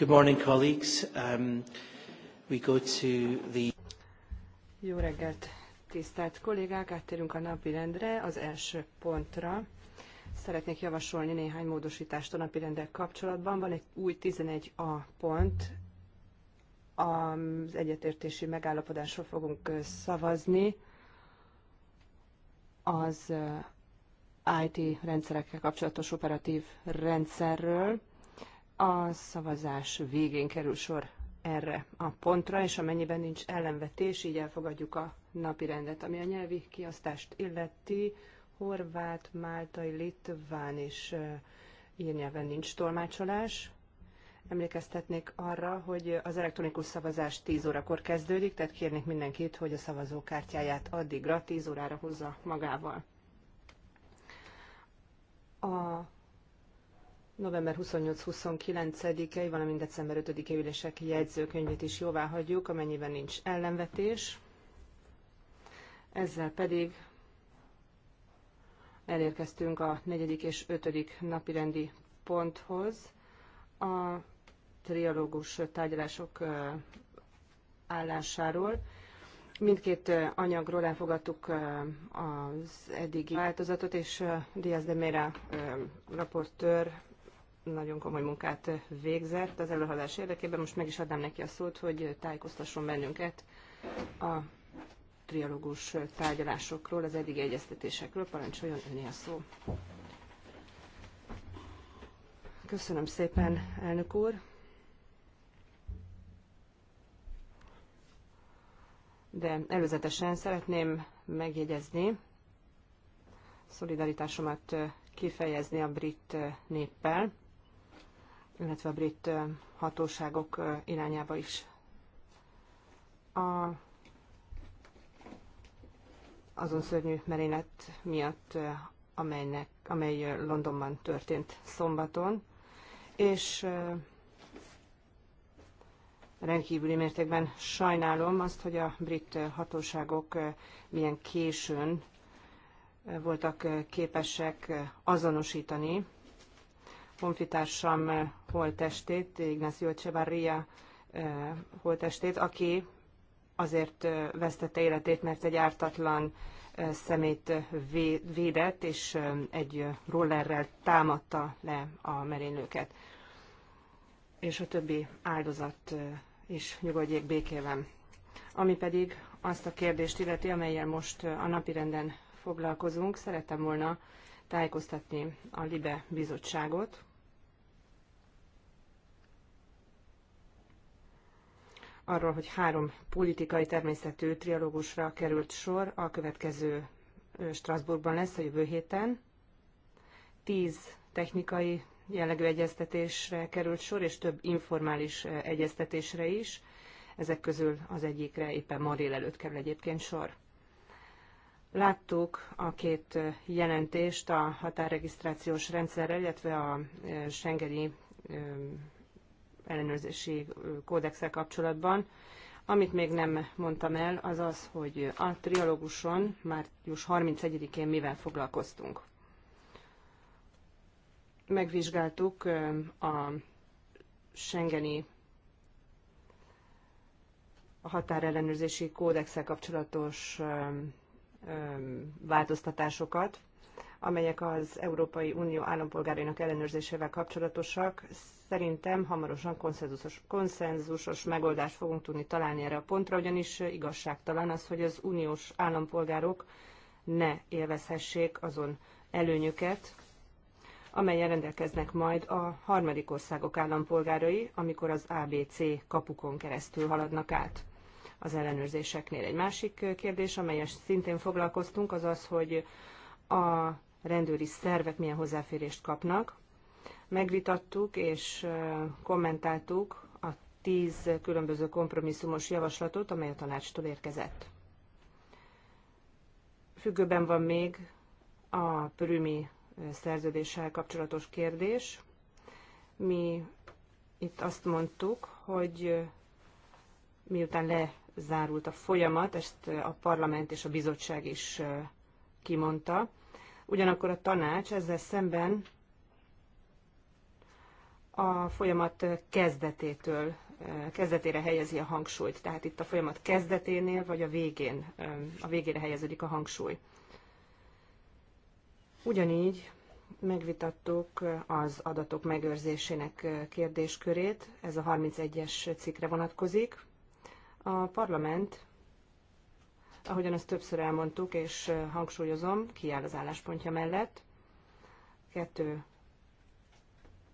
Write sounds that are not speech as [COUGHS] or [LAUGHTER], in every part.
Good morning, colleagues. Um, we go to the... Jó reggelt, tisztelt kollégák! Áttérünk a napi rendre, az első pontra. Szeretnék javasolni néhány módosítást a napi kapcsolatban. Van egy új 11a pont, az egyetértési megállapodásról fogunk szavazni. Az IT rendszerekkel kapcsolatos operatív rendszerről a szavazás végén kerül sor erre a pontra, és amennyiben nincs ellenvetés, így elfogadjuk a napi rendet, ami a nyelvi kiasztást illeti. Horvát, Máltai, Litván és írnyelven nincs tolmácsolás. Emlékeztetnék arra, hogy az elektronikus szavazás 10 órakor kezdődik, tehát kérnék mindenkit, hogy a szavazókártyáját addigra 10 órára hozza magával. A november 28-29-ei, valamint december 5-i ülések jegyzőkönyvét is jóvá hagyjuk, amennyiben nincs ellenvetés. Ezzel pedig elérkeztünk a negyedik és ötödik napirendi ponthoz. A trialógus tárgyalások állásáról. Mindkét anyagról elfogadtuk az eddigi változatot, és Diaz de Mera raportőr nagyon komoly munkát végzett az előadás érdekében. Most meg is adnám neki a szót, hogy tájékoztasson bennünket a trialógus tárgyalásokról, az eddigi egyeztetésekről. Parancsoljon önni a szó. Köszönöm szépen, elnök úr. De előzetesen szeretném megjegyezni szolidaritásomat kifejezni a brit néppel, illetve a brit hatóságok irányába is. A azon szörnyű merénylet miatt, amelynek, amely Londonban történt szombaton, és rendkívüli mértékben sajnálom azt, hogy a brit hatóságok milyen későn voltak képesek azonosítani honfitársam eh, holtestét, Ignacio Echevarria eh, holtestét, aki azért eh, vesztette életét, mert egy ártatlan szemét védett, és egy rollerrel támadta le a merénylőket. És a többi áldozat is nyugodjék békében. Ami pedig azt a kérdést illeti, amelyel most a napirenden foglalkozunk, szerettem volna tájékoztatni a LIBE bizottságot, arról, hogy három politikai természetű trialógusra került sor, a következő Strasbourgban lesz a jövő héten. Tíz technikai jellegű egyeztetésre került sor, és több informális egyeztetésre is. Ezek közül az egyikre éppen ma délelőtt kerül egyébként sor. Láttuk a két jelentést a határregisztrációs rendszerrel, illetve a Schengeni ellenőrzési kódexel kapcsolatban. Amit még nem mondtam el, az az, hogy a trialóguson március 31-én mivel foglalkoztunk. Megvizsgáltuk a Schengeni a határellenőrzési kódexel kapcsolatos változtatásokat, amelyek az Európai Unió állampolgárainak ellenőrzésével kapcsolatosak. Szerintem hamarosan konszenzusos, konszenzusos megoldást fogunk tudni találni erre a pontra, ugyanis igazságtalan az, hogy az uniós állampolgárok ne élvezhessék azon előnyöket, amelyen rendelkeznek majd a harmadik országok állampolgárai, amikor az ABC kapukon keresztül haladnak át az ellenőrzéseknél. Egy másik kérdés, amelyes szintén foglalkoztunk, az az, hogy a rendőri szervek milyen hozzáférést kapnak. Megvitattuk és kommentáltuk a tíz különböző kompromisszumos javaslatot, amely a tanácstól érkezett. Függőben van még a Prümi szerződéssel kapcsolatos kérdés. Mi itt azt mondtuk, hogy miután lezárult a folyamat, ezt a parlament és a bizottság is kimondta, Ugyanakkor a tanács ezzel szemben a folyamat kezdetétől, kezdetére helyezi a hangsúlyt. Tehát itt a folyamat kezdeténél, vagy a végén, a végére helyeződik a hangsúly. Ugyanígy megvitattuk az adatok megőrzésének kérdéskörét, ez a 31-es cikkre vonatkozik. A parlament ahogyan ezt többször elmondtuk, és hangsúlyozom, kiáll az álláspontja mellett. Kettő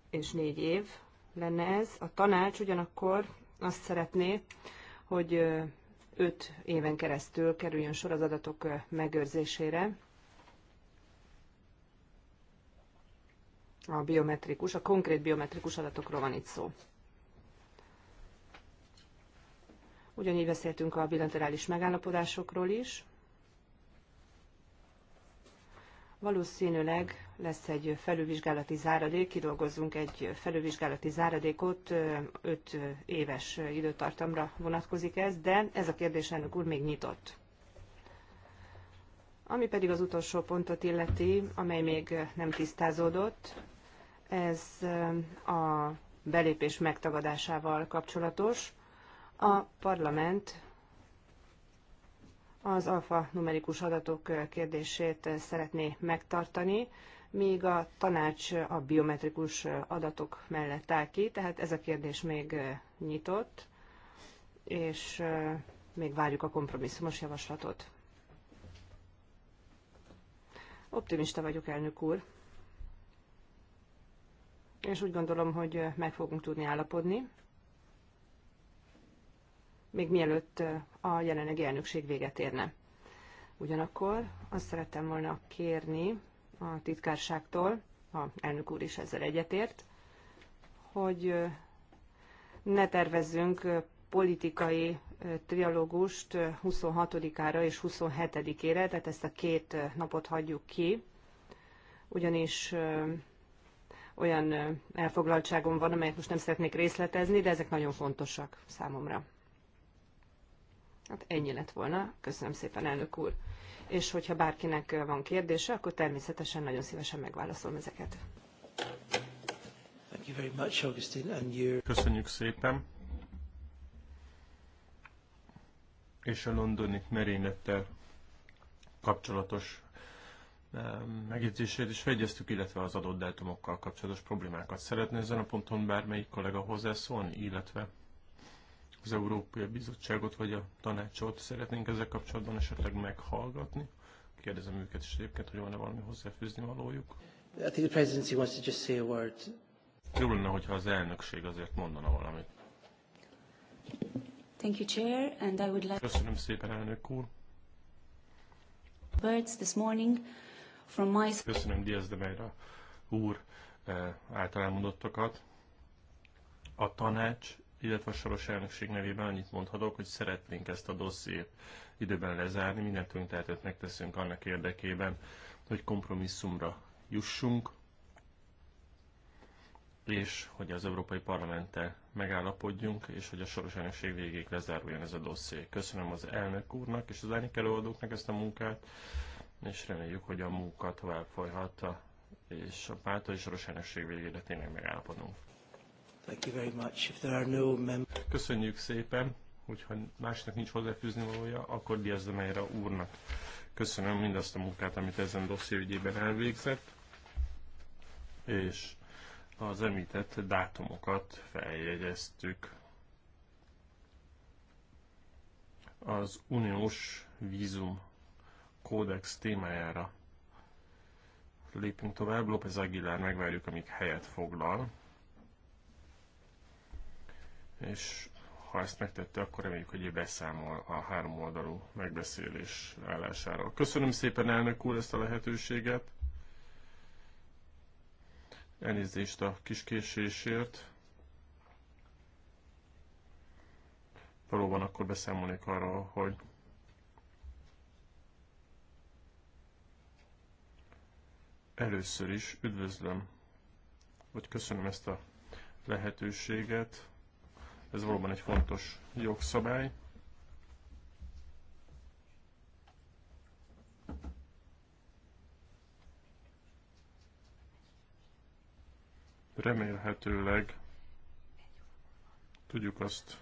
és négy év lenne ez. A tanács ugyanakkor azt szeretné, hogy öt éven keresztül kerüljön sor az adatok megőrzésére. A biometrikus, a konkrét biometrikus adatokról van itt szó. Ugyanígy beszéltünk a bilaterális megállapodásokról is. Valószínűleg lesz egy felülvizsgálati záradék, kidolgozzunk egy felülvizsgálati záradékot, 5 éves időtartamra vonatkozik ez, de ez a kérdés elnök úr még nyitott. Ami pedig az utolsó pontot illeti, amely még nem tisztázódott, ez a belépés megtagadásával kapcsolatos. A parlament az alfa numerikus adatok kérdését szeretné megtartani, míg a tanács a biometrikus adatok mellett áll ki, tehát ez a kérdés még nyitott, és még várjuk a kompromisszumos javaslatot. Optimista vagyok, elnök úr, és úgy gondolom, hogy meg fogunk tudni állapodni még mielőtt a jelenlegi elnökség véget érne. Ugyanakkor azt szerettem volna kérni a titkárságtól, a elnök úr is ezzel egyetért, hogy ne tervezzünk politikai trialógust 26-ára és 27-ére, tehát ezt a két napot hagyjuk ki, ugyanis olyan elfoglaltságom van, amelyet most nem szeretnék részletezni, de ezek nagyon fontosak számomra. Hát ennyi lett volna. Köszönöm szépen, elnök úr. És hogyha bárkinek van kérdése, akkor természetesen nagyon szívesen megválaszolom ezeket. Köszönjük szépen. És a londoni merénylettel kapcsolatos eh, megjegyzését is fegyeztük, illetve az adott dátumokkal kapcsolatos problémákat. szeretné ezen a ponton bármelyik kollega hozzászólni, illetve az Európai Bizottságot vagy a tanácsot szeretnénk ezzel kapcsolatban esetleg meghallgatni. Kérdezem őket is egyébként, hogy van-e valami hozzáfűzni valójuk. I think the presidency wants to just say a word. Jó lenne, hogyha az elnökség azért mondana valamit. Thank you, Chair, and I would like... Köszönöm szépen, elnök úr. Birds this morning from my... Köszönöm Diaz de Meira úr eh, általán mondottakat. A tanács illetve a soros elnökség nevében annyit mondhatok, hogy szeretnénk ezt a dossziét időben lezárni, mindent tőlünk tehetőt megteszünk annak érdekében, hogy kompromisszumra jussunk, és hogy az Európai Parlamenttel megállapodjunk, és hogy a soros elnökség végéig lezáruljon ez a dosszé. Köszönöm az elnök úrnak és az elnök előadóknak ezt a munkát, és reméljük, hogy a munka tovább folyhatta, és a pártai soros elnökség végére tényleg megállapodunk. Thank you very much. If there are no Köszönjük szépen, hogyha másnak nincs hozzáfűzni valója, akkor Diaz de Meira úrnak. Köszönöm mindazt a munkát, amit ezen ügyében elvégzett, és az említett dátumokat feljegyeztük. Az uniós vízum kódex témájára lépünk tovább. López Aguilar megvárjuk, amíg helyet foglal és ha ezt megtette, akkor reméljük, hogy ő beszámol a három oldalú megbeszélés állásáról. Köszönöm szépen, elnök úr, ezt a lehetőséget. Elnézést a kis késésért. Valóban akkor beszámolnék arról, hogy először is üdvözlöm, vagy köszönöm ezt a lehetőséget ez valóban egy fontos jogszabály. Remélhetőleg tudjuk azt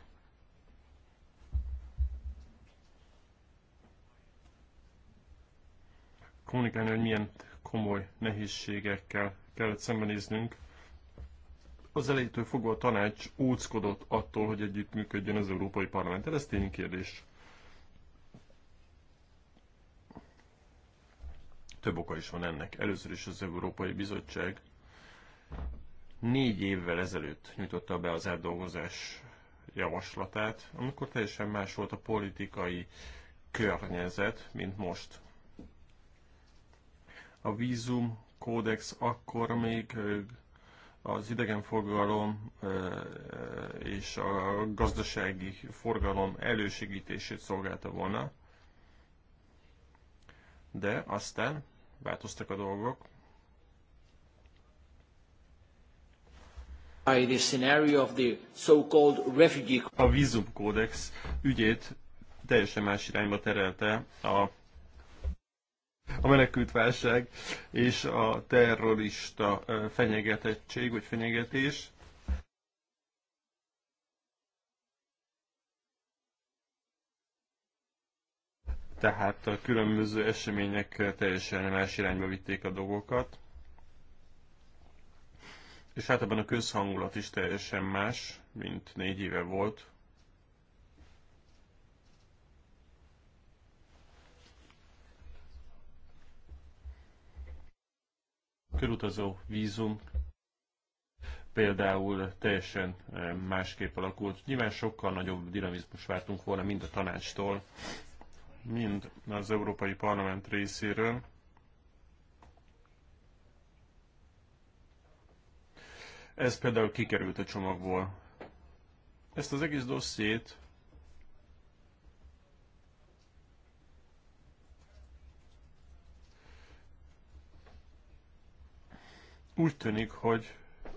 kommunikálni, hogy milyen komoly nehézségekkel kellett szembenéznünk az elejétől fogva a tanács óckodott attól, hogy együttműködjön az Európai parlament. Ez kérdés. Több oka is van ennek. Először is az Európai Bizottság négy évvel ezelőtt nyújtotta be az átdolgozás javaslatát, amikor teljesen más volt a politikai környezet, mint most. A vízum kódex akkor még az idegenforgalom és a gazdasági forgalom elősegítését szolgálta volna, de aztán változtak a dolgok. A vízumkódex ügyét teljesen más irányba terelte a a menekültválság és a terrorista fenyegetettség vagy fenyegetés. Tehát a különböző események teljesen más irányba vitték a dolgokat. És hát ebben a közhangulat is teljesen más, mint négy éve volt, körutazó vízum például teljesen eh, másképp alakult. Nyilván sokkal nagyobb dinamizmus vártunk volna mind a tanácstól, mind az Európai Parlament részéről. Ez például kikerült a csomagból. Ezt az egész dossziét Úgy tűnik, hogy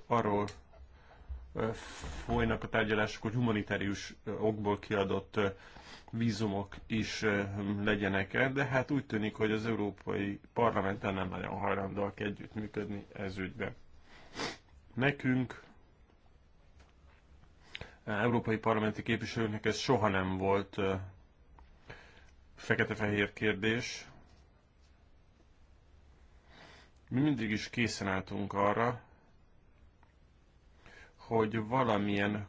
arról folynak a tárgyalások, hogy humanitárius okból kiadott vízumok is legyenek -e, de hát úgy tűnik, hogy az Európai Parlamenten nem nagyon hajlandóak együttműködni ez ügyben. Nekünk, európai parlamenti képviselőknek ez soha nem volt fekete-fehér kérdés, mi mindig is készen álltunk arra, hogy valamilyen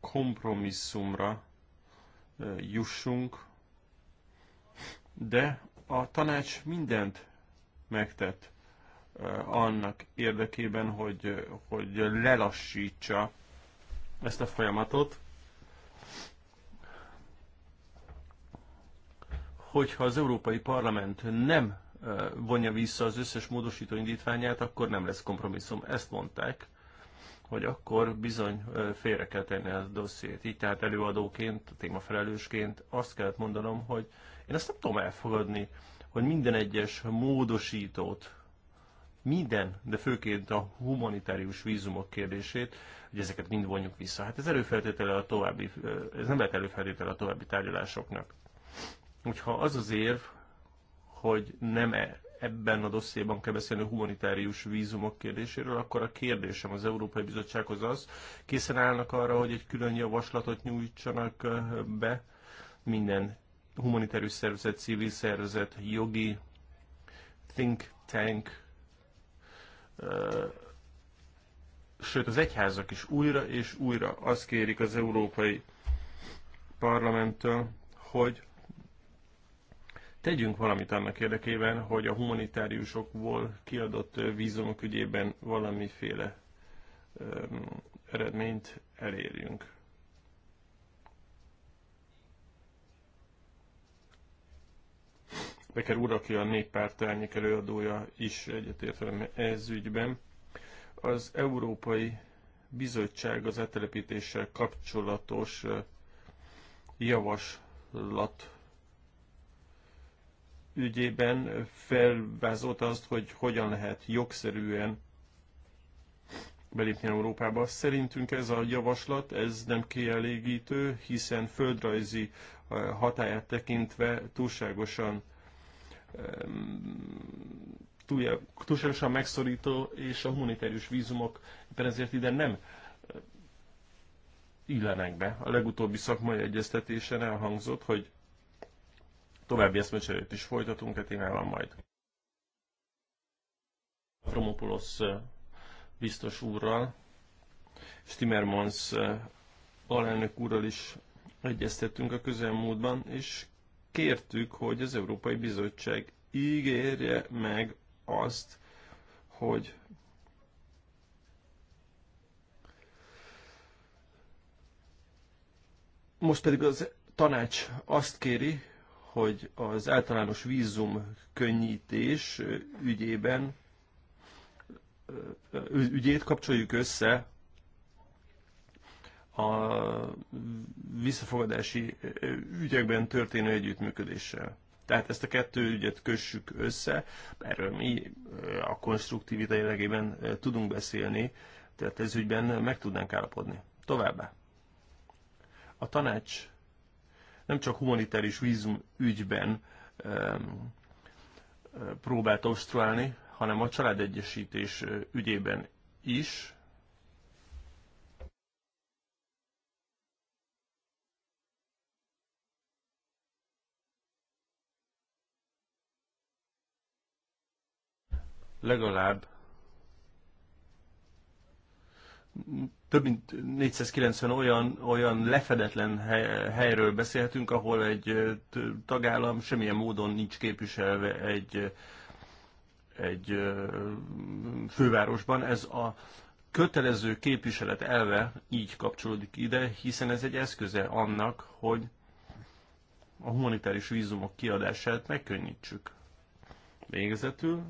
kompromisszumra jussunk, de a tanács mindent megtett annak érdekében, hogy, hogy lelassítsa ezt a folyamatot. Hogyha az Európai Parlament nem vonja vissza az összes módosító indítványát, akkor nem lesz kompromisszum. Ezt mondták, hogy akkor bizony félre kell tenni a dossziét. Így tehát előadóként, témafelelősként azt kellett mondanom, hogy én ezt nem tudom elfogadni, hogy minden egyes módosítót, minden, de főként a humanitárius vízumok kérdését, hogy ezeket mind vonjuk vissza. Hát ez előfeltétele a további, ez nem lehet előfeltétele a további tárgyalásoknak. ha az az érv, hogy nem -e ebben a dossziéban kell beszélni humanitárius vízumok kérdéséről, akkor a kérdésem az Európai Bizottsághoz az, készen állnak arra, hogy egy külön javaslatot nyújtsanak be minden humanitárius szervezet, civil szervezet, jogi think tank, sőt az egyházak is újra és újra azt kérik az Európai Parlamenttől, hogy Tegyünk valamit annak érdekében, hogy a humanitáriusokból kiadott vízumok ügyében valamiféle öm, eredményt elérjünk. Beker úr, aki a néppárt elnyék előadója is egyetért ez ügyben. Az Európai Bizottság az eltelepítéssel kapcsolatos javaslat ügyében felvázolta azt, hogy hogyan lehet jogszerűen belépni Európába. Szerintünk ez a javaslat, ez nem kielégítő, hiszen földrajzi eh, hatáját tekintve túlságosan túlságosan megszorító, és a humanitárius vízumok éppen ezért ide nem eh, illenek be. A legutóbbi szakmai egyeztetésen elhangzott, hogy További eszmecserét is folytatunk a e témában majd. Avramopoulos biztos úrral, Stimmermans alelnök úrral is egyeztettünk a közelmúltban, és kértük, hogy az Európai Bizottság ígérje meg azt, hogy most pedig az tanács azt kéri, hogy az általános vízum könnyítés ügyében ügyét kapcsoljuk össze a visszafogadási ügyekben történő együttműködéssel. Tehát ezt a kettő ügyet kössük össze, erről mi a konstruktív idejelegében tudunk beszélni, tehát ez ügyben meg tudnánk állapodni. Továbbá. A tanács nem csak humanitárius vízum ügyben próbált obstruálni, hanem a családegyesítés ügyében is. Legalább több mint 490 olyan, olyan lefedetlen helyről beszélhetünk, ahol egy tagállam semmilyen módon nincs képviselve egy, egy fővárosban. Ez a kötelező képviselet elve így kapcsolódik ide, hiszen ez egy eszköze annak, hogy a humanitárius vízumok kiadását megkönnyítsük. Végezetül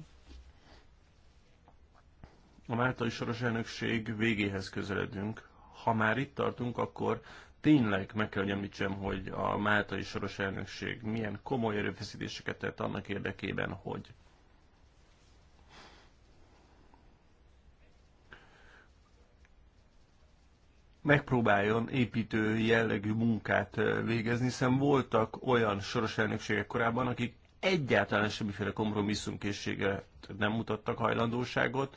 a Máltai Soros elnökség végéhez közeledünk. Ha már itt tartunk, akkor tényleg meg kell, hogy említsem, hogy a Máltai Soros elnökség milyen komoly erőfeszítéseket tett annak érdekében, hogy megpróbáljon építő jellegű munkát végezni, hiszen voltak olyan soros elnökségek korábban, akik egyáltalán semmiféle kompromisszumkészséget nem mutattak hajlandóságot,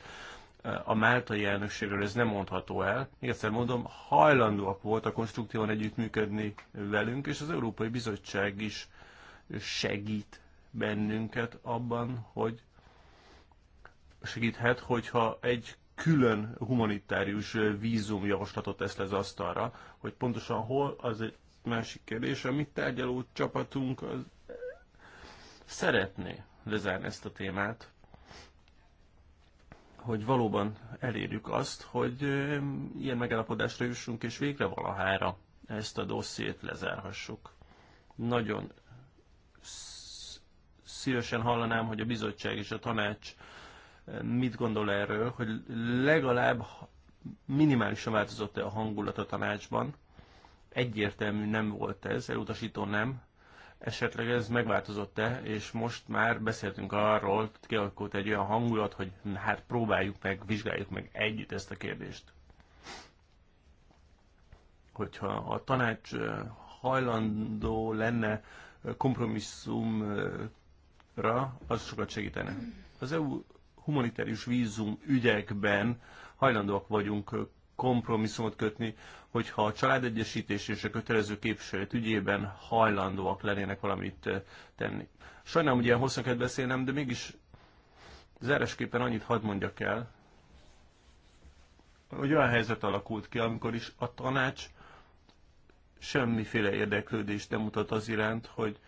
a máltai elnökségről ez nem mondható el. Még egyszer mondom, hajlandóak voltak konstruktívan együttműködni velünk, és az Európai Bizottság is segít bennünket abban, hogy segíthet, hogyha egy külön humanitárius vízumjavaslatot tesz le az asztalra, hogy pontosan hol, az egy másik kérdés. A mi tárgyaló csapatunk az szeretné lezárni ezt a témát, hogy valóban elérjük azt, hogy ilyen megállapodásra jussunk, és végre valahára ezt a dossziét lezárhassuk. Nagyon szívesen hallanám, hogy a bizottság és a tanács mit gondol erről, hogy legalább minimálisan változott-e a hangulat a tanácsban. Egyértelmű nem volt ez, elutasító nem, esetleg ez megváltozott-e, és most már beszéltünk arról, kialakult egy olyan hangulat, hogy hát próbáljuk meg, vizsgáljuk meg együtt ezt a kérdést. Hogyha a tanács hajlandó lenne kompromisszumra, az sokat segítene. Az EU humanitárius vízum ügyekben hajlandóak vagyunk kompromisszumot kötni, hogyha a családegyesítés és a kötelező képviselet ügyében hajlandóak lennének valamit eh, tenni. Sajnálom, hogy ilyen hosszan kell beszélnem, de mégis zárásképpen annyit hadd mondjak el, hogy olyan helyzet alakult ki, amikor is a tanács semmiféle érdeklődést nem mutat az iránt, hogy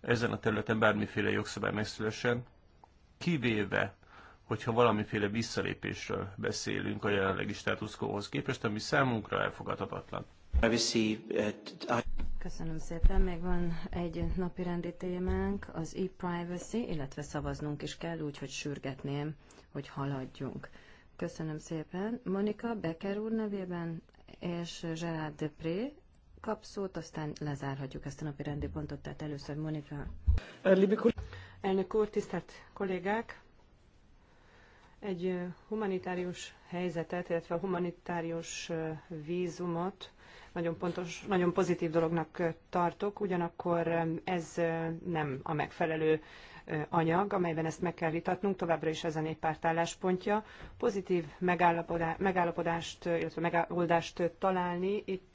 ezen a területen bármiféle jogszabály megszülessen, kivéve hogyha valamiféle visszalépésről beszélünk a jelenlegi státuszkóhoz képest, ami számunkra elfogadhatatlan. Köszönöm szépen. Még van egy napi rendi témánk, az e-privacy, illetve szavaznunk is kell, úgyhogy sürgetném, hogy haladjunk. Köszönöm szépen. Monika Becker úr nevében és Gerard Depré kap szót, aztán lezárhatjuk ezt a napi rendi pontot, tehát először Monika. Elnök úr, tisztelt kollégák! egy humanitárius helyzetet, illetve a humanitárius vízumot nagyon pontos, nagyon pozitív dolognak tartok, ugyanakkor ez nem a megfelelő anyag, amelyben ezt meg kell vitatnunk, továbbra is ez a néppárt álláspontja. Pozitív megállapodást, illetve megoldást találni itt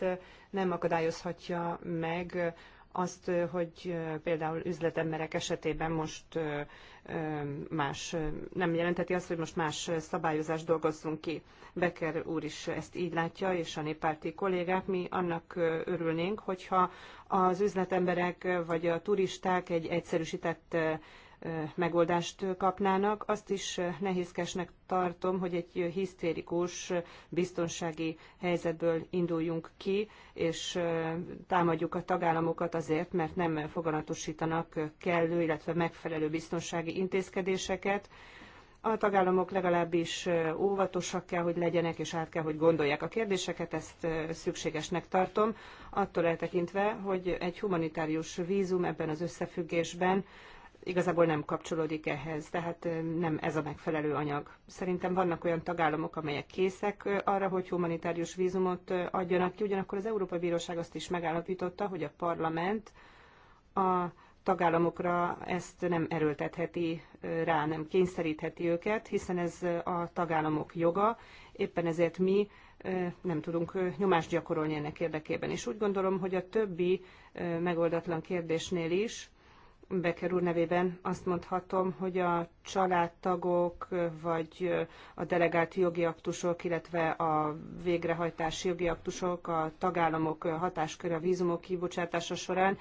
nem akadályozhatja meg azt, hogy például üzletemberek esetében most más, nem jelenteti azt, hogy most más szabályozást dolgozzunk ki. Becker úr is ezt így látja, és a néppárti kollégák, mi annak örülnénk, hogyha az üzletemberek vagy a turisták egy egyszerűsített megoldást kapnának. Azt is nehézkesnek tartom, hogy egy hisztérikus biztonsági helyzetből induljunk ki, és támadjuk a tagállamokat azért, mert nem foganatosítanak kellő, illetve megfelelő biztonsági intézkedéseket. A tagállamok legalábbis óvatosak kell, hogy legyenek, és át kell, hogy gondolják a kérdéseket, ezt szükségesnek tartom, attól eltekintve, hogy egy humanitárius vízum ebben az összefüggésben igazából nem kapcsolódik ehhez, tehát nem ez a megfelelő anyag. Szerintem vannak olyan tagállamok, amelyek készek arra, hogy humanitárius vízumot adjanak ki, ugyanakkor az Európai Bíróság azt is megállapította, hogy a parlament a tagállamokra ezt nem erőltetheti rá, nem kényszerítheti őket, hiszen ez a tagállamok joga, éppen ezért mi nem tudunk nyomást gyakorolni ennek érdekében. És úgy gondolom, hogy a többi megoldatlan kérdésnél is Becker úr nevében azt mondhatom, hogy a családtagok vagy a delegált jogi aktusok, illetve a végrehajtási jogi aktusok, a tagállamok hatásköre a vízumok kibocsátása során,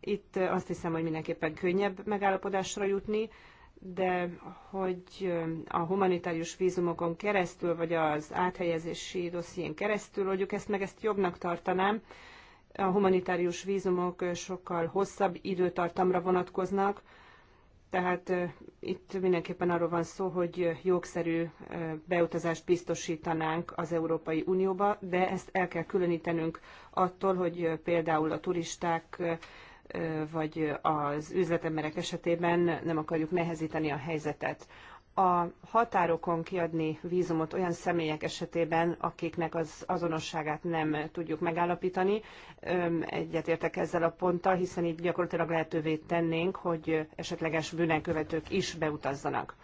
itt azt hiszem, hogy mindenképpen könnyebb megállapodásra jutni, de hogy a humanitárius vízumokon keresztül, vagy az áthelyezési dosszién keresztül mondjuk ezt meg, ezt jobbnak tartanám, a humanitárius vízumok sokkal hosszabb időtartamra vonatkoznak, tehát itt mindenképpen arról van szó, hogy jogszerű beutazást biztosítanánk az Európai Unióba, de ezt el kell különítenünk attól, hogy például a turisták vagy az üzletemberek esetében nem akarjuk nehezíteni a helyzetet a határokon kiadni vízumot olyan személyek esetében, akiknek az azonosságát nem tudjuk megállapítani. Egyetértek ezzel a ponttal, hiszen így gyakorlatilag lehetővé tennénk, hogy esetleges bűnelkövetők is beutazzanak.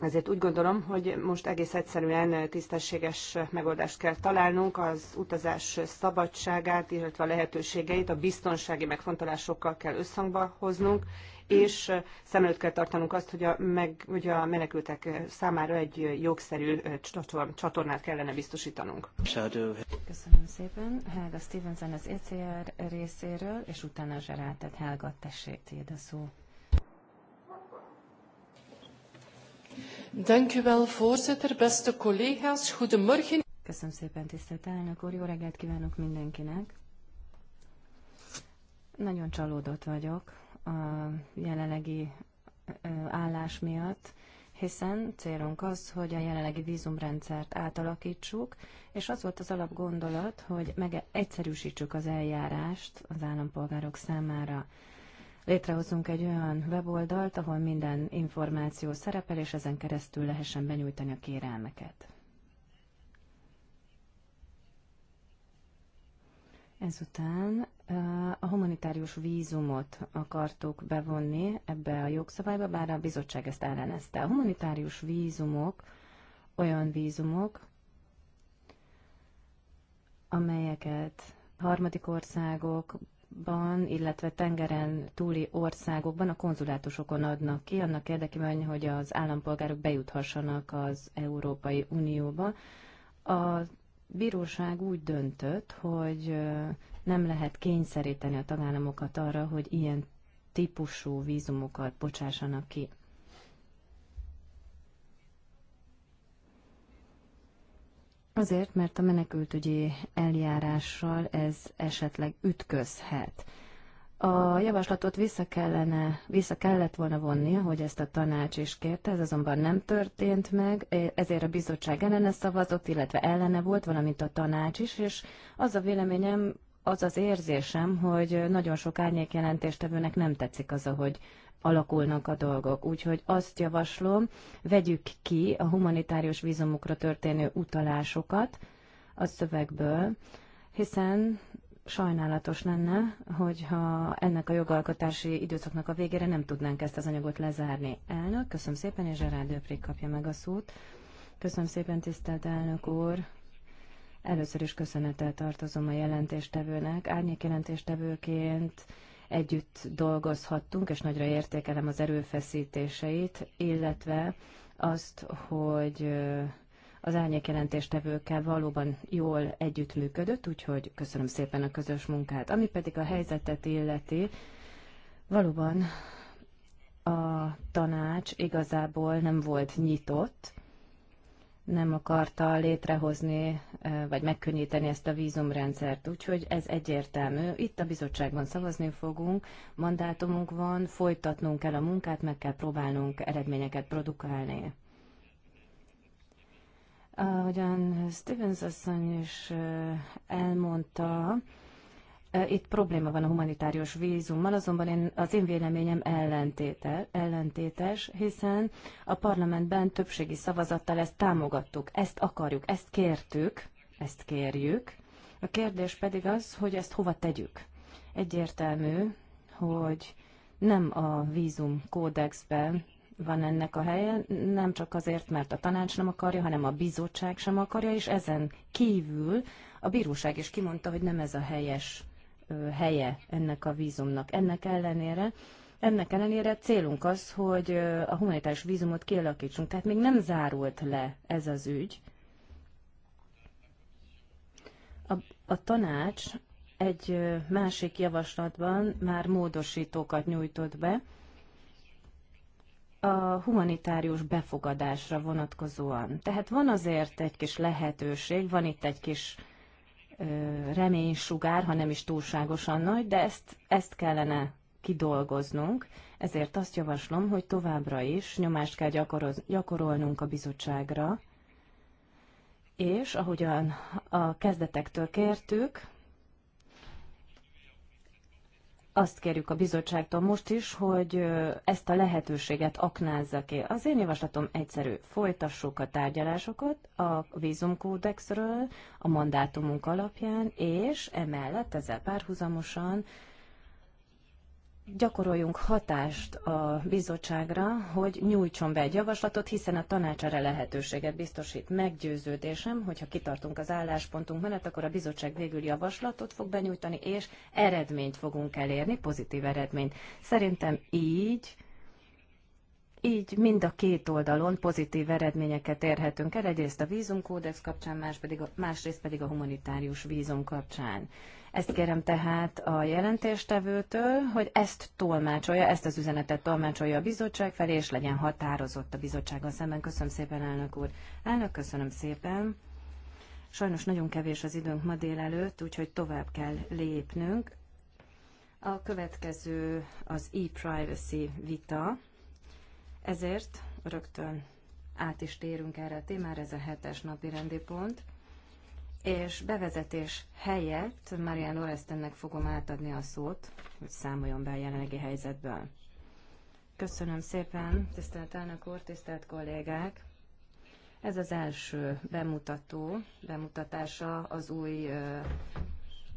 Ezért úgy gondolom, hogy most egész egyszerűen tisztességes megoldást kell találnunk az utazás szabadságát, illetve a lehetőségeit a biztonsági megfontolásokkal kell összhangba hoznunk, és szem előtt kell tartanunk azt, hogy a, meg, hogy a menekültek számára egy jogszerű csatornát kellene biztosítanunk. Köszönöm szépen. Helga Stevenson az ECR részéről, és utána Zserát, Helga, tessék, tiéd a szó. Dank u wel, voorzitter. Beste collega's, goedemorgen. Köszönöm szépen, tisztelt elnök úr. Jó reggelt kívánok mindenkinek. Nagyon csalódott vagyok a jelenlegi állás miatt, hiszen célunk az, hogy a jelenlegi vízumrendszert átalakítsuk, és az volt az alapgondolat, hogy meg egyszerűsítsük az eljárást az állampolgárok számára létrehozunk egy olyan weboldalt, ahol minden információ szerepel, és ezen keresztül lehessen benyújtani a kérelmeket. Ezután eh, a humanitárius vízumot akartuk bevonni ebbe a jogszabályba, bár a bizottság ezt ellenezte. A humanitárius vízumok olyan vízumok, amelyeket harmadik országok Európában, illetve tengeren túli országokban a konzulátusokon adnak ki, annak érdekében, hogy az állampolgárok bejuthassanak az Európai Unióba. A bíróság úgy döntött, hogy nem lehet kényszeríteni a tagállamokat arra, hogy ilyen típusú vízumokat bocsássanak ki. Azért, mert a menekültügyi eljárással ez esetleg ütközhet. A javaslatot vissza, kellene, vissza kellett volna vonnia, hogy ezt a tanács is kérte, ez azonban nem történt meg, e, ezért a bizottság ellene szavazott, illetve ellene volt, valamint a tanács is, és az a véleményem, az az érzésem, hogy nagyon sok árnyékjelentéstevőnek nem tetszik az, ahogy alakulnak a dolgok. Úgyhogy azt javaslom, vegyük ki a humanitárius vízumokra történő utalásokat a szövegből, hiszen sajnálatos lenne, hogyha ennek a jogalkotási időszaknak a végére nem tudnánk ezt az anyagot lezárni. Elnök, köszönöm szépen, és Zserád Döprik kapja meg a szót. Köszönöm szépen, tisztelt elnök úr. Először is köszönettel tartozom a jelentéstevőnek. Árnyék jelentéstevőként együtt dolgozhattunk, és nagyra értékelem az erőfeszítéseit, illetve azt, hogy az árnyék jelentéstevőkkel valóban jól együttműködött, úgyhogy köszönöm szépen a közös munkát. Ami pedig a helyzetet illeti, valóban a tanács igazából nem volt nyitott, nem akarta létrehozni vagy megkönnyíteni ezt a vízumrendszert, úgyhogy ez egyértelmű. Itt a bizottságban szavazni fogunk, mandátumunk van, folytatnunk kell a munkát, meg kell próbálnunk eredményeket produkálni. Ahogyan Stevens asszony is elmondta, E, itt probléma van a humanitárius vízummal, azonban én, az én véleményem ellentéte, ellentétes, hiszen a parlamentben többségi szavazattal ezt támogattuk, ezt akarjuk, ezt kértük, ezt kérjük. A kérdés pedig az, hogy ezt hova tegyük. Egyértelmű, hogy nem a vízum kódexben van ennek a helye, nem csak azért, mert a tanács nem akarja, hanem a bizottság sem akarja, és ezen kívül a bíróság is kimondta, hogy nem ez a helyes helye ennek a vízumnak. Ennek ellenére ennek ellenére célunk az, hogy a humanitárius vízumot kialakítsunk. Tehát még nem zárult le ez az ügy. A, a tanács egy másik javaslatban már módosítókat nyújtott be a humanitárius befogadásra vonatkozóan. Tehát van azért egy kis lehetőség, van itt egy kis reménysugár, ha nem is túlságosan nagy, de ezt, ezt kellene kidolgoznunk, ezért azt javaslom, hogy továbbra is nyomást kell gyakoroz, gyakorolnunk a bizottságra, és ahogyan a kezdetektől kértük, azt kérjük a bizottságtól most is, hogy ezt a lehetőséget aknázza ki. Az én javaslatom egyszerű, folytassuk a tárgyalásokat a vízumkódexről, a mandátumunk alapján, és emellett ezzel párhuzamosan gyakoroljunk hatást a bizottságra, hogy nyújtson be egy javaslatot, hiszen a tanács erre lehetőséget biztosít. Meggyőződésem, hogyha kitartunk az álláspontunk mellett, akkor a bizottság végül javaslatot fog benyújtani, és eredményt fogunk elérni, pozitív eredményt. Szerintem így így mind a két oldalon pozitív eredményeket érhetünk el, egyrészt a vízumkódex kapcsán, más pedig a, másrészt pedig a humanitárius vízum kapcsán. Ezt kérem tehát a jelentéstevőtől, hogy ezt tolmácsolja, ezt az üzenetet tolmácsolja a bizottság felé, és legyen határozott a bizottsággal szemben. Köszönöm szépen, elnök úr. Elnök, köszönöm szépen. Sajnos nagyon kevés az időnk ma délelőtt, úgyhogy tovább kell lépnünk. A következő az e-privacy vita, ezért rögtön át is térünk erre a témára, ez a hetes napi rendi pont és bevezetés helyett Marian Orestennek fogom átadni a szót, hogy számoljon be a jelenlegi helyzetből. Köszönöm szépen, tisztelt elnök úr, tisztelt kollégák! Ez az első bemutató, bemutatása az új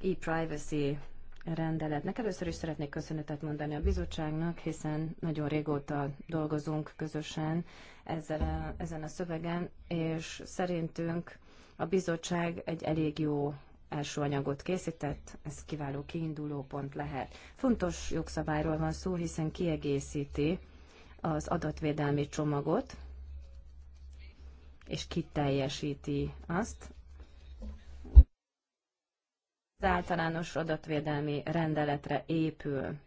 e-privacy rendeletnek. Először is szeretnék köszönetet mondani a bizottságnak, hiszen nagyon régóta dolgozunk közösen ezzel a, ezen a szövegen, és szerintünk a bizottság egy elég jó első anyagot készített, ez kiváló kiinduló pont lehet. Fontos jogszabályról van szó, hiszen kiegészíti az adatvédelmi csomagot, és kiteljesíti azt. Az általános adatvédelmi rendeletre épül.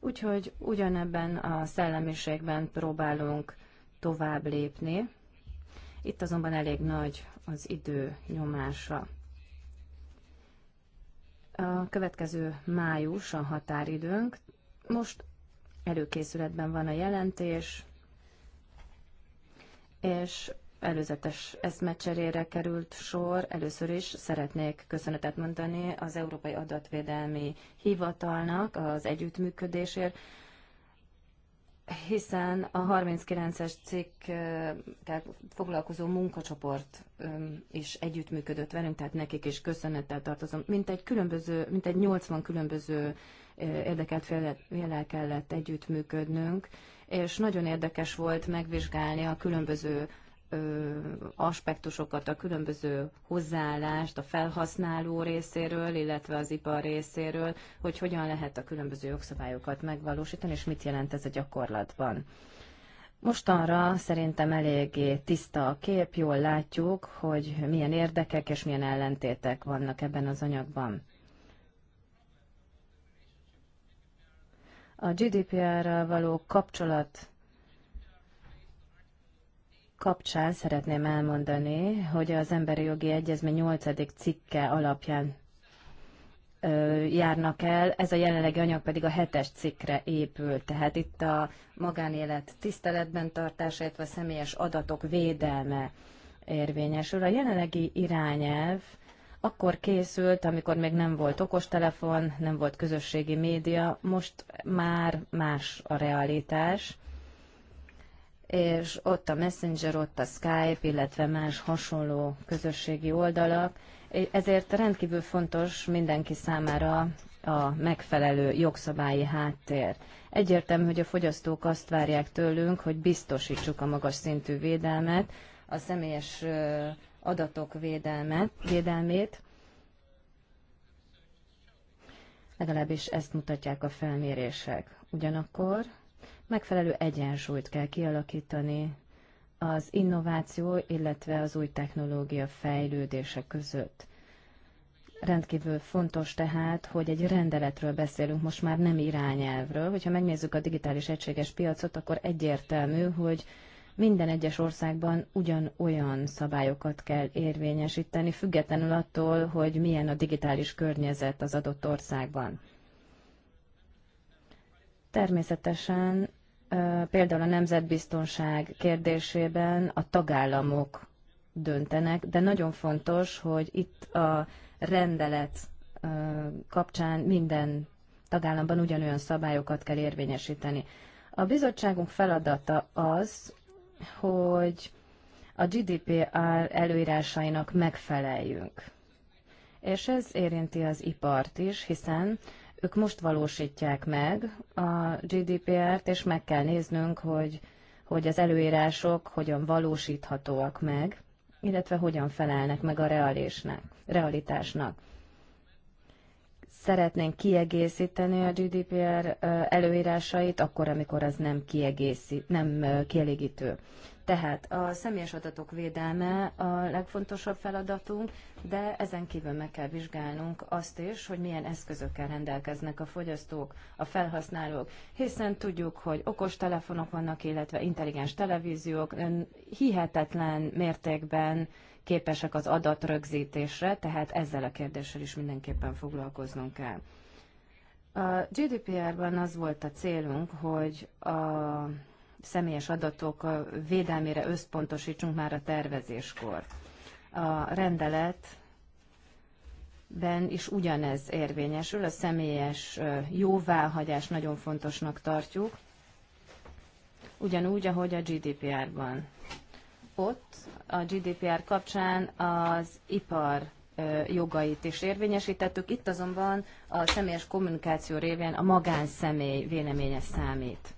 Úgyhogy ugyanebben a szellemiségben próbálunk tovább lépni. Itt azonban elég nagy az idő nyomása. A következő május a határidőnk. Most előkészületben van a jelentés, és előzetes eszmecserére került sor. Először is szeretnék köszönetet mondani az Európai Adatvédelmi Hivatalnak az együttműködésért, hiszen a 39-es cikk foglalkozó munkacsoport is együttműködött velünk, tehát nekik is köszönettel tartozom. Mint egy különböző, mint egy 80 különböző érdekelt félel kellett együttműködnünk, és nagyon érdekes volt megvizsgálni a különböző aspektusokat, a különböző hozzáállást a felhasználó részéről, illetve az ipar részéről, hogy hogyan lehet a különböző jogszabályokat megvalósítani, és mit jelent ez a gyakorlatban. Mostanra szerintem eléggé tiszta a kép, jól látjuk, hogy milyen érdekek és milyen ellentétek vannak ebben az anyagban. A gdpr ral való kapcsolat kapcsán szeretném elmondani, hogy az Emberi Jogi Egyezmény 8. cikke alapján járnak el, ez a jelenlegi anyag pedig a hetes cikkre épül. Tehát itt a magánélet tiszteletben tartása, illetve a személyes adatok védelme érvényesül. A jelenlegi irányelv akkor készült, amikor még nem volt okostelefon, nem volt közösségi média, most már más a realitás és ott a Messenger, ott a Skype, illetve más hasonló közösségi oldalak. Ezért rendkívül fontos mindenki számára a megfelelő jogszabályi háttér. Egyértelmű, hogy a fogyasztók azt várják tőlünk, hogy biztosítsuk a magas szintű védelmet, a személyes adatok védelmet, védelmét, legalábbis ezt mutatják a felmérések. Ugyanakkor Megfelelő egyensúlyt kell kialakítani az innováció, illetve az új technológia fejlődése között. Rendkívül fontos tehát, hogy egy rendeletről beszélünk, most már nem irányelvről. Hogyha megnézzük a digitális egységes piacot, akkor egyértelmű, hogy minden egyes országban ugyanolyan szabályokat kell érvényesíteni, függetlenül attól, hogy milyen a digitális környezet az adott országban. Természetesen például a nemzetbiztonság kérdésében a tagállamok döntenek, de nagyon fontos, hogy itt a rendelet kapcsán minden tagállamban ugyanolyan szabályokat kell érvényesíteni. A bizottságunk feladata az, hogy a GDPR előírásainak megfeleljünk. És ez érinti az ipart is, hiszen ők most valósítják meg a GDPR-t, és meg kell néznünk, hogy, hogy az előírások hogyan valósíthatóak meg, illetve hogyan felelnek meg a realésnek, realitásnak szeretnénk kiegészíteni a GDPR előírásait, akkor, amikor az nem, kiegészi, nem kielégítő. Tehát a személyes adatok védelme a legfontosabb feladatunk, de ezen kívül meg kell vizsgálnunk azt is, hogy milyen eszközökkel rendelkeznek a fogyasztók, a felhasználók, hiszen tudjuk, hogy okos telefonok vannak, illetve intelligens televíziók hihetetlen mértékben képesek az adatrögzítésre, tehát ezzel a kérdéssel is mindenképpen foglalkoznunk kell. A GDPR-ban az volt a célunk, hogy a személyes adatok védelmére összpontosítsunk már a tervezéskor. A rendeletben is ugyanez érvényesül, a személyes jóváhagyás nagyon fontosnak tartjuk, ugyanúgy, ahogy a GDPR-ban. Ott a GDPR kapcsán az ipar jogait is érvényesítettük, itt azonban a személyes kommunikáció révén a magánszemély véleménye számít.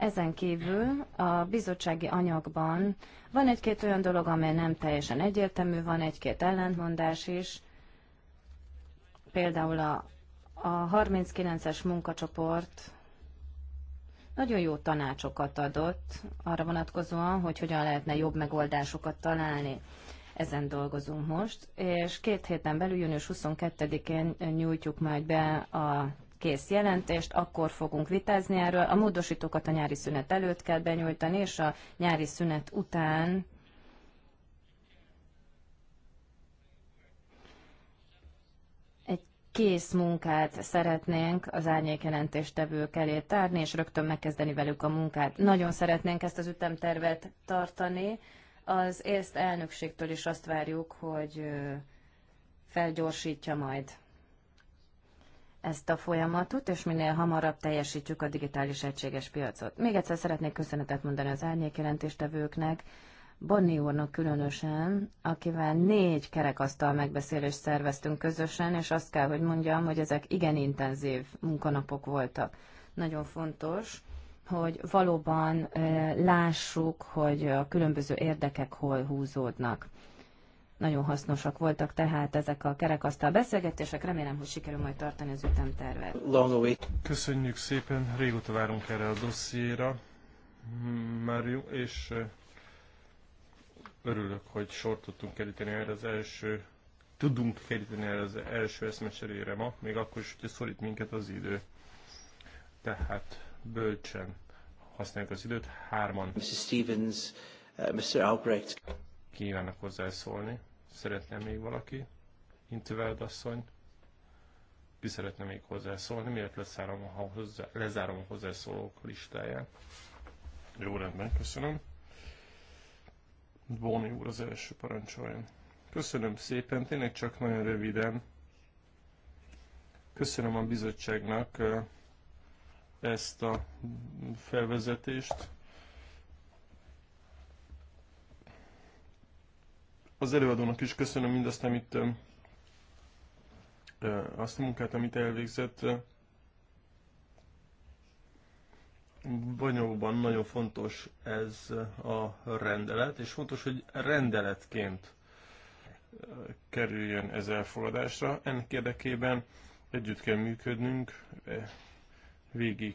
Ezen kívül a bizottsági anyagban van egy-két olyan dolog, amely nem teljesen egyértelmű, van egy-két ellentmondás is. Például a, a 39-es munkacsoport nagyon jó tanácsokat adott arra vonatkozóan, hogy hogyan lehetne jobb megoldásokat találni. Ezen dolgozunk most, és két héten belül, június 22-én nyújtjuk majd be a kész jelentést, akkor fogunk vitázni erről. A módosítókat a nyári szünet előtt kell benyújtani, és a nyári szünet után egy kész munkát szeretnénk az árnyékjelentéstevők elé tárni, és rögtön megkezdeni velük a munkát. Nagyon szeretnénk ezt az ütemtervet tartani. Az észt elnökségtől is azt várjuk, hogy felgyorsítja majd ezt a folyamatot, és minél hamarabb teljesítjük a digitális egységes piacot. Még egyszer szeretnék köszönetet mondani az jelentéstevőknek, Bonni úrnak különösen, akivel négy kerekasztal megbeszélést szerveztünk közösen, és azt kell, hogy mondjam, hogy ezek igen intenzív munkanapok voltak. Nagyon fontos, hogy valóban eh, lássuk, hogy a különböző érdekek hol húzódnak. Nagyon hasznosak voltak tehát ezek a kerekasztal beszélgetések. Remélem, hogy sikerül majd tartani az ütemtervet. Köszönjük szépen, régóta várunk erre a dossziéra, Mário, és eh, örülök, hogy sort tudtunk keríteni erre az első tudunk keríteni erre az első eszmecserére ma, még akkor is, hogyha szorít minket az idő. Tehát bölcsen használjuk az időt, hárman. Mrs. Stevens, uh, eh, Mr. Albrecht. Kívánnak hozzászólni. Szeretne még valaki? Intőveld asszony? Ki szeretne még hozzászólni? Miért leszárom, ha hozzá, lezárom a hozzászólók listáját? Jó rendben, köszönöm. Bóni úr az első parancsoljon. Köszönöm szépen, tényleg csak nagyon röviden. Köszönöm a bizottságnak ezt a felvezetést. Az előadónak is köszönöm mindazt, amit azt a munkát, amit elvégzett. Banyolóban nagyon fontos ez a rendelet, és fontos, hogy rendeletként kerüljön ez elfogadásra. Ennek érdekében együtt kell működnünk, végig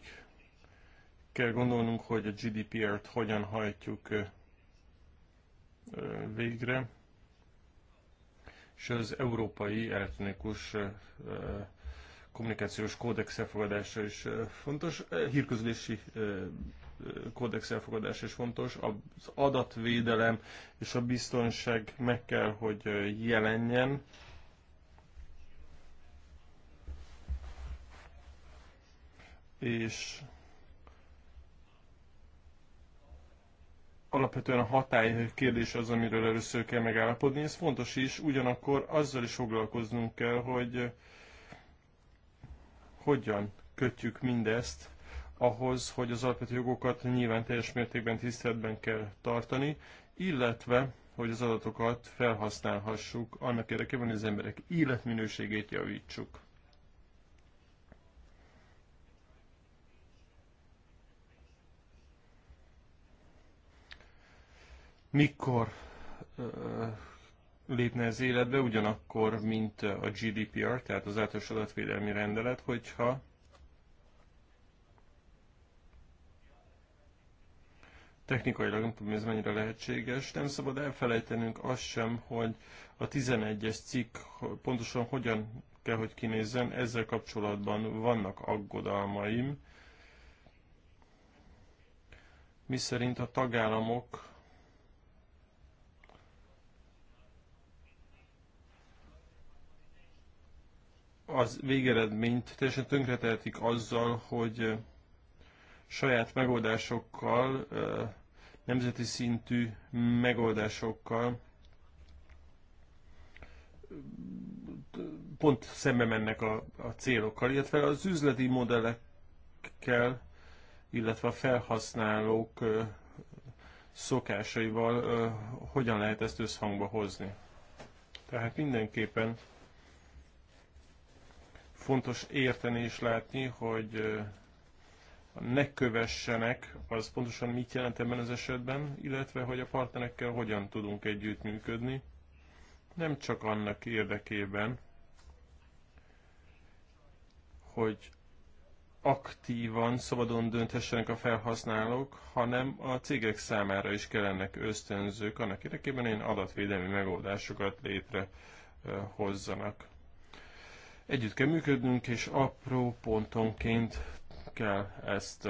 kell gondolnunk, hogy a GDPR-t hogyan hajtjuk végre és az Európai Elektronikus Kommunikációs Kódex elfogadása is fontos, hírközlési kódex elfogadása is fontos, az adatvédelem és a biztonság meg kell, hogy jelenjen. És alapvetően a hatály kérdés az, amiről először kell megállapodni. Ez fontos is, ugyanakkor azzal is foglalkoznunk kell, hogy eh, hogyan kötjük mindezt ahhoz, hogy az alapvető jogokat nyilván teljes mértékben tiszteletben kell tartani, illetve hogy az adatokat felhasználhassuk annak érdekében, hogy az emberek életminőségét javítsuk. mikor lépne ez életbe, ugyanakkor, mint a GDPR, tehát az általános adatvédelmi rendelet, hogyha technikailag nem tudom, ez mennyire lehetséges. Nem szabad elfelejtenünk azt sem, hogy a 11-es cikk pontosan hogyan kell, hogy kinézzen. Ezzel kapcsolatban vannak aggodalmaim, miszerint a tagállamok az végeredményt teljesen tönkretehetik azzal, hogy saját megoldásokkal, nemzeti szintű megoldásokkal pont szembe mennek a, a célokkal, illetve az üzleti modellekkel, illetve a felhasználók szokásaival hogyan lehet ezt összhangba hozni. Tehát mindenképpen Fontos érteni és látni, hogy ne kövessenek, az pontosan mit jelent ebben az esetben, illetve hogy a partnerekkel hogyan tudunk együttműködni, nem csak annak érdekében, hogy aktívan, szabadon dönthessenek a felhasználók, hanem a cégek számára is kellenek ösztönzők, annak érdekében én adatvédelmi megoldásokat létre hozzanak. Együtt kell működnünk, és apró pontonként kell ezt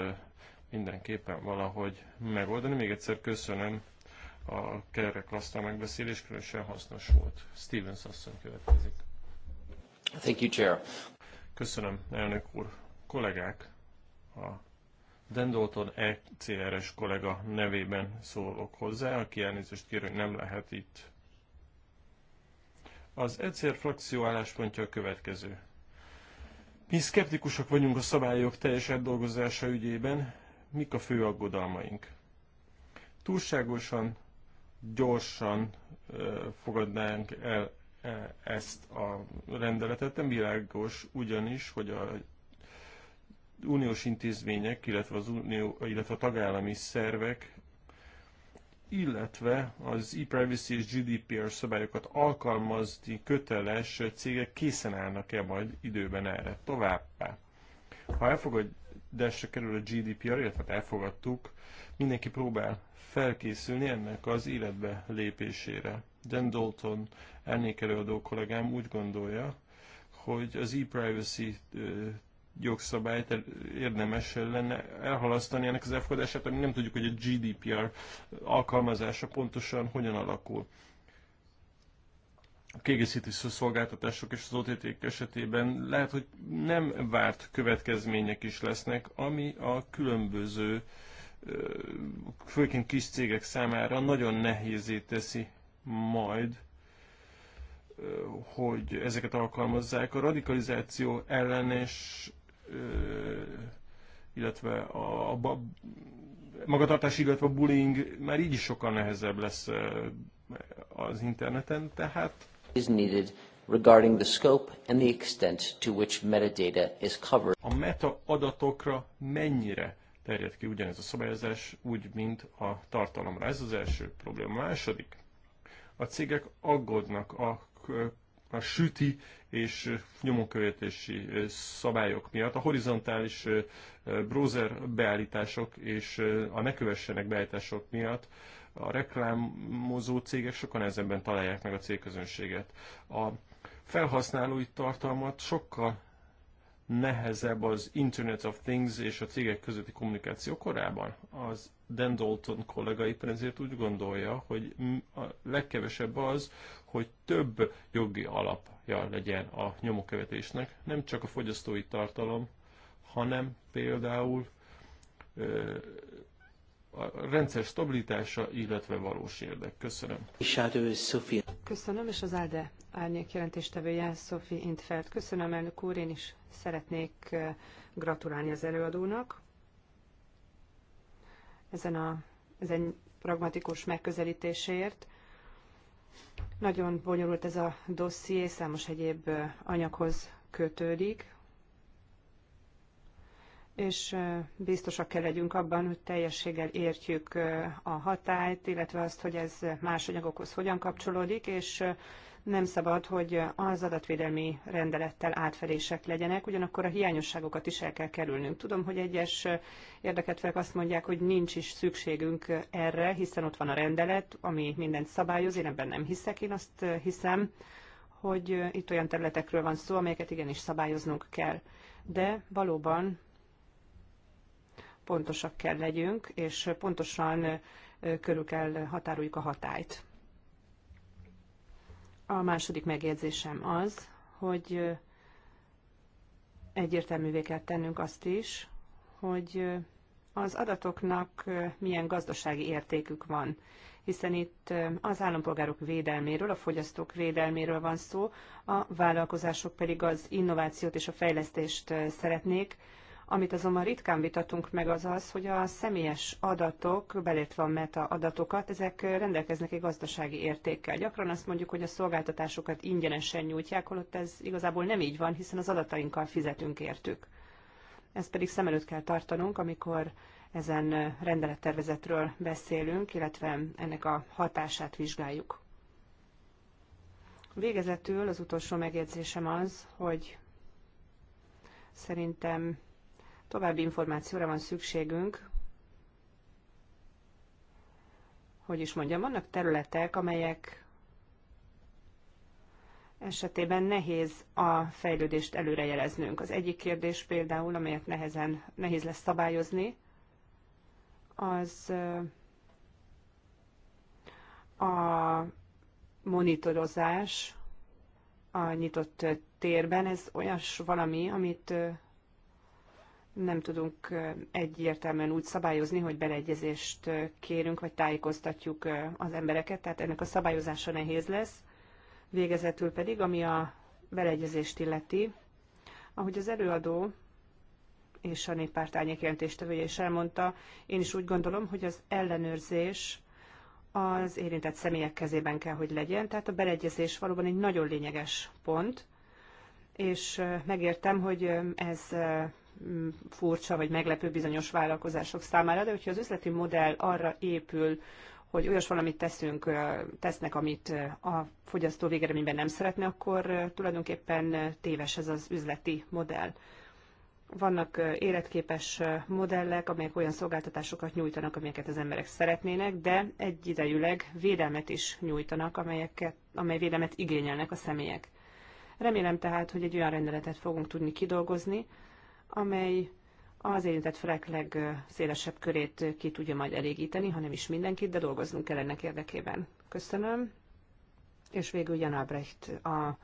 mindenképpen valahogy megoldani. Még egyszer köszönöm a kerek lasztal megbeszélés, különösen hasznos volt. Stevens asszony következik. Thank you, Chair. Köszönöm, elnök úr. Kollégák, a Dendolton ECRS kollega nevében szólok hozzá, aki elnézést kér, hogy nem lehet itt az egyszer frakció álláspontja a következő. Mi szkeptikusak vagyunk a szabályok teljes átdolgozása ügyében, mik a fő aggodalmaink. Túlságosan, gyorsan fogadnánk el e, ezt a rendeletet. Nem világos ugyanis, hogy a uniós intézmények, illetve, az unió, illetve a tagállami szervek illetve az e-privacy és GDPR szabályokat alkalmazni köteles cégek készen állnak-e majd időben erre továbbá. Ha elfogadásra kerül a GDPR, illetve hát elfogadtuk, mindenki próbál felkészülni ennek az életbe lépésére. Dan Dalton elnékelőadó kollégám úgy gondolja, hogy az e-privacy jogszabályt er- érdemes lenne elhalasztani ennek az elfogadását, ami nem tudjuk, hogy a GDPR alkalmazása pontosan hogyan alakul. A kiegészítő szolgáltatások és az ott esetében lehet, hogy nem várt következmények is lesznek, ami a különböző főként kis cégek számára nagyon nehézé teszi majd hogy ezeket alkalmazzák. A radikalizáció ellenes illetve a, a bab, magatartás, illetve a bullying már így is sokkal nehezebb lesz az interneten, tehát is needed regarding the scope and the extent to which metadata is covered. A meta adatokra mennyire terjed ki ugyanez a szabályozás, úgy, mint a tartalomra. Ez az első probléma. A második, a cégek aggódnak a a süti és nyomonkövetési szabályok miatt, a horizontális browser beállítások és a ne kövessenek beállítások miatt a reklámozó cégek sokan ezenben találják meg a célközönséget. A felhasználói tartalmat sokkal nehezebb az Internet of Things és a cégek közötti kommunikáció korában? Az Dan Dalton kollega éppen ezért úgy gondolja, hogy a legkevesebb az, hogy több jogi alapja legyen a nyomokövetésnek, nem csak a fogyasztói tartalom, hanem például a rendszer stabilitása, illetve valós érdek. Köszönöm. Köszönöm, és az ALDE árnyék jelentéstevője Szofi Intfeld. Köszönöm, elnök úr, én is szeretnék eh, gratulálni az előadónak. Ezen a ezen pragmatikus megközelítésért. Nagyon bonyolult ez a dosszié, számos egyéb eh, anyaghoz kötődik és biztosak kell legyünk abban, hogy teljességgel értjük a hatályt, illetve azt, hogy ez más anyagokhoz hogyan kapcsolódik, és nem szabad, hogy az adatvédelmi rendelettel átfedések legyenek, ugyanakkor a hiányosságokat is el kell kerülnünk. Tudom, hogy egyes érdeketvelek azt mondják, hogy nincs is szükségünk erre, hiszen ott van a rendelet, ami mindent szabályoz, én ebben nem hiszek, én azt hiszem, hogy itt olyan területekről van szó, amelyeket igenis szabályoznunk kell. De valóban pontosak kell legyünk, és pontosan körül kell határoljuk a hatályt. A második megjegyzésem az, hogy egyértelművé kell tennünk azt is, hogy az adatoknak milyen gazdasági értékük van, hiszen itt az állampolgárok védelméről, a fogyasztók védelméről van szó, a vállalkozások pedig az innovációt és a fejlesztést szeretnék, amit azonban ritkán vitatunk meg az az, hogy a személyes adatok, belétve a meta adatokat, ezek rendelkeznek egy gazdasági értékkel. Gyakran azt mondjuk, hogy a szolgáltatásokat ingyenesen nyújtják, holott ez igazából nem így van, hiszen az adatainkkal fizetünk értük. Ezt pedig szem előtt kell tartanunk, amikor ezen rendelettervezetről beszélünk, illetve ennek a hatását vizsgáljuk. Végezetül az utolsó megjegyzésem az, hogy szerintem További információra van szükségünk, hogy is mondjam, vannak területek, amelyek esetében nehéz a fejlődést előrejeleznünk. Az egyik kérdés például, amelyet nehezen, nehéz lesz szabályozni, az a monitorozás a nyitott térben. Ez olyas valami, amit nem tudunk egyértelműen úgy szabályozni, hogy beleegyezést kérünk, vagy tájékoztatjuk az embereket, tehát ennek a szabályozása nehéz lesz. Végezetül pedig, ami a beleegyezést illeti, ahogy az előadó és a néppárt árnyékjelentéstevője is elmondta, én is úgy gondolom, hogy az ellenőrzés az érintett személyek kezében kell, hogy legyen, tehát a beleegyezés valóban egy nagyon lényeges pont, és megértem, hogy ez Mm, furcsa vagy meglepő bizonyos vállalkozások számára, de hogyha az üzleti modell arra épül, hogy olyas valamit teszünk, tesznek, amit a fogyasztó végeredményben nem szeretne, akkor tulajdonképpen téves ez az üzleti modell. Vannak életképes modellek, amelyek olyan szolgáltatásokat nyújtanak, amelyeket az emberek szeretnének, de egyidejűleg védelmet is nyújtanak, amelyeket, amely védelmet igényelnek a személyek. Remélem tehát, hogy egy olyan rendeletet fogunk tudni kidolgozni, amely az érintett felek legszélesebb körét ki tudja majd elégíteni, hanem is mindenkit, de dolgoznunk kell ennek érdekében. Köszönöm. És végül Jan Albrecht, a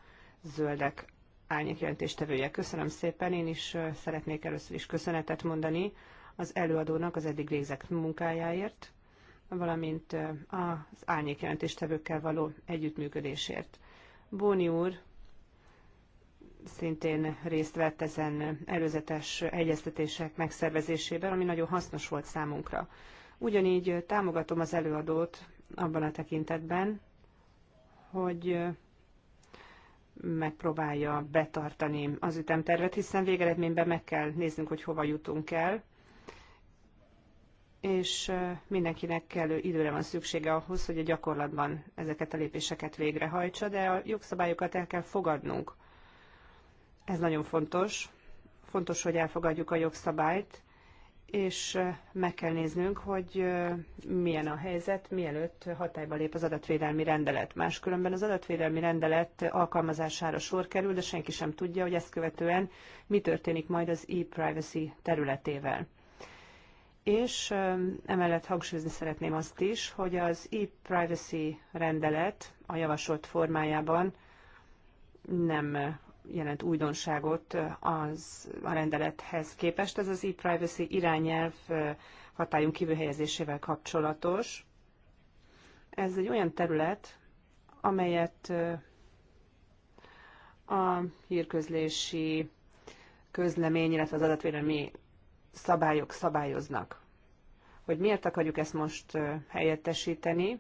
zöldek árnyékjelentéstevője. Köszönöm szépen, én is szeretnék először is köszönetet mondani az előadónak az eddig végzett munkájáért, valamint az árnyékjelentéstevőkkel való együttműködésért. Bóni úr szintén részt vett ezen előzetes egyeztetések megszervezésében, ami nagyon hasznos volt számunkra. Ugyanígy támogatom az előadót abban a tekintetben, hogy megpróbálja betartani az ütemtervet, hiszen végeredményben meg kell néznünk, hogy hova jutunk el, és mindenkinek kellő időre van szüksége ahhoz, hogy a gyakorlatban ezeket a lépéseket végrehajtsa, de a jogszabályokat el kell fogadnunk. Ez nagyon fontos. Fontos, hogy elfogadjuk a jogszabályt, és meg kell néznünk, hogy milyen a helyzet, mielőtt hatályba lép az adatvédelmi rendelet. Máskülönben az adatvédelmi rendelet alkalmazására sor kerül, de senki sem tudja, hogy ezt követően mi történik majd az e-privacy területével. És emellett hangsúlyozni szeretném azt is, hogy az e-privacy rendelet a javasolt formájában nem jelent újdonságot az a rendelethez képest. Ez az e-privacy irányelv hatályunk kívül helyezésével kapcsolatos. Ez egy olyan terület, amelyet a hírközlési közlemény, illetve az adatvédelmi szabályok szabályoznak. Hogy miért akarjuk ezt most helyettesíteni?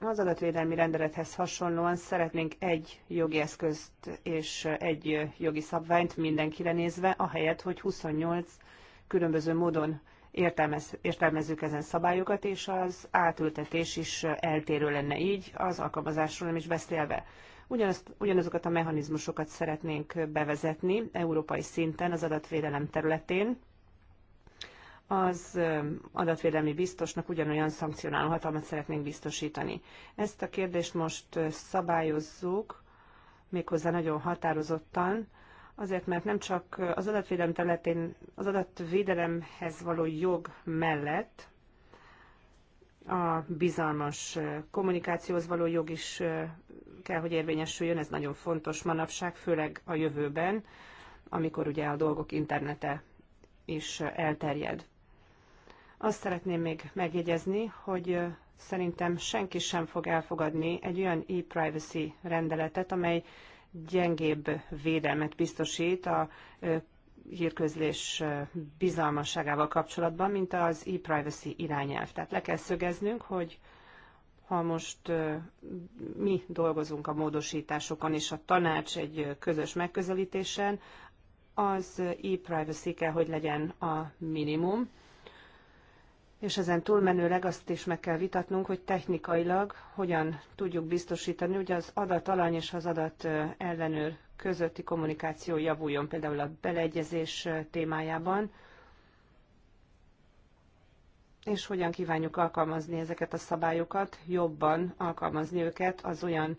Az adatvédelmi rendelethez hasonlóan szeretnénk egy jogi eszközt és egy jogi szabványt mindenkire nézve, ahelyett, hogy 28 különböző módon értelmez, értelmezzük ezen szabályokat, és az átültetés is eltérő lenne így, az alkalmazásról nem is beszélve. Ugyanaz, ugyanazokat a mechanizmusokat szeretnénk bevezetni európai szinten az adatvédelem területén, az adatvédelmi biztosnak ugyanolyan szankcionáló hatalmat szeretnénk biztosítani. Ezt a kérdést most szabályozzuk, méghozzá nagyon határozottan, azért mert nem csak az adatvédelem területén, az adatvédelemhez való jog mellett a bizalmas kommunikációhoz való jog is kell, hogy érvényesüljön, ez nagyon fontos manapság, főleg a jövőben, amikor ugye a dolgok internete is elterjed. Azt szeretném még megjegyezni, hogy szerintem senki sem fog elfogadni egy olyan e-privacy rendeletet, amely gyengébb védelmet biztosít a hírközlés bizalmasságával kapcsolatban, mint az e-privacy irányelv. Tehát le kell szögeznünk, hogy ha most mi dolgozunk a módosításokon, és a tanács egy közös megközelítésen, az e-privacy kell, hogy legyen a minimum, és ezen túlmenőleg azt is meg kell vitatnunk, hogy technikailag hogyan tudjuk biztosítani, hogy az adatalany és az adat ellenőr közötti kommunikáció javuljon, például a beleegyezés témájában, és hogyan kívánjuk alkalmazni ezeket a szabályokat, jobban alkalmazni őket az olyan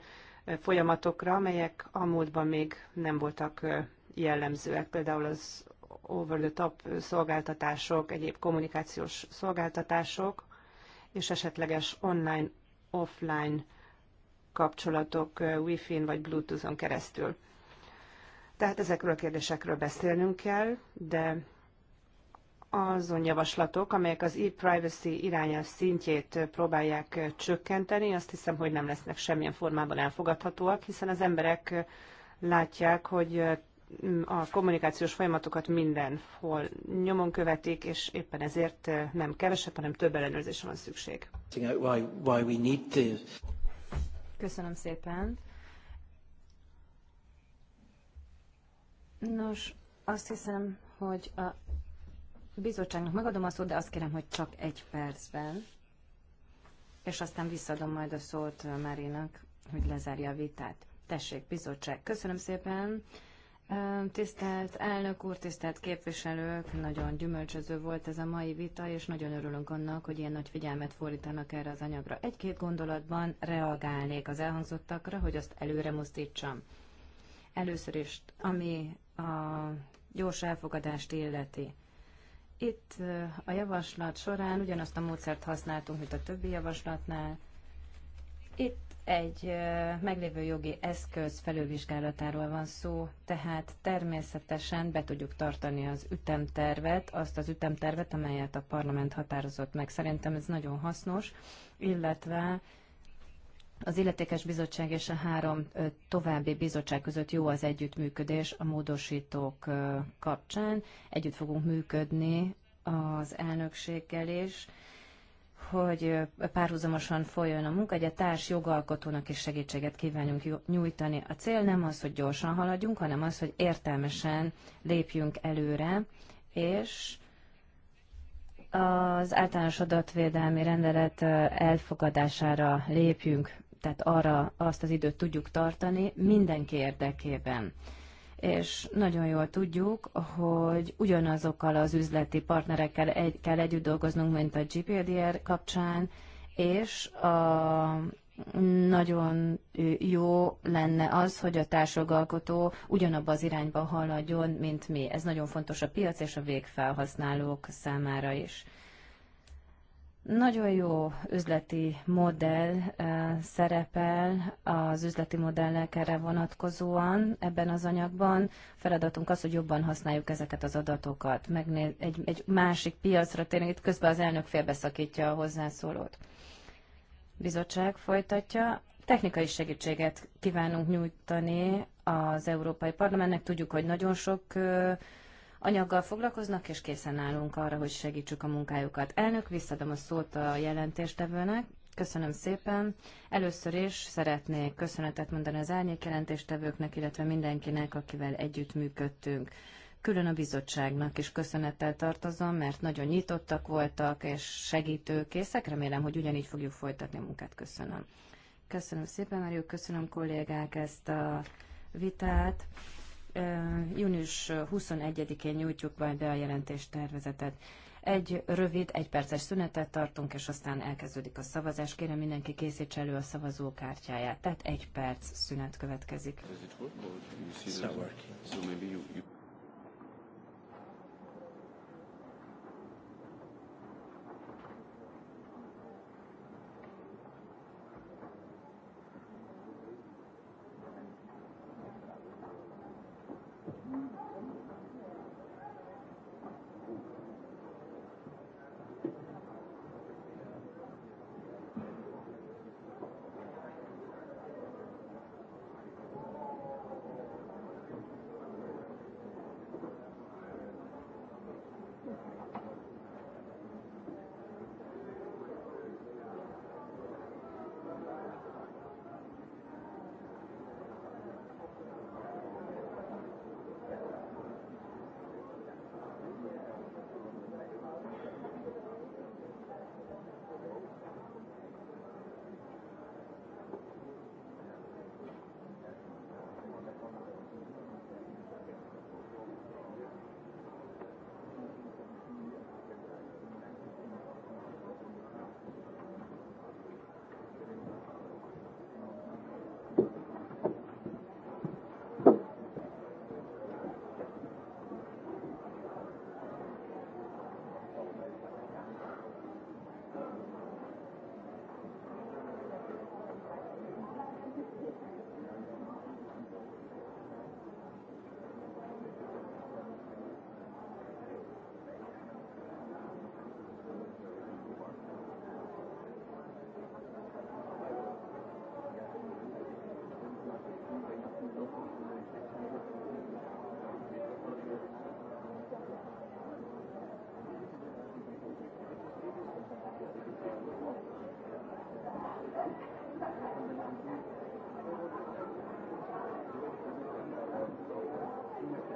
folyamatokra, amelyek a múltban még nem voltak jellemzőek, például az over-the-top szolgáltatások, egyéb kommunikációs szolgáltatások, és esetleges online, offline kapcsolatok Wi-Fi-n vagy Bluetooth-on keresztül. Tehát ezekről a kérdésekről beszélnünk kell, de azon javaslatok, amelyek az e-privacy irányelv szintjét próbálják csökkenteni, azt hiszem, hogy nem lesznek semmilyen formában elfogadhatóak, hiszen az emberek látják, hogy a kommunikációs folyamatokat mindenhol nyomon követik, és éppen ezért nem kevesebb, hanem több ellenőrzésre van szükség. Köszönöm szépen. Nos, azt hiszem, hogy a bizottságnak megadom a szót, de azt kérem, hogy csak egy percben, és aztán visszadom majd a szót Márinak, hogy lezárja a vitát. Tessék, bizottság, köszönöm szépen. Tisztelt elnök úr, tisztelt képviselők, nagyon gyümölcsöző volt ez a mai vita, és nagyon örülünk annak, hogy ilyen nagy figyelmet fordítanak erre az anyagra. Egy-két gondolatban reagálnék az elhangzottakra, hogy azt előre mozdítsam. Először is, ami a gyors elfogadást illeti. Itt a javaslat során ugyanazt a módszert használtunk, mint a többi javaslatnál, itt egy meglévő jogi eszköz felülvizsgálatáról van szó, tehát természetesen be tudjuk tartani az ütemtervet, azt az ütemtervet, amelyet a parlament határozott meg. Szerintem ez nagyon hasznos, illetve az illetékes bizottság és a három további bizottság között jó az együttműködés a módosítók kapcsán. Együtt fogunk működni az elnökséggel is hogy párhuzamosan folyjon a munka, hogy a társ jogalkotónak is segítséget kívánunk nyújtani. A cél nem az, hogy gyorsan haladjunk, hanem az, hogy értelmesen lépjünk előre, és az általános adatvédelmi rendelet elfogadására lépjünk, tehát arra azt az időt tudjuk tartani mindenki érdekében és nagyon jól tudjuk, hogy ugyanazokkal az üzleti partnerekkel egy, kell együtt dolgoznunk, mint a GPDR kapcsán, és a, nagyon jó lenne az, hogy a társjogalkotó ugyanabba az irányba haladjon, mint mi. Ez nagyon fontos a piac és a végfelhasználók számára is. Nagyon jó üzleti modell eh, szerepel az üzleti modellek erre vonatkozóan ebben az anyagban. Feladatunk az, hogy jobban használjuk ezeket az adatokat. Megnéz, egy, egy másik piacra tényleg itt közben az elnök félbeszakítja a hozzászólót. Bizottság folytatja. Technikai segítséget kívánunk nyújtani az Európai Parlamentnek. Tudjuk, hogy nagyon sok eh, anyaggal foglalkoznak, és készen állunk arra, hogy segítsük a munkájukat. Elnök, visszadom a szót a jelentéstevőnek. Köszönöm szépen. Először is szeretnék köszönetet mondani az árnyék jelentéstevőknek, illetve mindenkinek, akivel együttműködtünk. Külön a bizottságnak is köszönettel tartozom, mert nagyon nyitottak voltak és segítőkészek. Remélem, hogy ugyanígy fogjuk folytatni a munkát. Köszönöm. Köszönöm szépen, Mário, köszönöm kollégák ezt a vitát június 21-én nyújtjuk majd be a jelentés tervezetet. Egy rövid, egy perces szünetet tartunk, és aztán elkezdődik a szavazás. Kérem mindenki készíts elő a szavazókártyáját. Tehát egy perc szünet következik. Does it work or do you see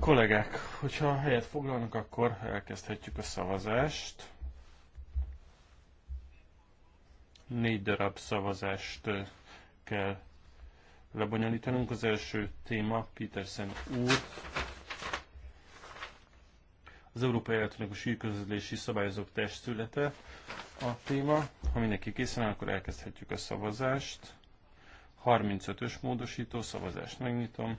Kollégák, hogyha helyet foglalnak, akkor elkezdhetjük a szavazást. Négy darab szavazást kell lebonyolítanunk. Az első téma Petersen úr. Az Európai Elektronikus Ügyközlési Szabályozók Testülete a téma. Ha mindenki készen akkor elkezdhetjük a szavazást. 35-ös módosító szavazást megnyitom.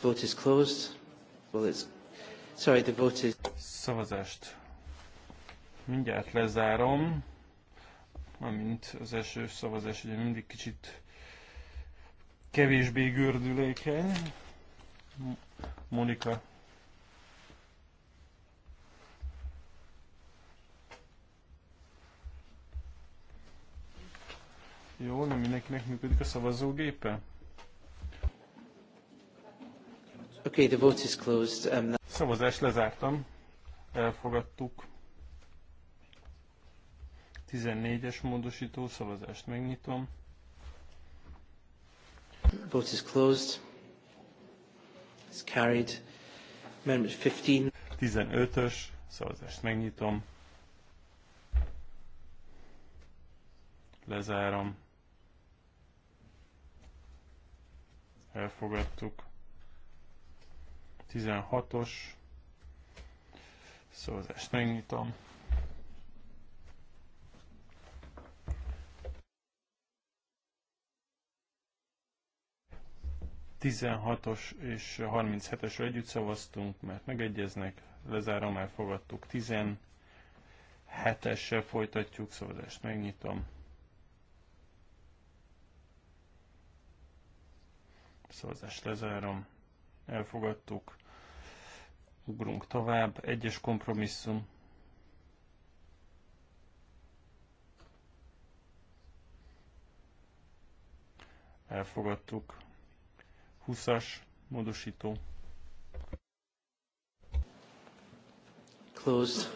Vote is closed. Well, it's... Sorry, the vote is... Szavazást mindjárt lezárom. Amint az első szavazás ugye mindig kicsit kevésbé gördülékeny. Monika Jó, nem mindenkinek működik a szavazógépe? Okay, the vote is closed. Um, Szavazás lezártam. Elfogadtuk. 14-es módosító szavazást megnyitom. Vote is closed. It's carried. Amendment 15. 15-ös szavazást megnyitom. Lezárom. elfogadtuk. 16-os ezt megnyitom. Tizenhatos és 37-esről együtt szavaztunk, mert megegyeznek, lezárom, elfogadtuk. 17-essel folytatjuk, szavazást megnyitom. Szavazást lezárom. Elfogadtuk. Ugrunk tovább. Egyes kompromisszum. Elfogadtuk. 20-as módosító. Closed.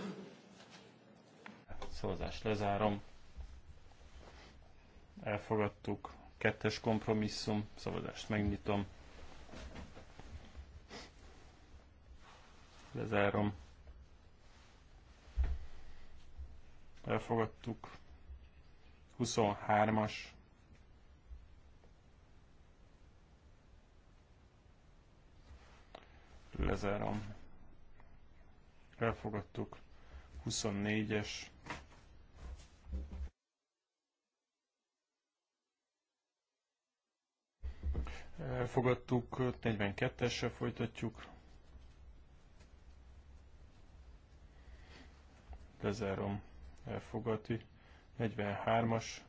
Szavazást lezárom. Elfogadtuk. Kettes kompromisszum, szavazást megnyitom. Lezárom. Elfogadtuk. 23-as. Lezárom. Elfogadtuk. 24-es. elfogadtuk, 42-essel folytatjuk. Lezárom, elfogadni. 43-as.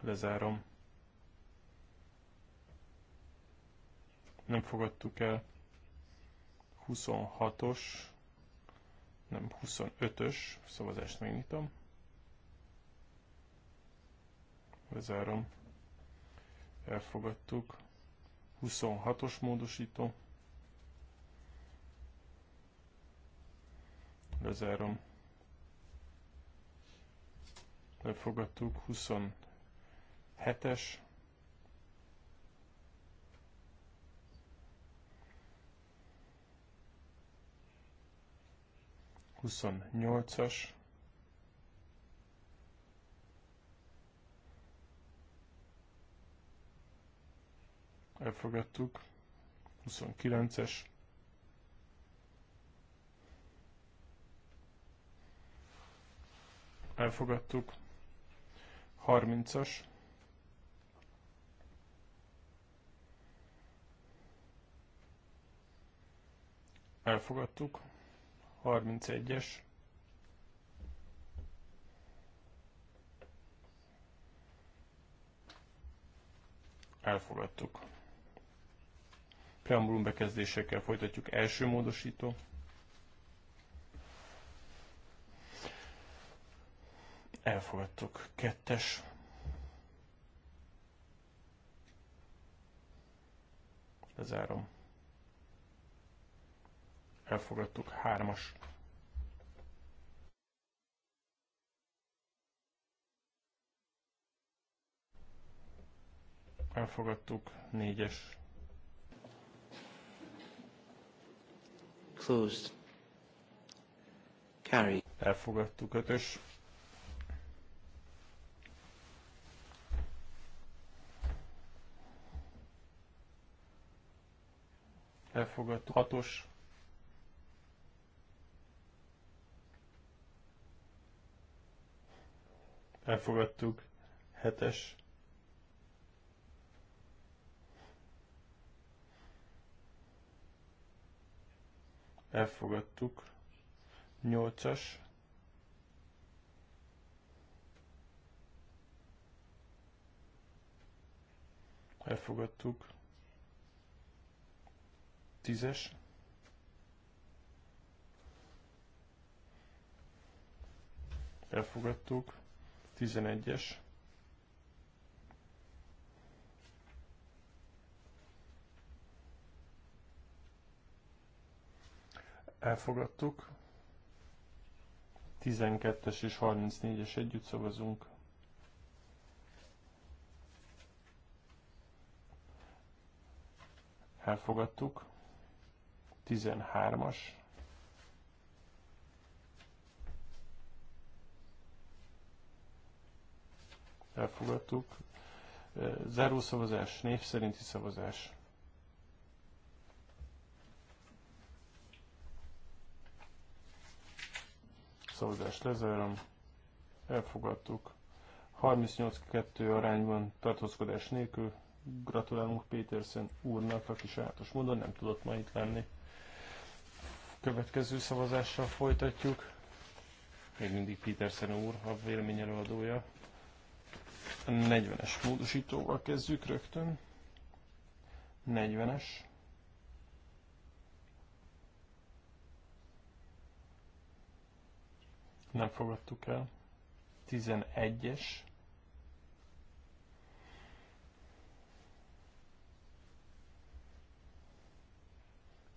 Lezárom. Nem fogadtuk el. 26-os, nem 25-ös szavazást megnyitom. lezárom, elfogadtuk, 26-os módosító, lezárom, elfogadtuk, 27-es, Huszonnyolcas, elfogadtuk. 29-es. Elfogadtuk. 30-as. Elfogadtuk. 31-es. Elfogadtuk. Preambulum bekezdésekkel folytatjuk. Első módosító. Elfogadtuk. Kettes. Lezárom. Elfogadtuk. Hármas. Elfogadtuk. Négyes. Closed. Carry. Elfogadtuk ötös. Elfogadtuk hatos. Elfogadtuk hetes. elfogadtuk. 8-as. Elfogadtuk. 10-es. Elfogadtuk. 11-es. elfogadtuk. 12-es és 34-es együtt szavazunk. Elfogadtuk. 13-as. Elfogadtuk. Zárószavazás, név szerinti szavazás. szavazást lezárom. Elfogadtuk. 38-2 arányban tartózkodás nélkül. Gratulálunk Pétersen úrnak, aki sajátos módon nem tudott ma itt lenni. Következő szavazással folytatjuk. Még mindig Pétersen úr, a vélemény előadója. A 40-es módosítóval kezdjük rögtön. 40-es. nem fogadtuk el. 11-es.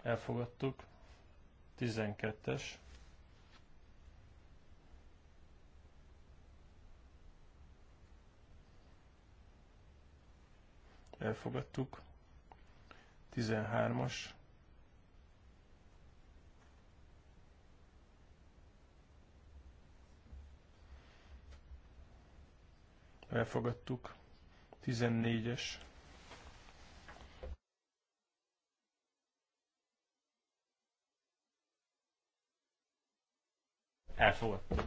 Elfogadtuk. 12-es. Elfogadtuk. 13-as. elfogadtuk. 14-es. Elfogadtuk.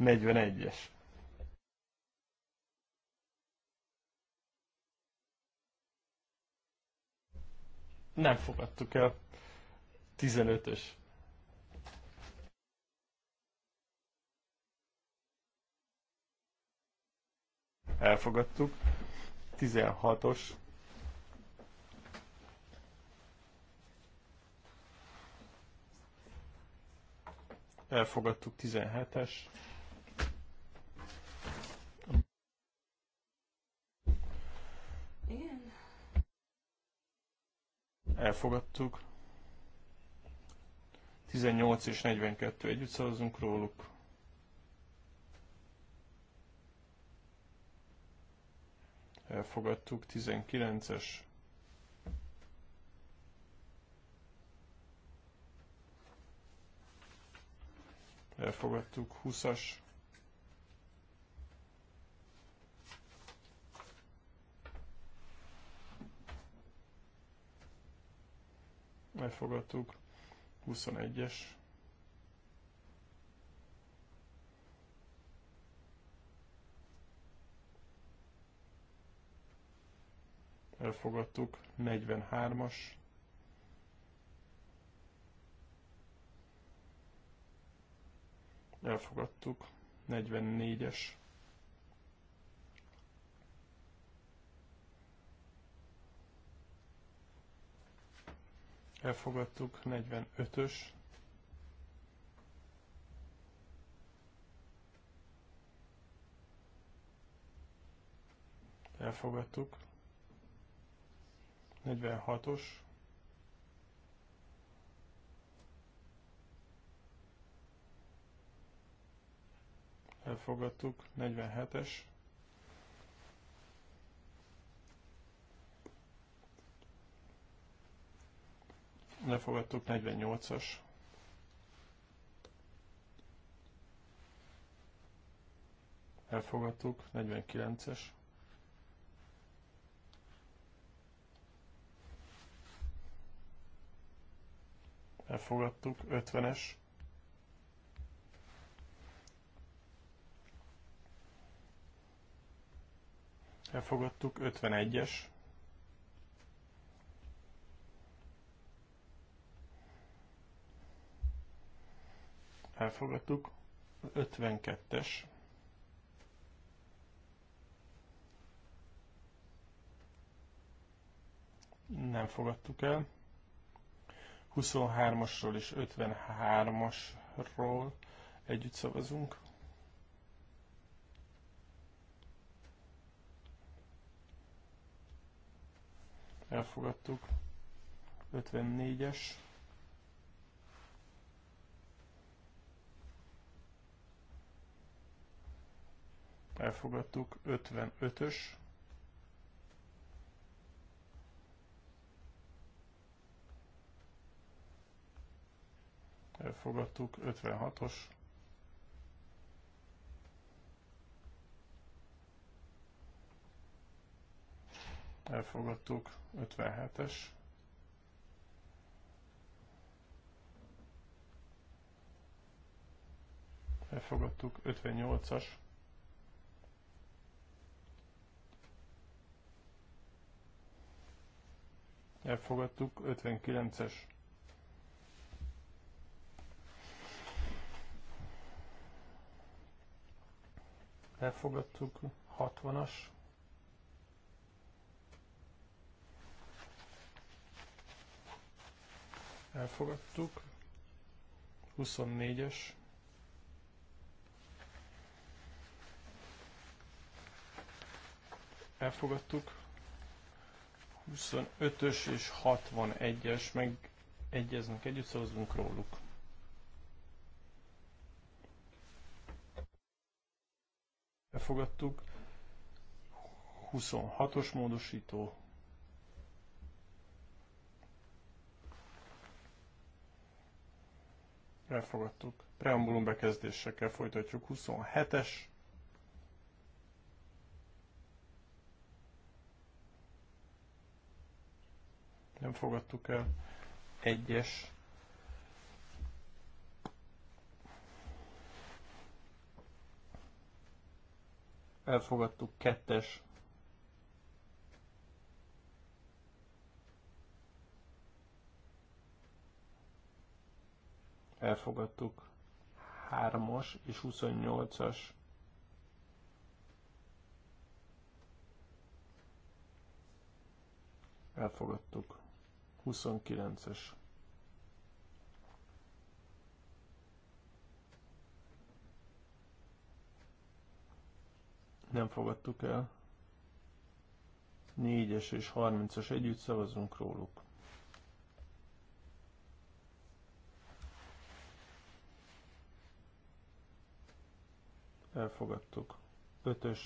41-es. Nem fogadtuk el. 15-ös. elfogadtuk. 16-os elfogadtuk 17-es. Igen. Elfogadtuk. 18 és 42 együtt szavazunk róluk. elfogadtuk, 19-es elfogadtuk, 20-as elfogadtuk, 21-es elfogadtuk, 43-as, elfogadtuk, 44-es, elfogadtuk, 45-ös, elfogadtuk, 46-os. Elfogadtuk. 47-es. Lefogadtuk 48-as. Elfogadtuk 49-es. elfogadtuk, 50-es, elfogadtuk, 51-es, elfogadtuk, 52-es, nem fogadtuk el, 23-asról és 53-asról együtt szavazunk. Elfogadtuk. 54-es. Elfogadtuk. 55-ös. elfogadtuk, 56-os, elfogadtuk, 57-es, elfogadtuk, 58-as, elfogadtuk, 59-es, elfogadtuk, 60-as, elfogadtuk, 24-es, elfogadtuk, 25-ös és 61-es, meg egyeznek együtt, szavazunk róluk. elfogadtuk. 26-os módosító. Elfogadtuk. Preambulum bekezdésekkel folytatjuk. 27-es. Nem fogadtuk el. 1-es. elfogadtuk kettes elfogadtuk 3-as és 28-as elfogadtuk 29-es nem fogadtuk el. 4-es és 30-as együtt szavazunk róluk. Elfogadtuk. 5-ös.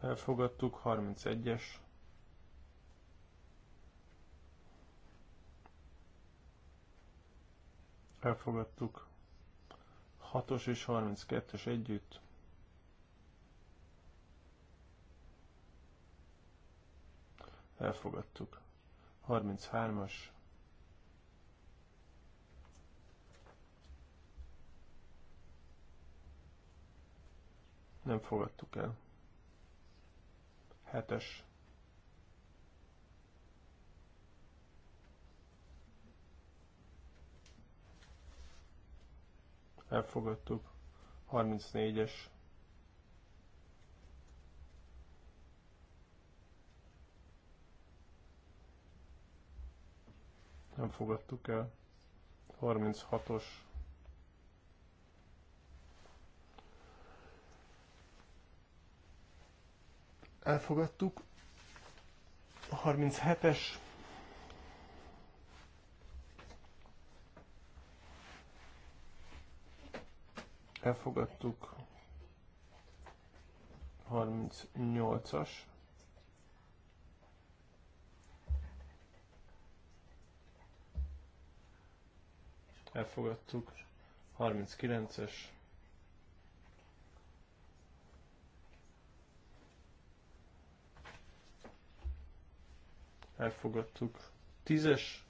Elfogadtuk. 31-es. elfogadtuk. 6-os és 32-es együtt. Elfogadtuk. 33-as. Nem fogadtuk el. 7-es. elfogadtuk. 34-es nem fogadtuk el. 36-os elfogadtuk. 37-es elfogadtuk. 38-as. Elfogadtuk. 39-es. Elfogadtuk. 10-es.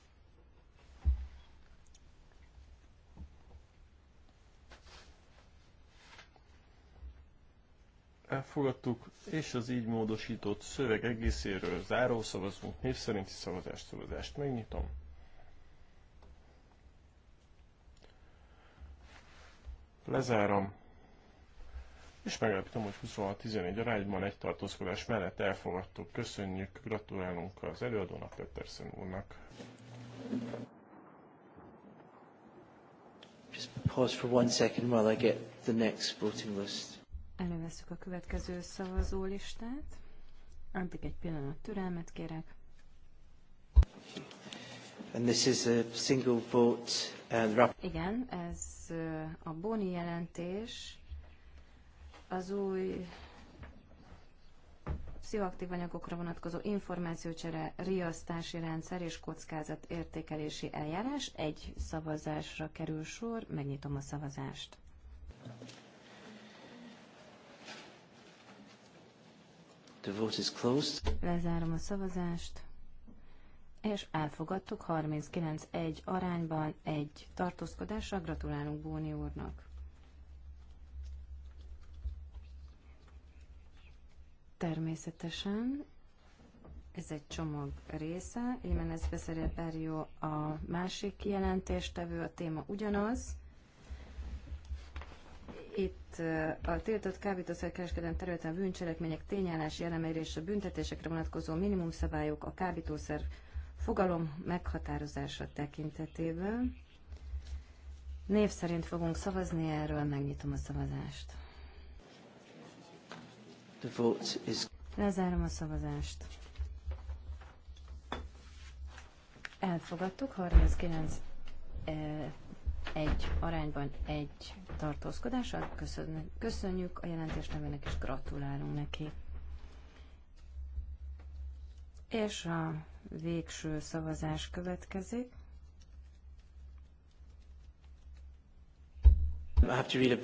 elfogadtuk, és az így módosított szöveg egészéről záró szavazunk, név szerinti szavazást, szavazást megnyitom. Lezárom, és megállapítom, hogy 26-11 arányban egy tartózkodás mellett elfogadtuk. Köszönjük, gratulálunk az előadónak, Pettersen úrnak. Just pause for one second while I get the next voting list. Előveszük a következő szavazólistát. Addig egy pillanat türelmet kérek. And this is a single vote, uh, Igen, ez uh, a Boni jelentés, az új pszichoaktív anyagokra vonatkozó információcsere, riasztási rendszer és kockázat értékelési eljárás. Egy szavazásra kerül sor, megnyitom a szavazást. The vote is closed. Lezárom a szavazást, és elfogadtuk 39-1 arányban egy tartózkodásra. Gratulálunk Bóni úrnak. Természetesen ez egy csomag része, Jimenez Beszereperió a másik jelentéstevő, a téma ugyanaz, itt a tiltott kábítószerkereskedelem területen bűncselekmények tényállási elemeire és a büntetésekre vonatkozó minimumszabályok a kábítószer fogalom meghatározása tekintetében. Név szerint fogunk szavazni erről, megnyitom a szavazást. The vote is... Lezárom a szavazást. Elfogadtuk, 39 eh, egy arányban egy tartózkodással. Köszönjük a nevének, és gratulálunk neki. És a végső szavazás következik. Uh,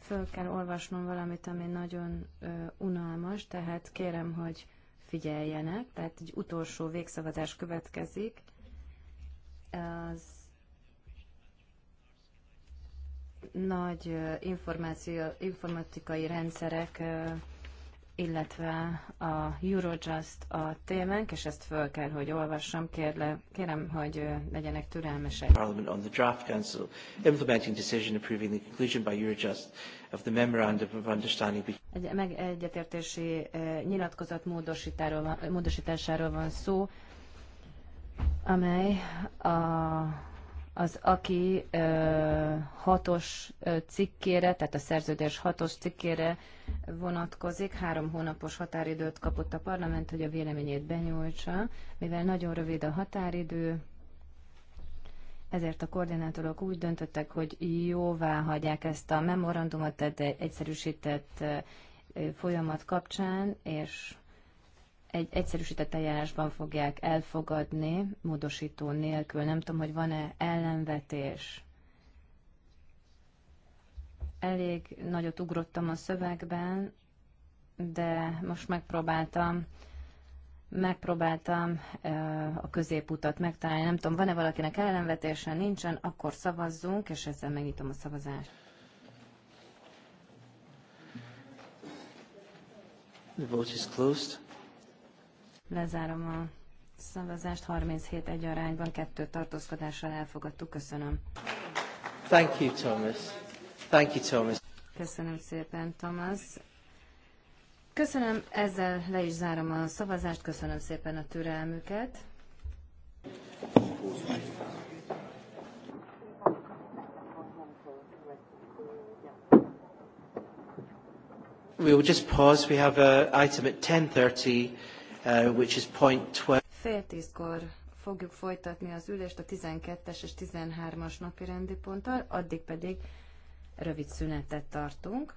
Föl kell olvasnom valamit, ami nagyon uh, unalmas, tehát kérem, hogy figyeljenek. Tehát egy utolsó végszavazás következik az nagy információ, informatikai rendszerek, illetve a Eurojust a témánk, és ezt föl kell, hogy olvassam, kérle, kérem, hogy legyenek türelmesek. Parliament on the draft council implementing decision approving the conclusion by Eurojust of the memorandum of understanding egy, meg egyetértési nyilatkozat módosításáról van szó amely a, az aki ö, hatos cikkére, tehát a szerződés hatos cikkére vonatkozik. Három hónapos határidőt kapott a parlament, hogy a véleményét benyújtsa, mivel nagyon rövid a határidő, ezért a koordinátorok úgy döntöttek, hogy jóvá hagyják ezt a memorandumot, tehát egyszerűsített folyamat kapcsán, és egy egyszerűsített eljárásban fogják elfogadni, módosító nélkül. Nem tudom, hogy van-e ellenvetés. Elég nagyot ugrottam a szövegben, de most megpróbáltam megpróbáltam a középutat megtalálni. Nem tudom, van-e valakinek ellenvetése, nincsen, akkor szavazzunk, és ezzel megnyitom a szavazást. The vote is closed. Lezárom a szavazást. 37 egy arányban, kettő tartózkodással elfogadtuk. Köszönöm. Thank you, Thomas. Thank you, Thomas. Köszönöm szépen, Thomas. Köszönöm, ezzel le is zárom a szavazást, köszönöm szépen a türelmüket. We will just pause. We have an uh, item at 10.30. Uh, which is point 12. fogjuk folytatni az ülést a 12-es és 13-as napi rendi ponttal, addig pedig rövid szünetet tartunk.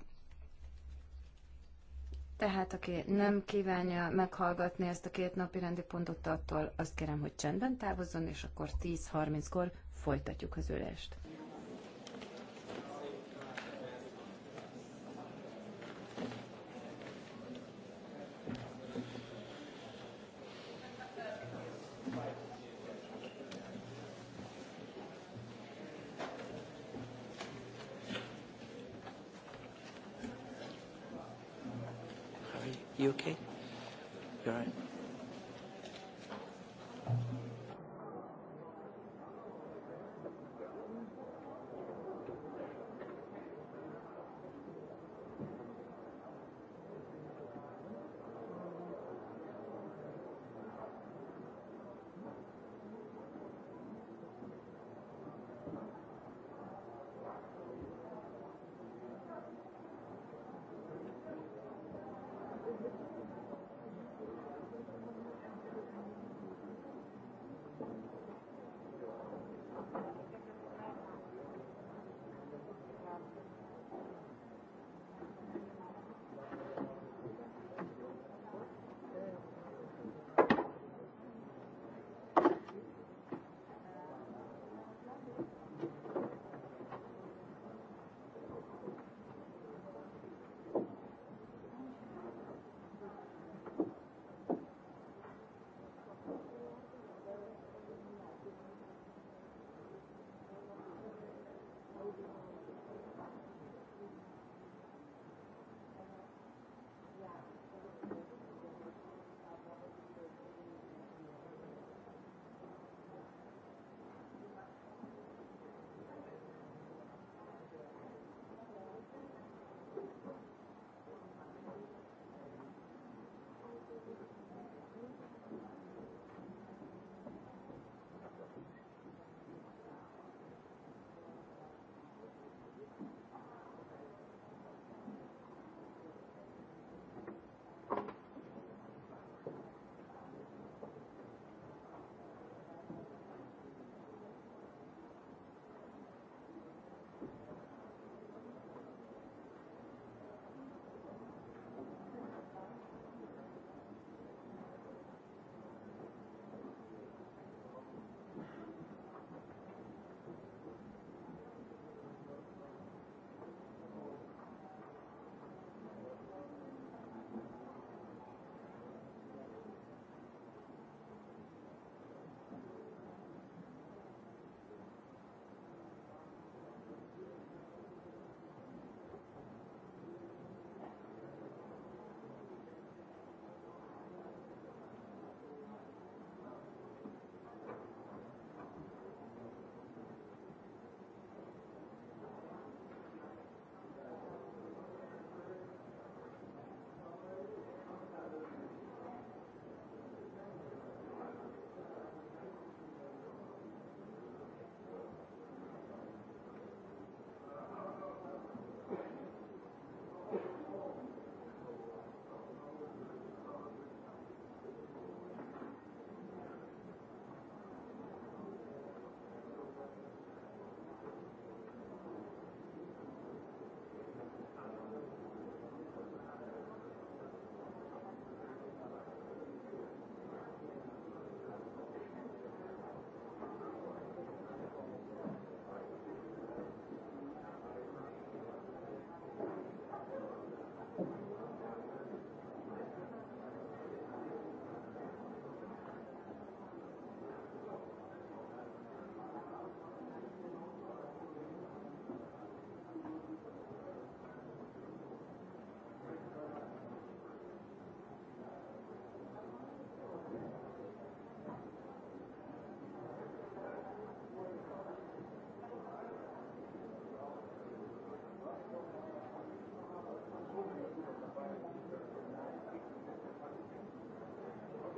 Tehát aki nem kívánja meghallgatni ezt a két napi rendi pontot, attól azt kérem, hogy csendben távozzon, és akkor 10.30-kor folytatjuk az ülést.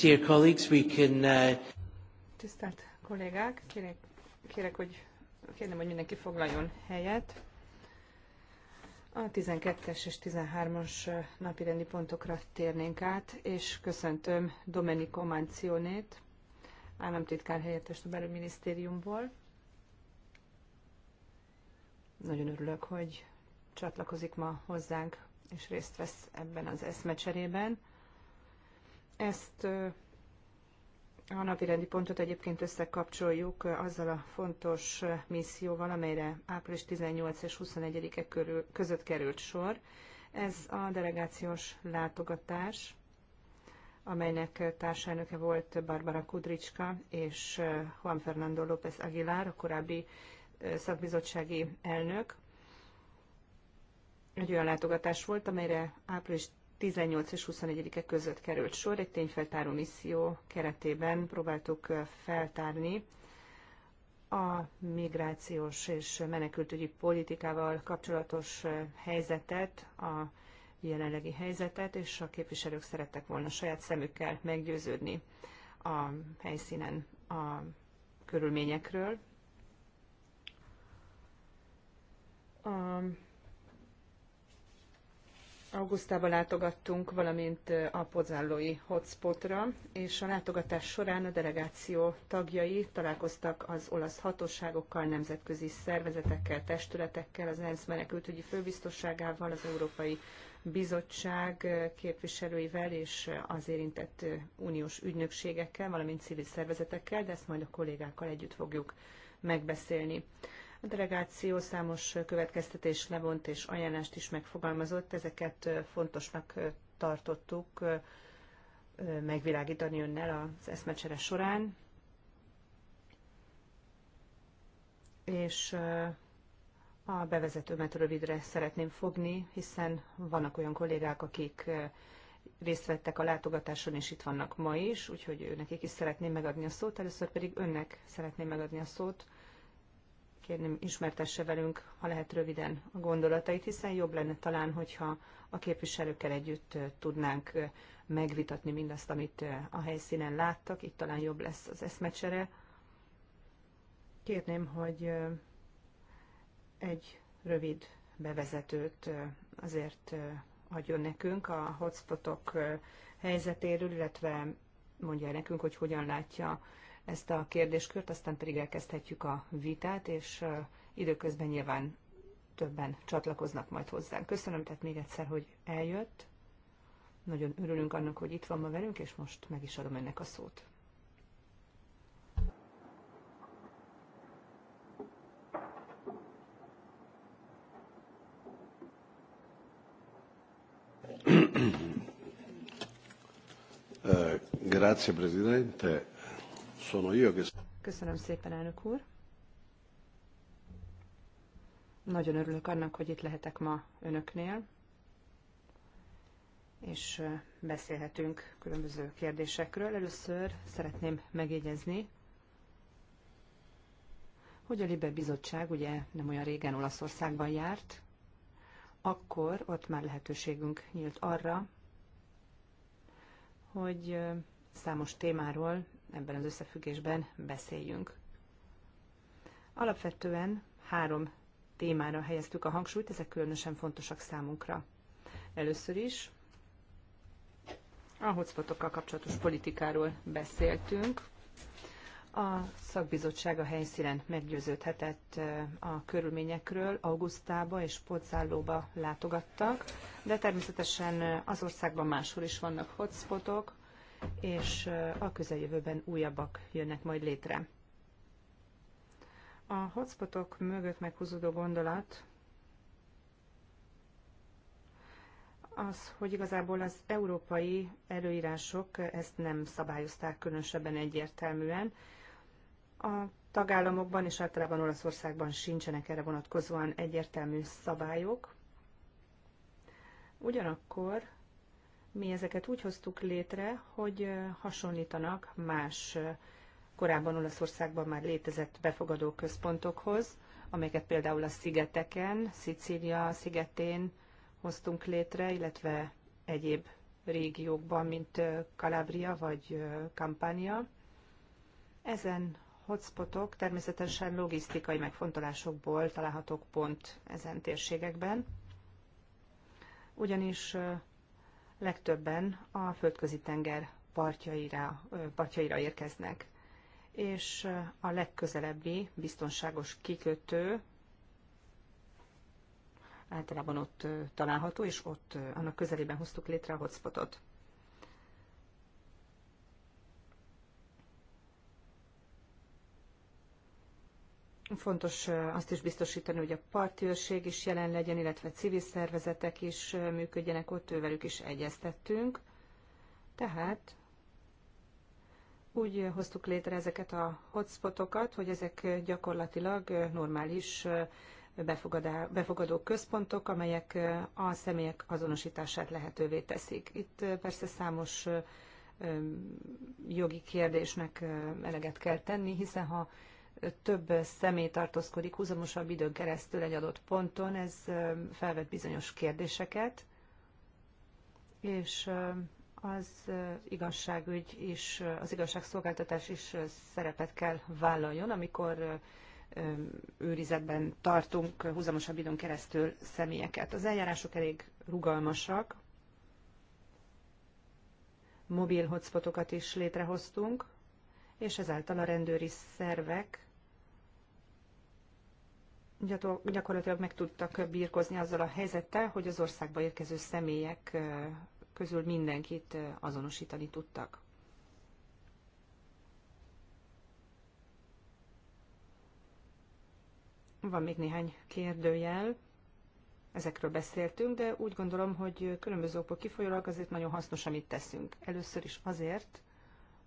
Dear colleagues, we can... Uh, Tisztelt kollégák, kérek, kérek, hogy kérdem, hogy mindenki foglaljon helyet. A 12-es és 13-as rendi pontokra térnénk át, és köszöntöm Domenico Mancionét, államtitkár helyettest a belügyminisztériumból. Nagyon örülök, hogy csatlakozik ma hozzánk, és részt vesz ebben az eszmecserében. Ezt a napirendi pontot egyébként összekapcsoljuk azzal a fontos misszióval, amelyre április 18 és 21-e körül, között került sor. Ez a delegációs látogatás, amelynek társelnöke volt Barbara Kudricska és Juan Fernando López Aguilar, a korábbi szakbizottsági elnök. Egy olyan látogatás volt, amelyre április 18 és 21-e között került sor. Egy tényfeltáró misszió keretében próbáltuk feltárni a migrációs és menekültügyi politikával kapcsolatos helyzetet, a jelenlegi helyzetet, és a képviselők szerettek volna saját szemükkel meggyőződni a helyszínen a körülményekről. A Augusztában látogattunk, valamint a pozállói hotspotra, és a látogatás során a delegáció tagjai találkoztak az olasz hatóságokkal, nemzetközi szervezetekkel, testületekkel, az ENSZ menekültügyi főbiztosságával, az Európai Bizottság képviselőivel és az érintett uniós ügynökségekkel, valamint civil szervezetekkel, de ezt majd a kollégákkal együtt fogjuk megbeszélni. A delegáció számos következtetés levont és ajánlást is megfogalmazott, ezeket fontosnak tartottuk megvilágítani önnel az eszmecsere során. És a bevezetőmet rövidre szeretném fogni, hiszen vannak olyan kollégák, akik részt vettek a látogatáson, és itt vannak ma is, úgyhogy nekik is szeretném megadni a szót. Először pedig önnek szeretném megadni a szót, kérném ismertesse velünk, ha lehet röviden a gondolatait, hiszen jobb lenne talán, hogyha a képviselőkkel együtt tudnánk megvitatni mindazt, amit a helyszínen láttak, itt talán jobb lesz az eszmecsere. Kérném, hogy egy rövid bevezetőt azért adjon nekünk a hotspotok helyzetéről, illetve mondja nekünk, hogy hogyan látja ezt a kérdéskört, aztán pedig elkezdhetjük a vitát, és időközben nyilván többen csatlakoznak majd hozzánk. Köszönöm tehát még egyszer, hogy eljött. Nagyon örülünk annak, hogy itt van ma velünk, és most meg is adom önnek a szót. Grazie Presidente. Köszönöm szépen, elnök úr. Nagyon örülök annak, hogy itt lehetek ma önöknél, és beszélhetünk különböző kérdésekről. Először szeretném megjegyezni, hogy a Libe Bizottság ugye nem olyan régen Olaszországban járt, akkor ott már lehetőségünk nyílt arra, hogy számos témáról ebben az összefüggésben beszéljünk. Alapvetően három témára helyeztük a hangsúlyt, ezek különösen fontosak számunkra. Először is a hotspotokkal kapcsolatos politikáról beszéltünk. A szakbizottság a helyszínen meggyőződhetett a körülményekről, Augusztába és pozzállóba látogattak, de természetesen az országban máshol is vannak hotspotok, és a közeljövőben újabbak jönnek majd létre. A hotspotok mögött meghúzódó gondolat az, hogy igazából az európai előírások ezt nem szabályozták különösebben egyértelműen. A tagállamokban és általában Olaszországban sincsenek erre vonatkozóan egyértelmű szabályok. Ugyanakkor mi ezeket úgy hoztuk létre, hogy hasonlítanak más korábban Olaszországban már létezett befogadó központokhoz, amelyeket például a szigeteken, Szicília szigetén hoztunk létre, illetve egyéb régiókban, mint Kalabria vagy Campania. Ezen hotspotok természetesen logisztikai megfontolásokból találhatók pont ezen térségekben, ugyanis legtöbben a földközi tenger partjaira, partjaira érkeznek, és a legközelebbi biztonságos kikötő általában ott található, és ott annak közelében hoztuk létre a hotspotot. Fontos azt is biztosítani, hogy a partőrség is jelen legyen, illetve civil szervezetek is működjenek ott, ővelük is egyeztettünk. Tehát úgy hoztuk létre ezeket a hotspotokat, hogy ezek gyakorlatilag normális befogadó központok, amelyek a személyek azonosítását lehetővé teszik. Itt persze számos jogi kérdésnek eleget kell tenni, hiszen ha több személy tartózkodik húzamosabb időn keresztül egy adott ponton, ez felvet bizonyos kérdéseket, és az igazságügy is, az igazságszolgáltatás is szerepet kell vállaljon, amikor őrizetben tartunk húzamosabb időn keresztül személyeket. Az eljárások elég rugalmasak, mobil hotspotokat is létrehoztunk, és ezáltal a rendőri szervek gyakorlatilag meg tudtak birkozni azzal a helyzettel, hogy az országba érkező személyek közül mindenkit azonosítani tudtak. Van még néhány kérdőjel, ezekről beszéltünk, de úgy gondolom, hogy különböző okból kifolyólag azért nagyon hasznos, amit teszünk. Először is azért,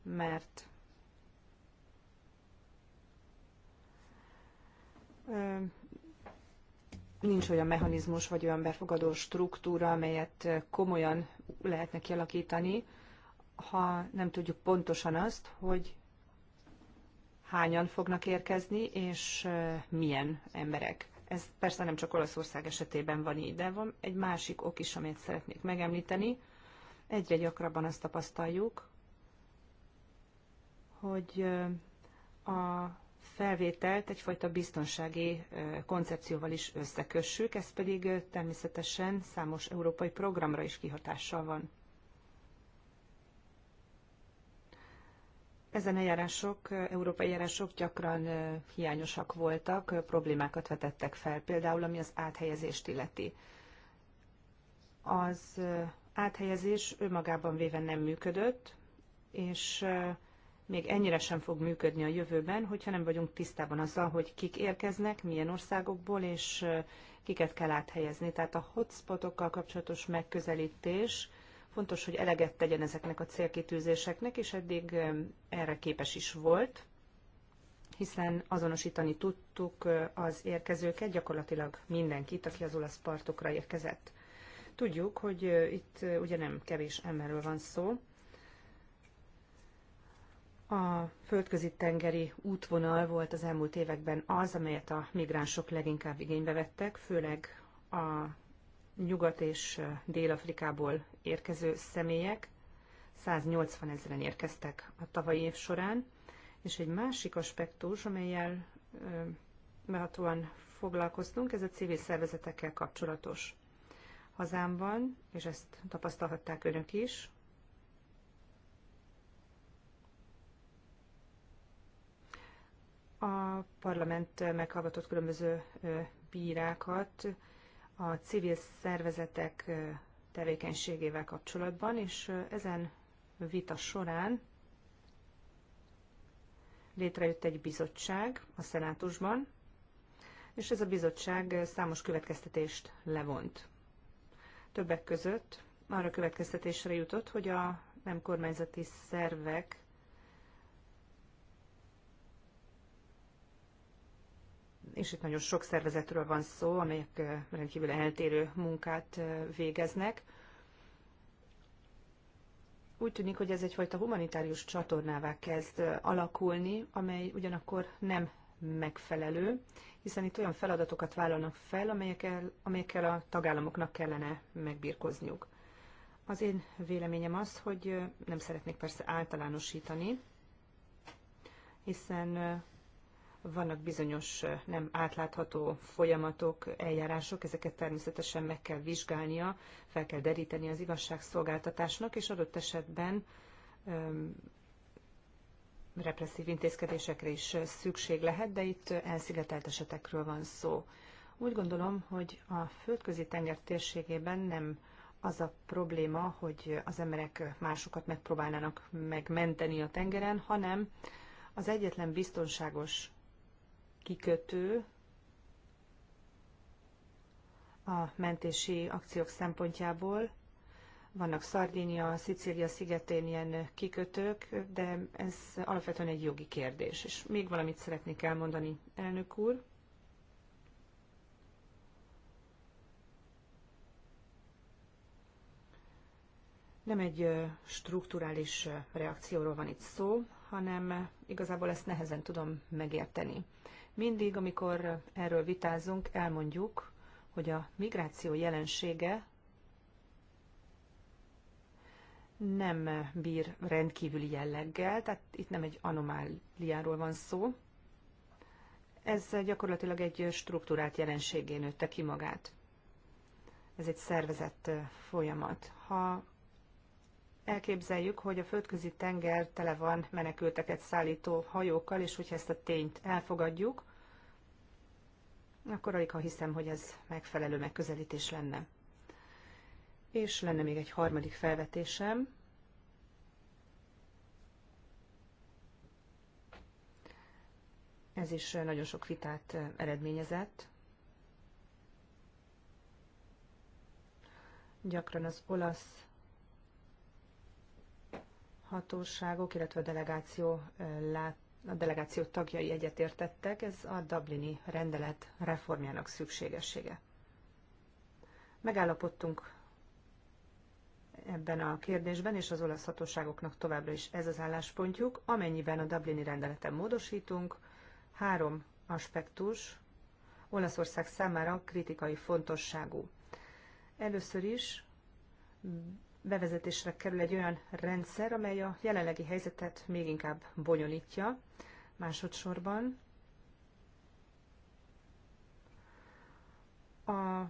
mert nincs olyan mechanizmus, vagy olyan befogadó struktúra, amelyet komolyan lehetne kialakítani, ha nem tudjuk pontosan azt, hogy hányan fognak érkezni, és milyen emberek. Ez persze nem csak Olaszország esetében van így, de van egy másik ok is, amit szeretnék megemlíteni. Egyre gyakrabban azt tapasztaljuk, hogy a felvételt egyfajta biztonsági koncepcióval is összekössük, ez pedig természetesen számos európai programra is kihatással van. Ezen eljárások, európai eljárások gyakran hiányosak voltak, problémákat vetettek fel, például ami az áthelyezést illeti. Az áthelyezés önmagában véve nem működött, és még ennyire sem fog működni a jövőben, hogyha nem vagyunk tisztában azzal, hogy kik érkeznek, milyen országokból, és kiket kell áthelyezni. Tehát a hotspotokkal kapcsolatos megközelítés fontos, hogy eleget tegyen ezeknek a célkitűzéseknek, és eddig erre képes is volt, hiszen azonosítani tudtuk az érkezőket, gyakorlatilag mindenkit, aki az olasz partokra érkezett. Tudjuk, hogy itt ugye nem kevés emberről van szó, a földközi tengeri útvonal volt az elmúlt években az, amelyet a migránsok leginkább igénybe vettek, főleg a Nyugat- és Dél-Afrikából érkező személyek. 180 ezeren érkeztek a tavalyi év során, és egy másik aspektus, amelyel behatóan foglalkoztunk, ez a civil szervezetekkel kapcsolatos. Hazámban, és ezt tapasztalhatták önök is, A parlament meghallgatott különböző bírákat a civil szervezetek tevékenységével kapcsolatban, és ezen vita során létrejött egy bizottság a szenátusban, és ez a bizottság számos következtetést levont. Többek között arra következtetésre jutott, hogy a nem kormányzati szervek és itt nagyon sok szervezetről van szó, amelyek eh, rendkívül eltérő munkát eh, végeznek. Úgy tűnik, hogy ez egyfajta humanitárius csatornává kezd eh, alakulni, amely ugyanakkor nem megfelelő, hiszen itt olyan feladatokat vállalnak fel, amelyekkel, amelyekkel a tagállamoknak kellene megbírkozniuk. Az én véleményem az, hogy nem szeretnék persze általánosítani, hiszen vannak bizonyos nem átlátható folyamatok, eljárások, ezeket természetesen meg kell vizsgálnia, fel kell deríteni az igazságszolgáltatásnak, és adott esetben öm, represszív intézkedésekre is szükség lehet, de itt elszigetelt esetekről van szó. Úgy gondolom, hogy a földközi tenger térségében nem az a probléma, hogy az emberek másokat megpróbálnának megmenteni a tengeren, hanem az egyetlen biztonságos kikötő a mentési akciók szempontjából. Vannak Szardínia, Szicília szigetén ilyen kikötők, de ez alapvetően egy jogi kérdés. És még valamit szeretnék elmondani, elnök úr. nem egy strukturális reakcióról van itt szó, hanem igazából ezt nehezen tudom megérteni. Mindig, amikor erről vitázunk, elmondjuk, hogy a migráció jelensége nem bír rendkívüli jelleggel, tehát itt nem egy anomáliáról van szó. Ez gyakorlatilag egy struktúrált jelenségén nőtte ki magát. Ez egy szervezett folyamat. Ha elképzeljük, hogy a földközi tenger tele van menekülteket szállító hajókkal, és hogyha ezt a tényt elfogadjuk, akkor alig ha hiszem, hogy ez megfelelő megközelítés lenne. És lenne még egy harmadik felvetésem. Ez is nagyon sok vitát eredményezett. Gyakran az olasz hatóságok, illetve a delegáció, lát, a delegáció tagjai egyetértettek, ez a Dublini rendelet reformjának szükségessége. Megállapodtunk ebben a kérdésben, és az olasz hatóságoknak továbbra is ez az álláspontjuk. Amennyiben a Dublini rendeleten módosítunk, három aspektus Olaszország számára kritikai fontosságú. Először is bevezetésre kerül egy olyan rendszer, amely a jelenlegi helyzetet még inkább bonyolítja. Másodszorban a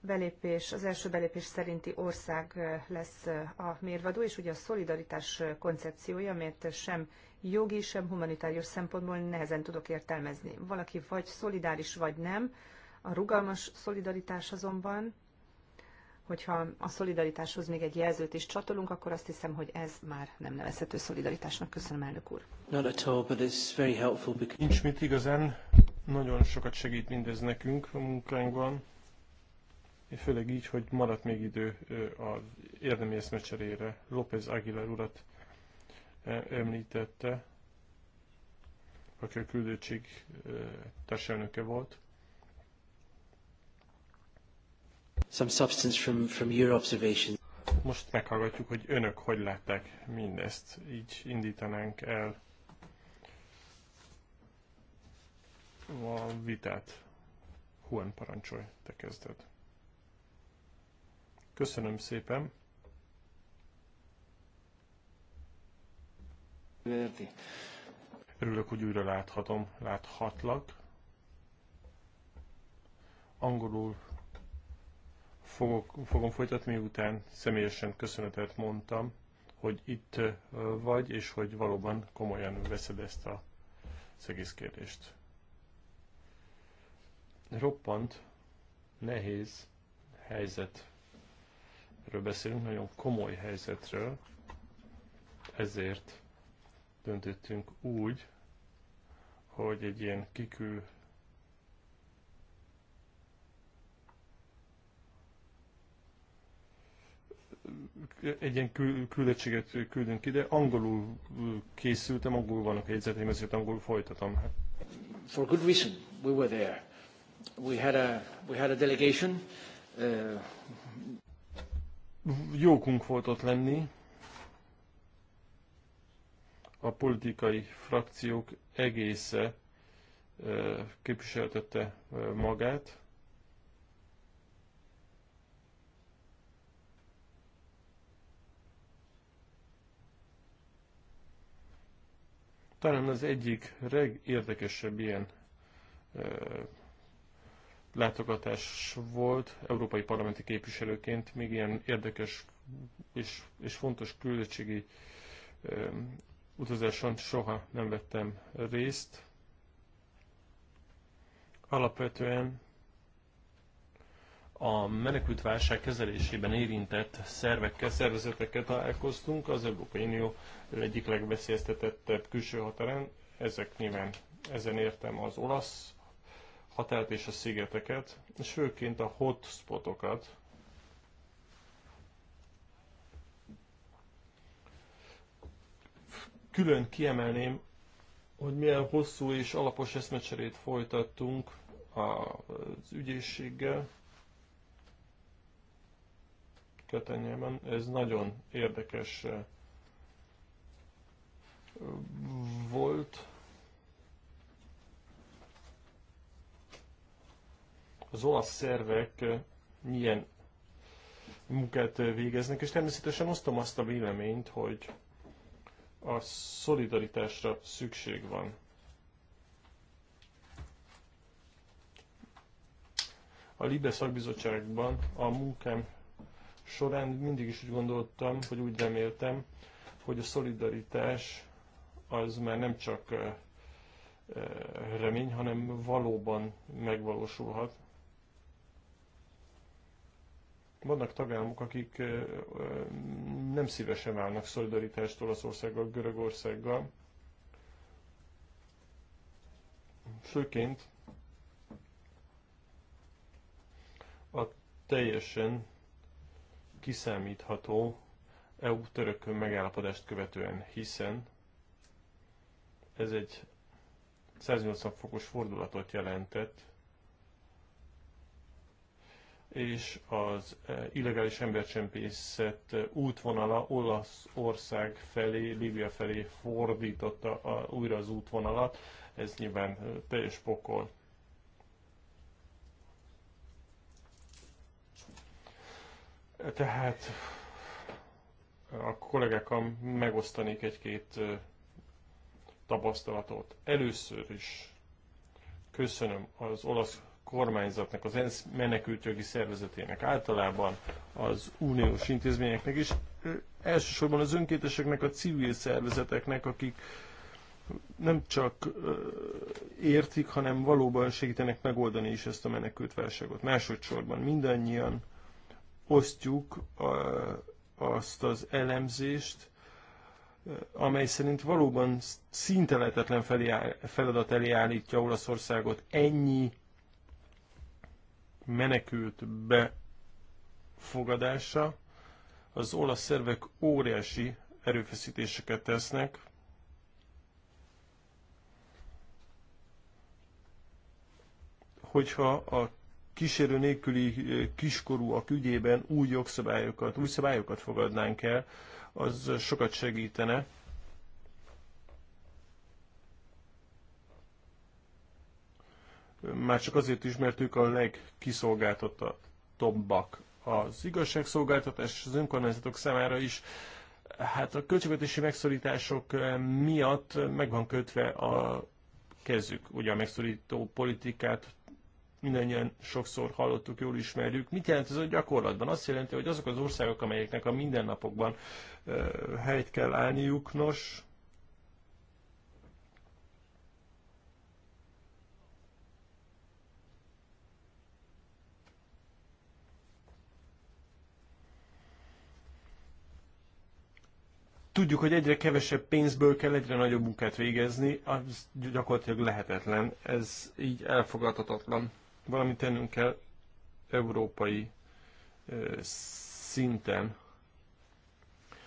belépés, az első belépés szerinti ország lesz a mérvadó, és ugye a szolidaritás koncepciója, amelyet sem jogi, sem humanitárius szempontból nehezen tudok értelmezni. Valaki vagy szolidáris, vagy nem. A rugalmas szolidaritás azonban hogyha a szolidaritáshoz még egy jelzőt is csatolunk, akkor azt hiszem, hogy ez már nem nevezhető szolidaritásnak. Köszönöm, elnök úr. Not at all, but it's very helpful because... Nincs mit igazán, nagyon sokat segít mindez nekünk a munkánkban, és főleg így, hogy maradt még idő az érdemi eszmecserére. López Aguilar urat említette, aki a küldőtség társelnöke volt. some substance from, from your observation. Most meghallgatjuk, hogy önök hogy látták mindezt. Így indítanánk el a vitát. Juan parancsolj, te kezded. Köszönöm szépen. Örülök, hogy újra láthatom, láthatlak. Angolul fogok, fogom folytatni, miután személyesen köszönetet mondtam, hogy itt vagy, és hogy valóban komolyan veszed ezt a, egész kérdést. Roppant nehéz helyzetről beszélünk, nagyon komoly helyzetről, ezért döntöttünk úgy, hogy egy ilyen kikül egy ilyen kül- küldünk ide. Angolul készültem, angolul vannak jegyzeteim, ezért angolul folytatom. For good reason, we were there. We had a, we had a delegation. Uh... Jókunk volt ott lenni. A politikai frakciók egésze uh, képviseltette uh, magát. Talán az egyik legérdekesebb ilyen látogatás volt európai parlamenti képviselőként, még ilyen érdekes és, és fontos küldöttségi ö, utazáson soha nem vettem részt. Alapvetően a menekült válság kezelésében érintett szervekkel, szervezetekkel találkoztunk az Európai Unió egyik legveszélyeztetettebb külső határán. Ezek nyilván ezen értem az olasz határt és a szigeteket, és főként a hotspotokat. Külön kiemelném, hogy milyen hosszú és alapos eszmecserét folytattunk az ügyészséggel, Katanyában. Ez nagyon érdekes eh, volt. Az olasz szervek eh, milyen munkát eh, végeznek, és természetesen osztom azt a véleményt, hogy a szolidaritásra szükség van. A Libe szakbizottságban a munkám során mindig is úgy gondoltam, hogy úgy reméltem, hogy a szolidaritás az már nem csak remény, hanem valóban megvalósulhat. Vannak tagállamok, akik nem szívesen állnak szolidaritást Olaszországgal, Görögországgal. Főként a teljesen kiszámítható EU-török megállapodást követően, hiszen ez egy 180 fokos fordulatot jelentett, és az e, illegális embercsempészet útvonala Olaszország felé, Líbia felé fordította a, újra az útvonalat. Ez nyilván e, teljes pokol. Tehát a kollégákkal megosztanék egy-két tapasztalatot. Először is köszönöm az olasz kormányzatnak, az ENSZ menekültjogi szervezetének, általában az uniós intézményeknek is, elsősorban az önkénteseknek, a civil szervezeteknek, akik nem csak értik, hanem valóban segítenek megoldani is ezt a menekült válságot. Másodszorban mindannyian osztjuk azt az elemzést, amely szerint valóban szinte lehetetlen feladat elé állítja Olaszországot ennyi menekült befogadása. Az olasz szervek óriási erőfeszítéseket tesznek, hogyha a kísérő nélküli eh, kiskorúak ügyében új jogszabályokat, új szabályokat fogadnánk el, az sokat segítene. Már csak azért is, mert ők a legkiszolgáltatottabbak. Az igazságszolgáltatás az önkormányzatok számára is hát a költségvetési megszorítások eh, miatt meg van kötve a kezük. Ugye a megszorító politikát mindannyian sokszor hallottuk, jól ismerjük. Mit jelent ez a gyakorlatban? Azt jelenti, hogy azok az országok, amelyeknek a mindennapokban uh, helyt kell állniuk, nos, tudjuk, hogy egyre kevesebb pénzből kell egyre nagyobb munkát végezni, az gyakorlatilag lehetetlen, ez így elfogadhatatlan valamit tennünk kell európai szinten.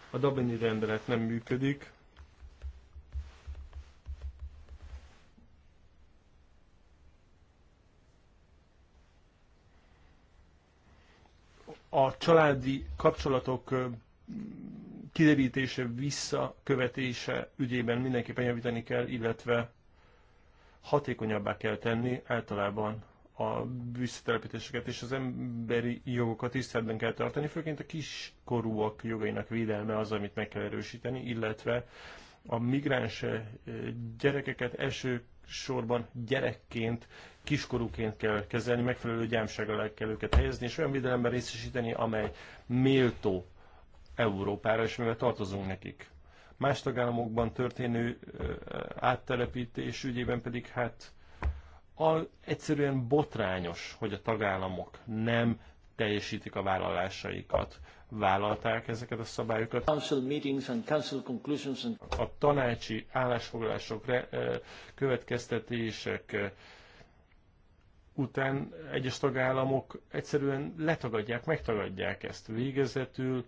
A Dublini rendelet nem működik. A családi kapcsolatok kiderítése, visszakövetése ügyében mindenképpen javítani kell, illetve hatékonyabbá kell tenni általában a visszatelepítéseket és az emberi jogokat tiszteletben kell tartani, főként a kiskorúak jogainak védelme az, amit meg kell erősíteni, illetve a migráns eh, gyerekeket elsősorban gyerekként, kiskorúként kell kezelni, megfelelő gyámsággal kell őket helyezni, és olyan védelemben részesíteni, amely méltó Európára, és mivel tartozunk nekik. Más tagállamokban történő eh, áttelepítés ügyében pedig hát a, egyszerűen botrányos, hogy a tagállamok nem teljesítik a vállalásaikat. Vállalták ezeket a szabályokat. A tanácsi állásfoglalások, következtetések után egyes tagállamok egyszerűen letagadják, megtagadják ezt. Végezetül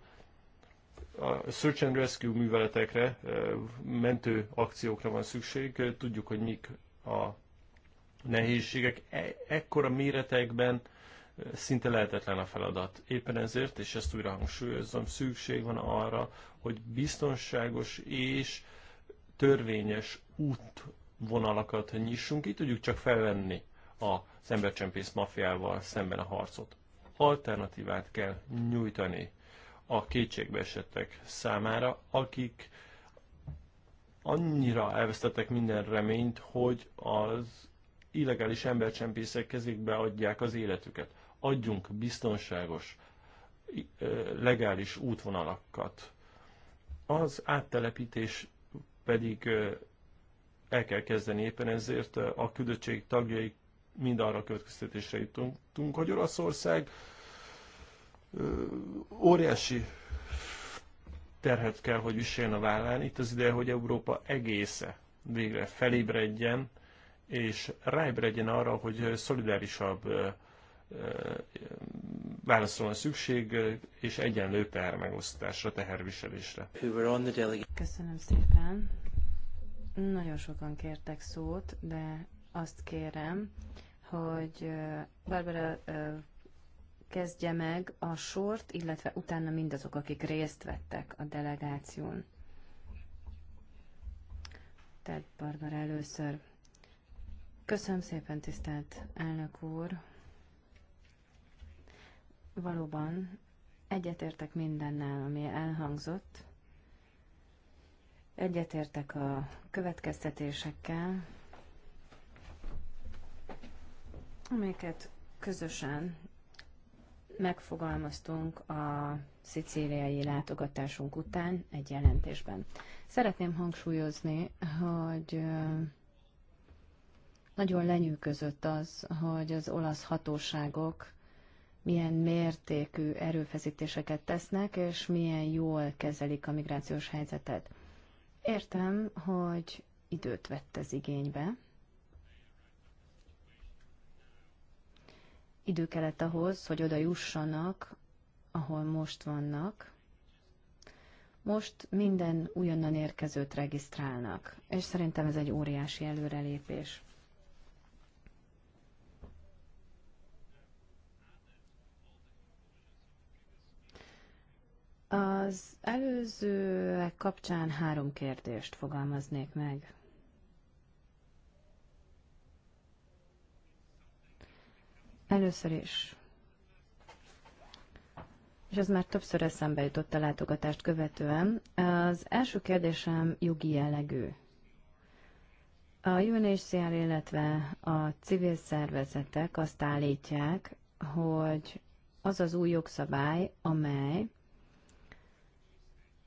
a search and rescue műveletekre, mentő akciókra van szükség. Tudjuk, hogy mik a nehézségek e- ekkora méretekben szinte lehetetlen a feladat. Éppen ezért, és ezt újra hangsúlyozom, szükség van arra, hogy biztonságos és törvényes útvonalakat nyissunk, Itt tudjuk csak felvenni az embercsempész mafiával szemben a harcot. Alternatívát kell nyújtani a esettek számára, akik annyira elvesztettek minden reményt, hogy az illegális embercsempészek kezékbe adják az életüket. Adjunk biztonságos, legális útvonalakat. Az áttelepítés pedig el kell kezdeni éppen ezért a küldöttség tagjai mind arra következtetésre jutunk, hogy Oroszország óriási terhet kell, hogy viseljen a vállán. Itt az ideje, hogy Európa egésze végre felébredjen, és ráébredjen arra, hogy szolidárisabb válaszol a szükség, és egyenlő teher megosztásra, teherviselésre. Köszönöm szépen. Nagyon sokan kértek szót, de azt kérem, hogy Barbara kezdje meg a sort, illetve utána mindazok, akik részt vettek a delegáción. Tehát Barbara először. Köszönöm szépen, tisztelt elnök úr. Valóban egyetértek mindennel, ami elhangzott. Egyetértek a következtetésekkel, amelyeket közösen megfogalmaztunk a szicíliai látogatásunk után egy jelentésben. Szeretném hangsúlyozni, hogy nagyon lenyűgözött az, hogy az olasz hatóságok milyen mértékű erőfeszítéseket tesznek, és milyen jól kezelik a migrációs helyzetet. Értem, hogy időt vett ez igénybe. Idő kellett ahhoz, hogy oda jussanak, ahol most vannak. Most minden újonnan érkezőt regisztrálnak, és szerintem ez egy óriási előrelépés. Az előző kapcsán három kérdést fogalmaznék meg. Először is. És ez már többször eszembe jutott a látogatást követően. Az első kérdésem jogi jellegű. A UNHCR, illetve a civil szervezetek azt állítják, hogy az az új jogszabály, amely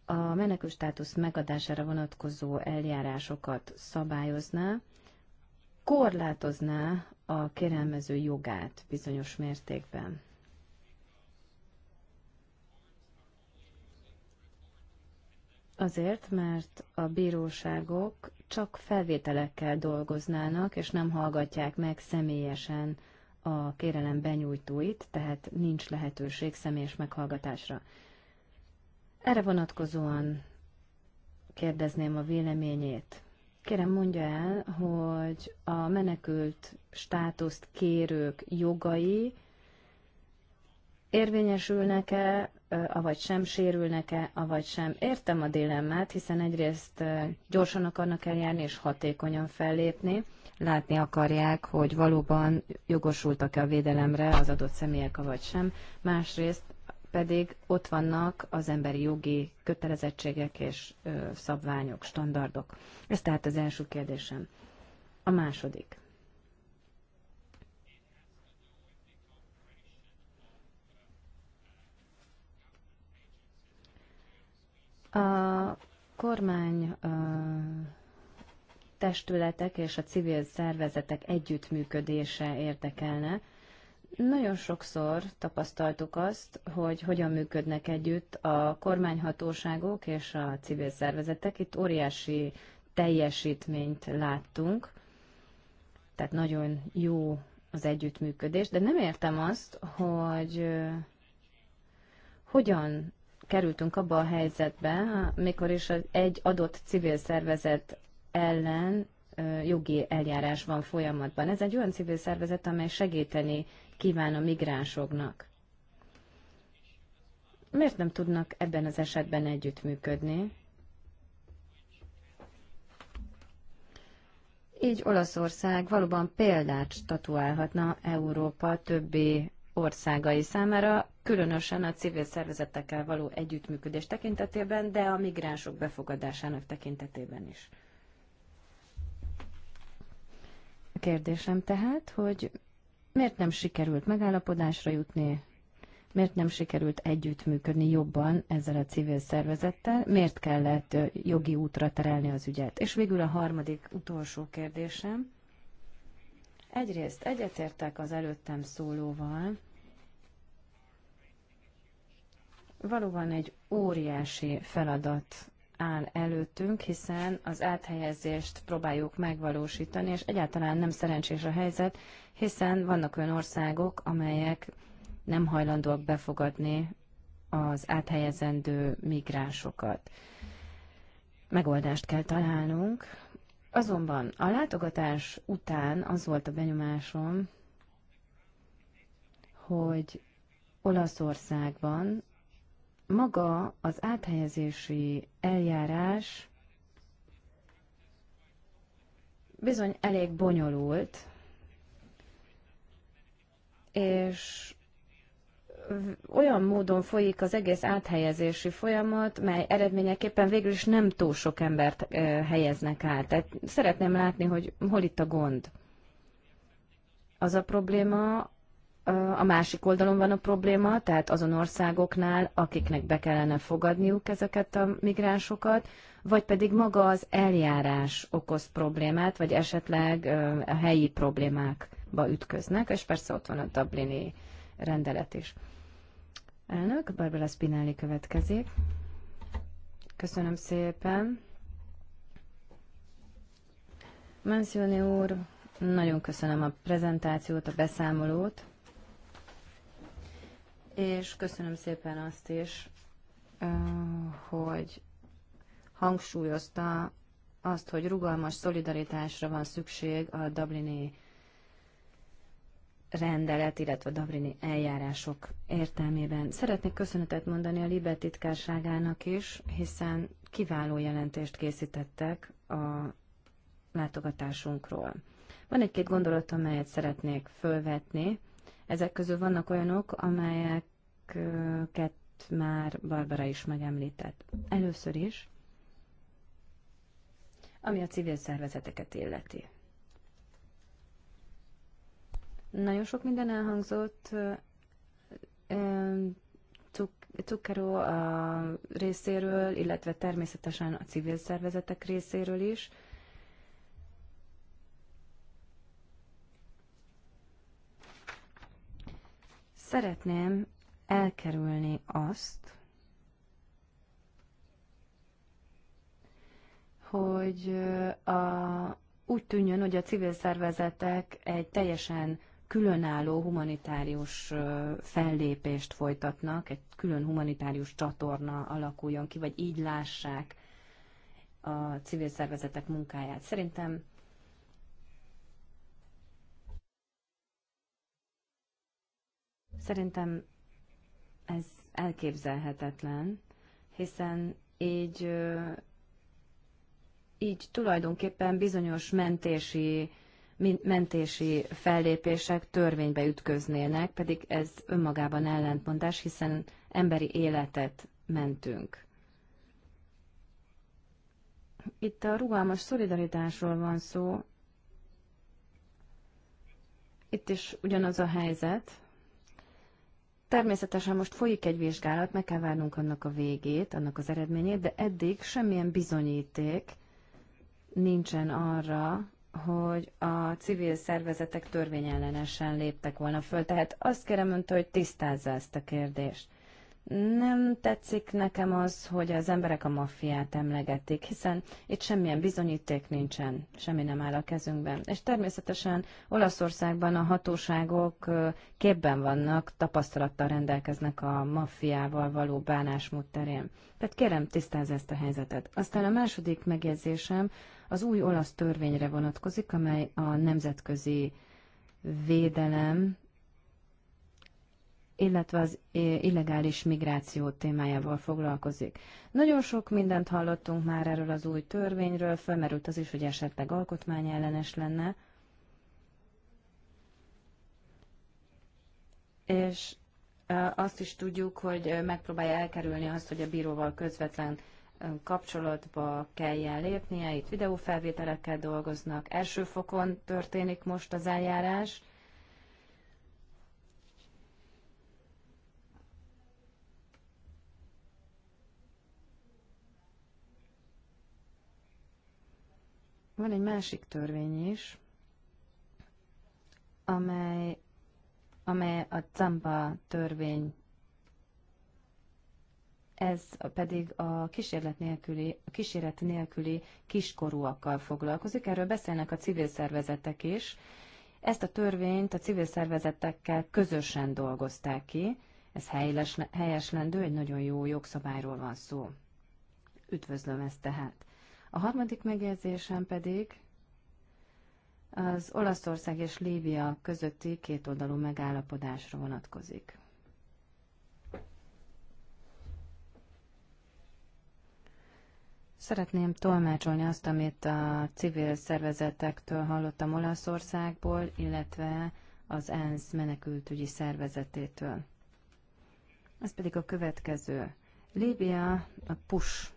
a menekül státusz megadására vonatkozó eljárásokat szabályozná, korlátozná a kérelmező jogát bizonyos mértékben. Azért, mert a bíróságok csak felvételekkel dolgoznának, és nem hallgatják meg személyesen a kérelem benyújtóit, tehát nincs lehetőség személyes meghallgatásra. Erre vonatkozóan kérdezném a véleményét. Kérem mondja el, hogy a menekült státuszt kérők jogai érvényesülnek-e, avagy sem sérülnek-e, avagy sem. Értem a dilemmát, hiszen egyrészt gyorsan akarnak eljárni és hatékonyan fellépni, látni akarják, hogy valóban jogosultak-e a védelemre az adott személyek, avagy sem. Másrészt pedig ott vannak az emberi jogi kötelezettségek és szabványok, standardok. Ez tehát az első kérdésem. A második. A kormány ö, testületek és a civil szervezetek együttműködése érdekelne. Nagyon sokszor tapasztaltuk azt, hogy hogyan működnek együtt a kormányhatóságok és a civil szervezetek. Itt óriási teljesítményt láttunk, tehát nagyon jó az együttműködés, de nem értem azt, hogy hogyan kerültünk abba a helyzetbe, mikor is egy adott civil szervezet ellen jogi eljárás van folyamatban. Ez egy olyan civil szervezet, amely segíteni kíván a migránsoknak. Miért nem tudnak ebben az esetben együttműködni? Így Olaszország valóban példát statuálhatna Európa többi országai számára, különösen a civil szervezetekkel való együttműködés tekintetében, de a migránsok befogadásának tekintetében is. A kérdésem tehát, hogy miért nem sikerült megállapodásra jutni, miért nem sikerült együttműködni jobban ezzel a civil szervezettel, miért kellett jogi útra terelni az ügyet. És végül a harmadik, utolsó kérdésem. Egyrészt egyetértek az előttem szólóval, valóban egy óriási feladat áll előttünk, hiszen az áthelyezést próbáljuk megvalósítani, és egyáltalán nem szerencsés a helyzet, hiszen vannak olyan országok, amelyek nem hajlandóak befogadni az áthelyezendő migránsokat. Megoldást kell találnunk. Azonban a látogatás után az volt a benyomásom, hogy Olaszországban maga az áthelyezési eljárás bizony elég bonyolult, és olyan módon folyik az egész áthelyezési folyamat, mely eredményeképpen végül is nem túl sok embert helyeznek át. Tehát szeretném látni, hogy hol itt a gond. Az a probléma, a másik oldalon van a probléma, tehát azon országoknál, akiknek be kellene fogadniuk ezeket a migránsokat, vagy pedig maga az eljárás okoz problémát, vagy esetleg a helyi problémákba ütköznek, és persze ott van a Dublini rendelet is. Elnök, Barbara Spinelli következik. Köszönöm szépen. Mansioni úr, nagyon köszönöm a prezentációt, a beszámolót és köszönöm szépen azt is, hogy hangsúlyozta azt, hogy rugalmas szolidaritásra van szükség a Dublini rendelet, illetve a Dublini eljárások értelmében. Szeretnék köszönetet mondani a Libet titkárságának is, hiszen kiváló jelentést készítettek a látogatásunkról. Van egy-két gondolat, amelyet szeretnék fölvetni. Ezek közül vannak olyanok, amelyeket már Barbara is megemlített. Először is, ami a civil szervezeteket illeti. Nagyon sok minden elhangzott. Cukeró a részéről, illetve természetesen a civil szervezetek részéről is. Szeretném elkerülni azt, hogy a, úgy tűnjön, hogy a civil szervezetek egy teljesen különálló humanitárius fellépést folytatnak, egy külön humanitárius csatorna alakuljon ki, vagy így lássák a civil szervezetek munkáját. Szerintem Szerintem ez elképzelhetetlen, hiszen így, így tulajdonképpen bizonyos mentési, mentési fellépések törvénybe ütköznének, pedig ez önmagában ellentmondás, hiszen emberi életet mentünk. Itt a rugalmas szolidaritásról van szó. Itt is ugyanaz a helyzet, Természetesen most folyik egy vizsgálat, meg kell várnunk annak a végét, annak az eredményét, de eddig semmilyen bizonyíték nincsen arra, hogy a civil szervezetek törvényellenesen léptek volna föl. Tehát azt kérem öntől, hogy tisztázza ezt a kérdést. Nem tetszik nekem az, hogy az emberek a maffiát emlegetik, hiszen itt semmilyen bizonyíték nincsen, semmi nem áll a kezünkben. És természetesen Olaszországban a hatóságok képben vannak, tapasztalattal rendelkeznek a maffiával való bánásmód terén. Tehát kérem, tisztázz ezt a helyzetet. Aztán a második megjegyzésem az új olasz törvényre vonatkozik, amely a nemzetközi védelem illetve az illegális migráció témájával foglalkozik. Nagyon sok mindent hallottunk már erről az új törvényről, felmerült az is, hogy esetleg alkotmányellenes lenne. És azt is tudjuk, hogy megpróbálja elkerülni azt, hogy a bíróval közvetlen kapcsolatba kelljen lépnie, itt videófelvételekkel dolgoznak, első fokon történik most az eljárás, Van egy másik törvény is, amely, amely a zamba törvény. Ez pedig a kísérlet nélküli, a kísérlet nélküli kiskorúakkal foglalkozik. Erről beszélnek a civil szervezetek is. Ezt a törvényt a civil szervezetekkel közösen dolgozták ki. Ez helyes, helyeslendő, egy nagyon jó jogszabályról van szó. Üdvözlöm ezt tehát. A harmadik megjegyzésem pedig az Olaszország és Líbia közötti kétoldalú megállapodásra vonatkozik. Szeretném tolmácsolni azt, amit a civil szervezetektől hallottam Olaszországból, illetve az ENSZ menekültügyi szervezetétől. Ez pedig a következő. Líbia a Push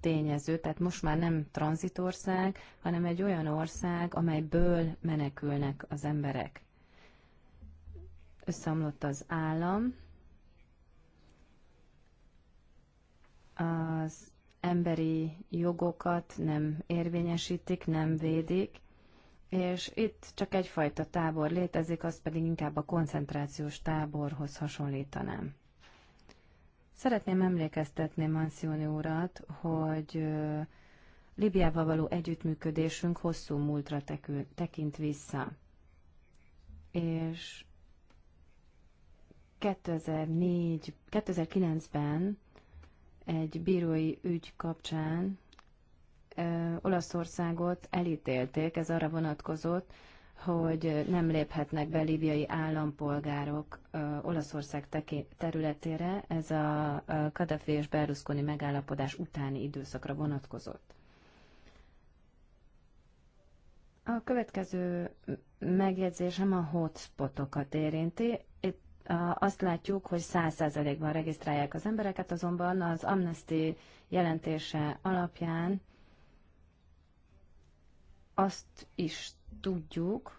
tényező, tehát most már nem tranzitország, hanem egy olyan ország, amelyből menekülnek az emberek. Összeomlott az állam, az emberi jogokat nem érvényesítik, nem védik, és itt csak egyfajta tábor létezik, az pedig inkább a koncentrációs táborhoz hasonlítanám. Szeretném emlékeztetni Mansioni urat, hogy Libiával való együttműködésünk hosszú múltra tekint vissza. És 2004, 2009-ben egy bírói ügy kapcsán ö, Olaszországot elítélték, ez arra vonatkozott, hogy nem léphetnek be libiai állampolgárok Olaszország területére, ez a Kadhafi és Berlusconi megállapodás utáni időszakra vonatkozott. A következő megjegyzésem a hotspotokat érinti. Itt azt látjuk, hogy 100%-ban regisztrálják az embereket, azonban az Amnesty jelentése alapján azt is tudjuk,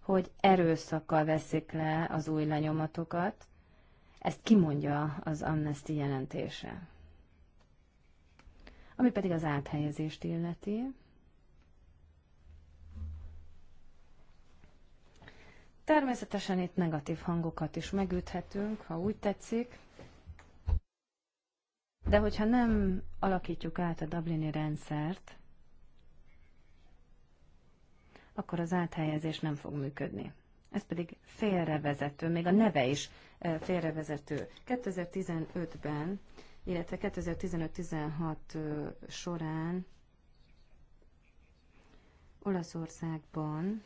hogy erőszakkal veszik le az új lenyomatokat. Ezt kimondja az Amnesty jelentése. Ami pedig az áthelyezést illeti. Természetesen itt negatív hangokat is megüthetünk, ha úgy tetszik. De hogyha nem alakítjuk át a Dublini rendszert, akkor az áthelyezés nem fog működni. Ez pedig félrevezető, még a neve is eh, félrevezető. 2015-ben, illetve 2015-16 eh, során Olaszországban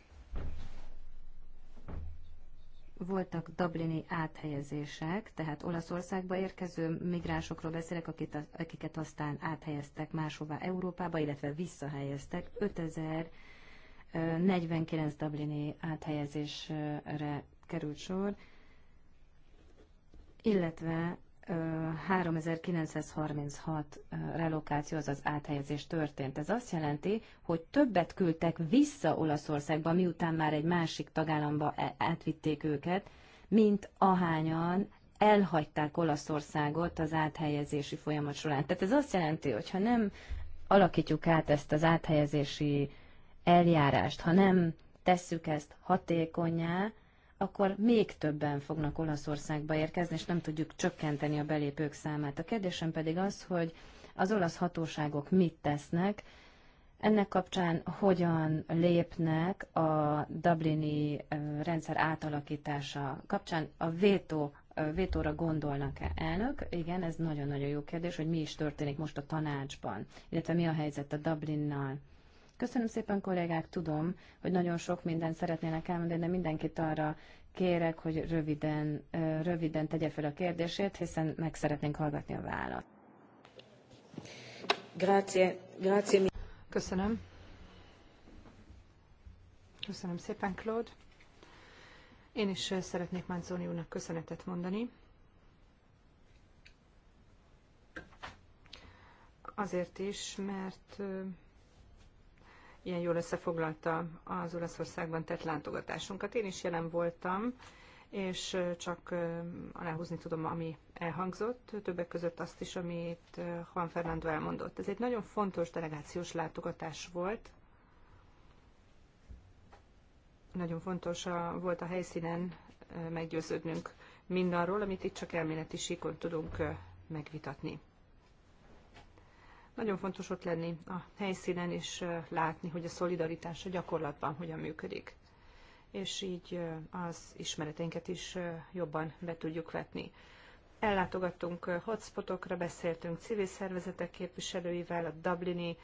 voltak dublini áthelyezések, tehát Olaszországba érkező migránsokról beszélek, akit, akiket aztán áthelyeztek máshová Európába, illetve visszahelyeztek. 5000 49 Dublini áthelyezésre került sor, illetve 3936 relokáció, azaz áthelyezés történt. Ez azt jelenti, hogy többet küldtek vissza Olaszországba, miután már egy másik tagállamba e, átvitték őket, mint ahányan elhagyták Olaszországot az áthelyezési folyamat során. Tehát ez azt jelenti, hogy ha nem alakítjuk át ezt az áthelyezési eljárást. Ha nem tesszük ezt hatékonyá, akkor még többen fognak Olaszországba érkezni, és nem tudjuk csökkenteni a belépők számát. A kérdésem pedig az, hogy az olasz hatóságok mit tesznek, ennek kapcsán hogyan lépnek a Dublini rendszer átalakítása kapcsán? A vétó, vétóra gondolnak-e? Elnök, igen, ez nagyon-nagyon jó kérdés, hogy mi is történik most a tanácsban, illetve mi a helyzet a Dublinnal. Köszönöm szépen, kollégák, tudom, hogy nagyon sok mindent szeretnének elmondani, de mindenkit arra kérek, hogy röviden, röviden tegye fel a kérdését, hiszen meg szeretnénk hallgatni a választ. Grazie, grazie. Köszönöm. Köszönöm szépen, Claude. Én is szeretnék Manzoni úrnak köszönetet mondani. Azért is, mert ilyen jól összefoglalta az Olaszországban tett látogatásunkat. Én is jelen voltam, és csak aláhúzni tudom, ami elhangzott, többek között azt is, amit Juan Fernando elmondott. Ez egy nagyon fontos delegációs látogatás volt. Nagyon fontos a, volt a helyszínen meggyőződnünk mindarról, amit itt csak elméleti síkon tudunk megvitatni. Nagyon fontos ott lenni a helyszínen, és látni, hogy a szolidaritás a gyakorlatban hogyan működik. És így az ismereteinket is jobban be tudjuk vetni. Ellátogattunk hotspotokra, beszéltünk civil szervezetek képviselőivel, a Dublini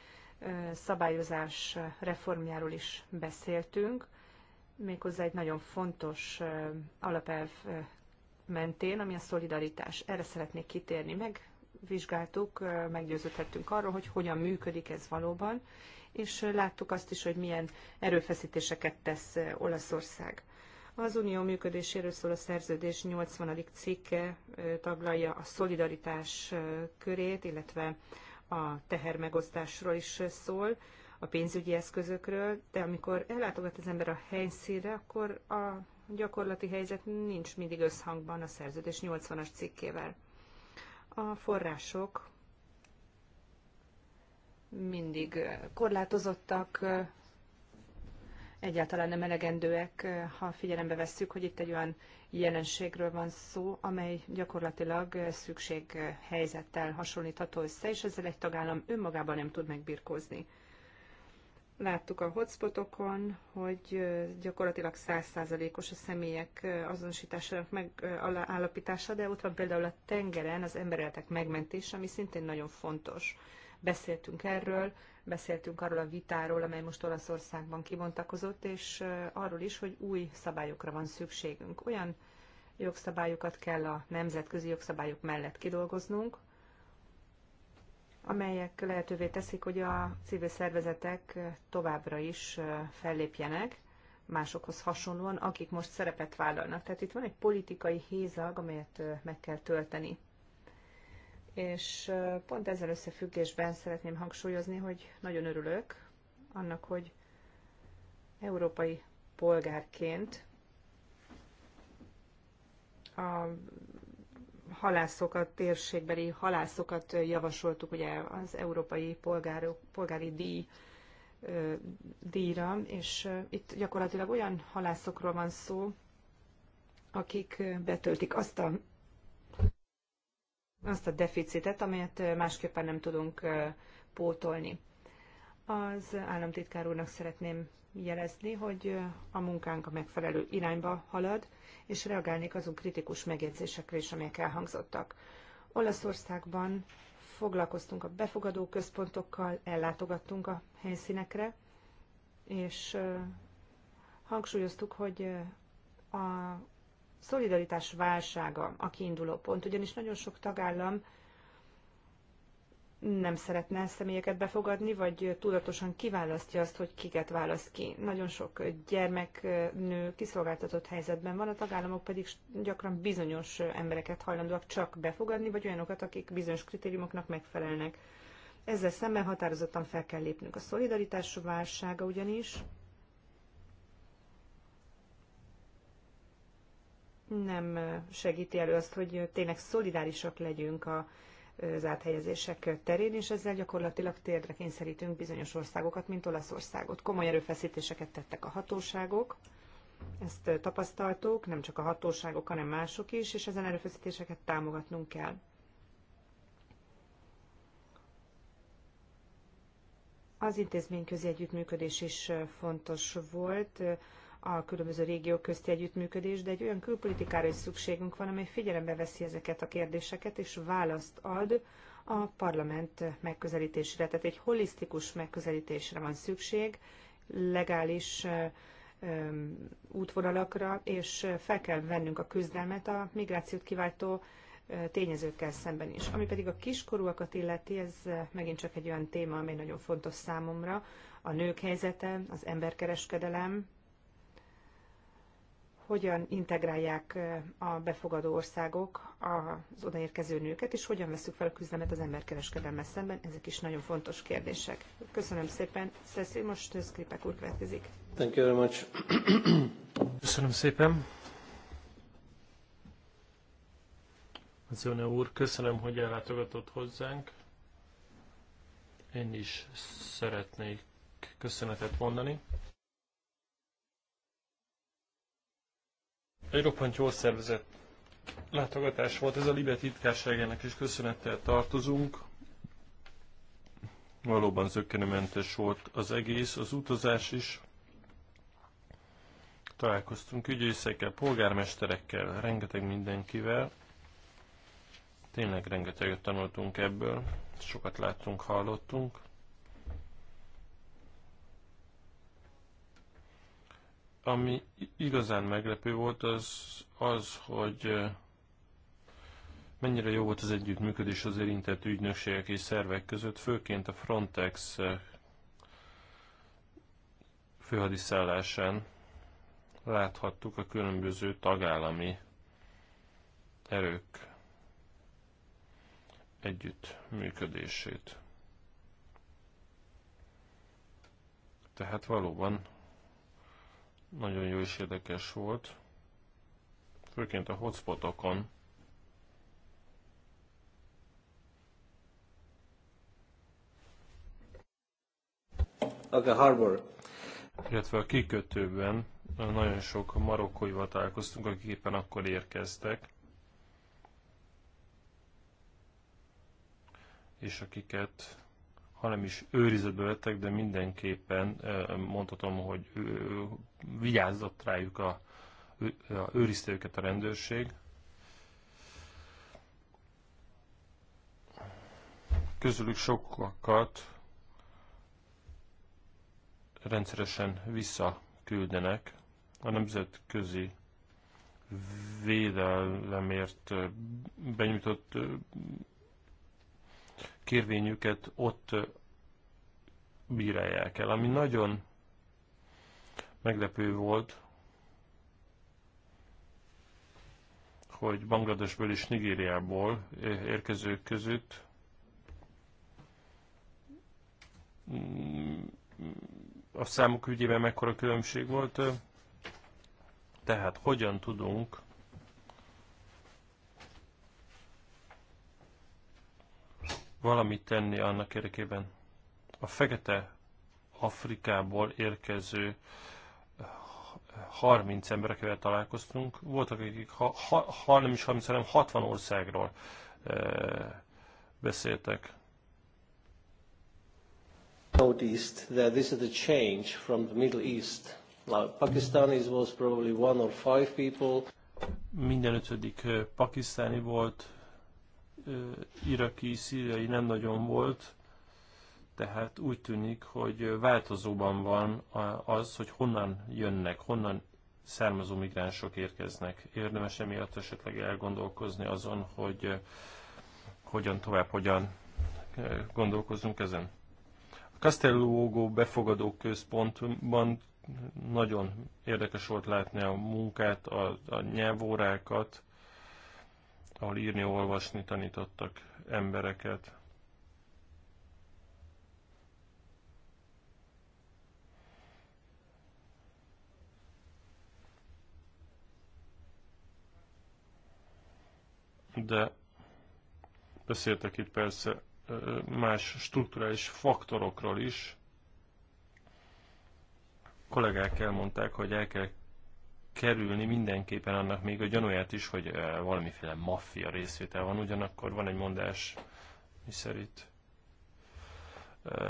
szabályozás reformjáról is beszéltünk, méghozzá egy nagyon fontos alapelv mentén, ami a szolidaritás. Erre szeretnék kitérni. Meg vizsgáltuk, meggyőződhettünk arról, hogy hogyan működik ez valóban, és láttuk azt is, hogy milyen erőfeszítéseket tesz Olaszország. Az unió működéséről szól a szerződés 80. cikke taglalja a szolidaritás körét, illetve a tehermegosztásról is szól, a pénzügyi eszközökről, de amikor ellátogat az ember a helyszínre, akkor a gyakorlati helyzet nincs mindig összhangban a szerződés 80-as cikkével a források mindig korlátozottak, egyáltalán nem elegendőek, ha figyelembe vesszük, hogy itt egy olyan jelenségről van szó, amely gyakorlatilag szükséghelyzettel hasonlítható össze, és ezzel egy tagállam önmagában nem tud megbirkózni láttuk a hotspotokon, hogy gyakorlatilag százszázalékos a személyek azonosításának megállapítása, de ott van például a tengeren az embereletek megmentése, ami szintén nagyon fontos. Beszéltünk erről, beszéltünk arról a vitáról, amely most Olaszországban kibontakozott, és arról is, hogy új szabályokra van szükségünk. Olyan jogszabályokat kell a nemzetközi jogszabályok mellett kidolgoznunk, amelyek lehetővé teszik, hogy a civil szervezetek továbbra is fellépjenek másokhoz hasonlóan, akik most szerepet vállalnak. Tehát itt van egy politikai hézag, amelyet meg kell tölteni. És pont ezzel összefüggésben szeretném hangsúlyozni, hogy nagyon örülök annak, hogy európai polgárként a halászokat, térségbeli halászokat javasoltuk ugye az európai polgárok, polgári díj díjra, és itt gyakorlatilag olyan halászokról van szó, akik betöltik azt a, azt a deficitet, amelyet másképpen nem tudunk pótolni. Az államtitkár úrnak szeretném jelezni, hogy a munkánk a megfelelő irányba halad, és reagálnék azon kritikus megjegyzésekre is, amelyek elhangzottak. Olaszországban foglalkoztunk a befogadó központokkal, ellátogattunk a helyszínekre, és hangsúlyoztuk, hogy a szolidaritás válsága a kiinduló pont, ugyanis nagyon sok tagállam nem szeretne személyeket befogadni, vagy tudatosan kiválasztja azt, hogy kiket választ ki. Nagyon sok gyermeknő kiszolgáltatott helyzetben van, a tagállamok pedig gyakran bizonyos embereket hajlandóak csak befogadni, vagy olyanokat, akik bizonyos kritériumoknak megfelelnek. Ezzel szemben határozottan fel kell lépnünk. A szolidaritás válsága ugyanis nem segíti elő azt, hogy tényleg szolidárisak legyünk a az áthelyezések terén, és ezzel gyakorlatilag térdre kényszerítünk bizonyos országokat, mint Olaszországot. Komoly erőfeszítéseket tettek a hatóságok, ezt tapasztaltuk, nem csak a hatóságok, hanem mások is, és ezen erőfeszítéseket támogatnunk kell. Az intézményközi együttműködés is fontos volt a különböző régiók közti együttműködés, de egy olyan külpolitikára is szükségünk van, amely figyelembe veszi ezeket a kérdéseket, és választ ad a parlament megközelítésére. Tehát egy holisztikus megközelítésre van szükség, legális útvonalakra, és fel kell vennünk a küzdelmet a migrációt kiváltó tényezőkkel szemben is. Ami pedig a kiskorúakat illeti, ez megint csak egy olyan téma, ami nagyon fontos számomra. A nők helyzete, az emberkereskedelem, hogyan integrálják a befogadó országok az odaérkező nőket, és hogyan veszük fel a küzdelmet az emberkereskedelme szemben. Ezek is nagyon fontos kérdések. Köszönöm szépen. Cecil, most Skripek úr következik. Thank you very much. [COUGHS] Köszönöm szépen. Jóna úr, köszönöm, hogy ellátogatott hozzánk. Én is szeretnék köszönetet mondani. Egy roppant jól szervezett látogatás volt, ez a Libe titkárságának is köszönettel tartozunk. Valóban zökkenőmentes volt az egész, az utazás is. Találkoztunk ügyészekkel, polgármesterekkel, rengeteg mindenkivel. Tényleg rengeteget tanultunk ebből, sokat láttunk, hallottunk. Ami igazán meglepő volt, az az, hogy mennyire jó volt az együttműködés az érintett ügynökségek és szervek között, főként a Frontex főhadiszállásán láthattuk a különböző tagállami erők együttműködését. Tehát valóban nagyon jó és érdekes volt. Főként a hotspotokon. Aga Harbor. Illetve a kikötőben nagyon sok marokkóival találkoztunk, akik éppen akkor érkeztek. És akiket hanem is őrizetbe vettek, de mindenképpen mondhatom, hogy vigyázott rájuk a, a őrizte őket a rendőrség. Közülük sokakat rendszeresen visszaküldenek a nemzetközi védelemért benyújtott kérvényüket ott bírálják el. Ami nagyon meglepő volt, hogy Bangladesből és Nigériából érkezők között mm, a számok ügyében mekkora különbség volt. Tehát hogyan tudunk valamit tenni annak érdekében. A fekete Afrikából érkező 30 eh, emberekkel találkoztunk. Voltak, akik ha, ha, nem is 30, hanem 60 országról e, beszéltek. Noticed that this is the change from the Middle East. Now, Pakistanis was probably one or five people. Minden ötödik eh, pakisztáni volt, iraki, szíriai nem nagyon volt, tehát úgy tűnik, hogy változóban van az, hogy honnan jönnek, honnan származó migránsok érkeznek. Érdemes emiatt esetleg elgondolkozni azon, hogy hogyan tovább, hogyan gondolkozunk ezen. A Castelluogo befogadó központban nagyon érdekes volt látni a munkát, a, a nyelvórákat, ahol írni, olvasni tanítottak embereket. De beszéltek itt persze más strukturális faktorokról is. A kollégák elmondták, hogy el kell kerülni mindenképpen annak még a gyanúját is, hogy valamiféle maffia részvétel van, ugyanakkor van egy mondás, mi szerint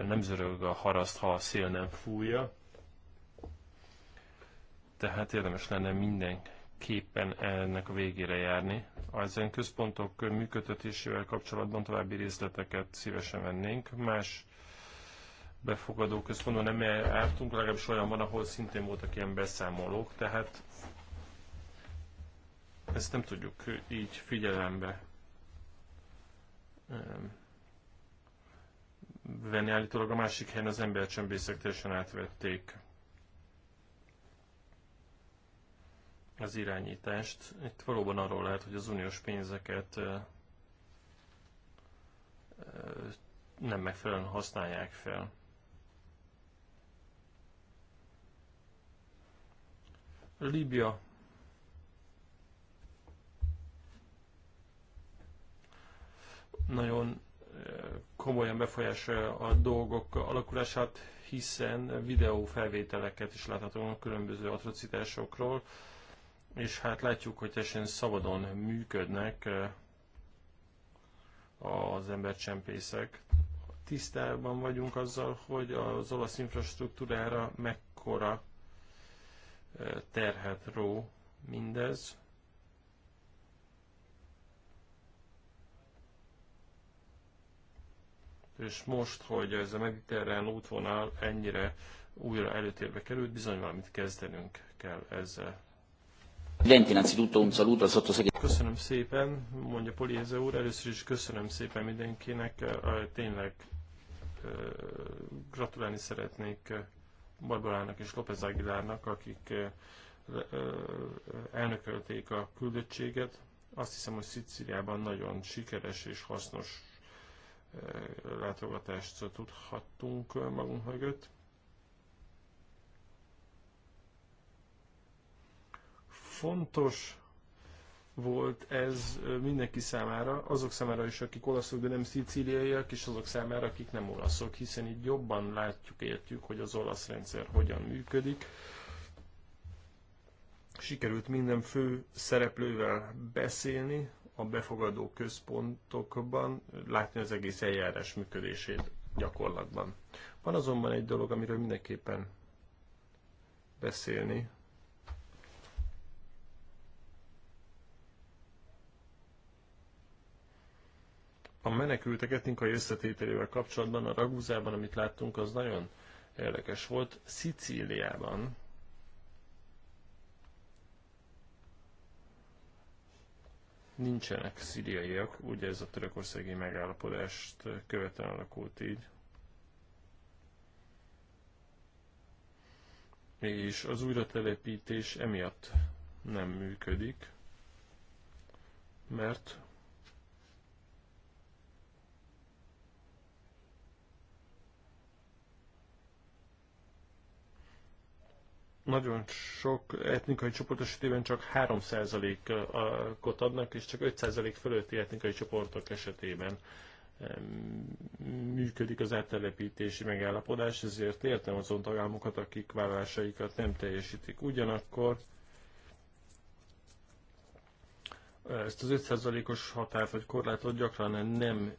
nem zörög a haraszt, ha a szél nem fújja. Tehát érdemes lenne mindenképpen ennek a végére járni. Az központok működtetésével kapcsolatban további részleteket szívesen vennénk. Más befogadó központban nem jártunk, legalábbis olyan van, ahol szintén voltak ilyen beszámolók, tehát ezt nem tudjuk így figyelembe ehm, venni. Állítólag a másik helyen az embercsempészek teljesen átvették az irányítást. Itt valóban arról lehet, hogy az uniós pénzeket eh, eh, nem megfelelően használják fel. Libya, nagyon eh, komolyan befolyásolja a dolgok alakulását, hiszen videófelvételeket is láthatunk a különböző atrocitásokról, és hát látjuk, hogy teljesen szabadon működnek eh, az embercsempészek. Tisztában vagyunk azzal, hogy az olasz infrastruktúrára mekkora terhet ró mindez. És most, hogy ez a mediterrán útvonal ennyire újra előtérbe került, bizony valamit kezdenünk kell ezzel. Köszönöm szépen, mondja Poliéze úr, először is köszönöm szépen mindenkinek, tényleg gratulálni szeretnék Barbarának és López Aguilárnak, akik eh, eh, elnökölték a küldöttséget. Azt hiszem, hogy Szicíliában nagyon sikeres és hasznos eh, látogatást tudhattunk magunk mögött. Fontos volt ez mindenki számára, azok számára is, akik olaszok, de nem szicíliaiak, és azok számára, akik nem olaszok, hiszen így jobban látjuk, értjük, hogy az olasz rendszer hogyan működik. Sikerült minden fő szereplővel beszélni a befogadó központokban, látni az egész eljárás működését gyakorlatban. Van azonban egy dolog, amiről mindenképpen beszélni A menekültek etnikai összetételével kapcsolatban a Ragúzában, amit láttunk, az nagyon érdekes volt. Szicíliában nincsenek szíriaiak, ugye ez a törökországi megállapodást követően alakult így. És az újratelepítés emiatt nem működik, mert nagyon sok etnikai csoport esetében csak 3%-ot adnak, és csak 5% fölötti etnikai csoportok esetében működik az áttelepítési megállapodás, ezért értem azon tagállamokat, akik vállásaikat nem teljesítik. Ugyanakkor ezt az 5%-os határt vagy korlátot gyakran nem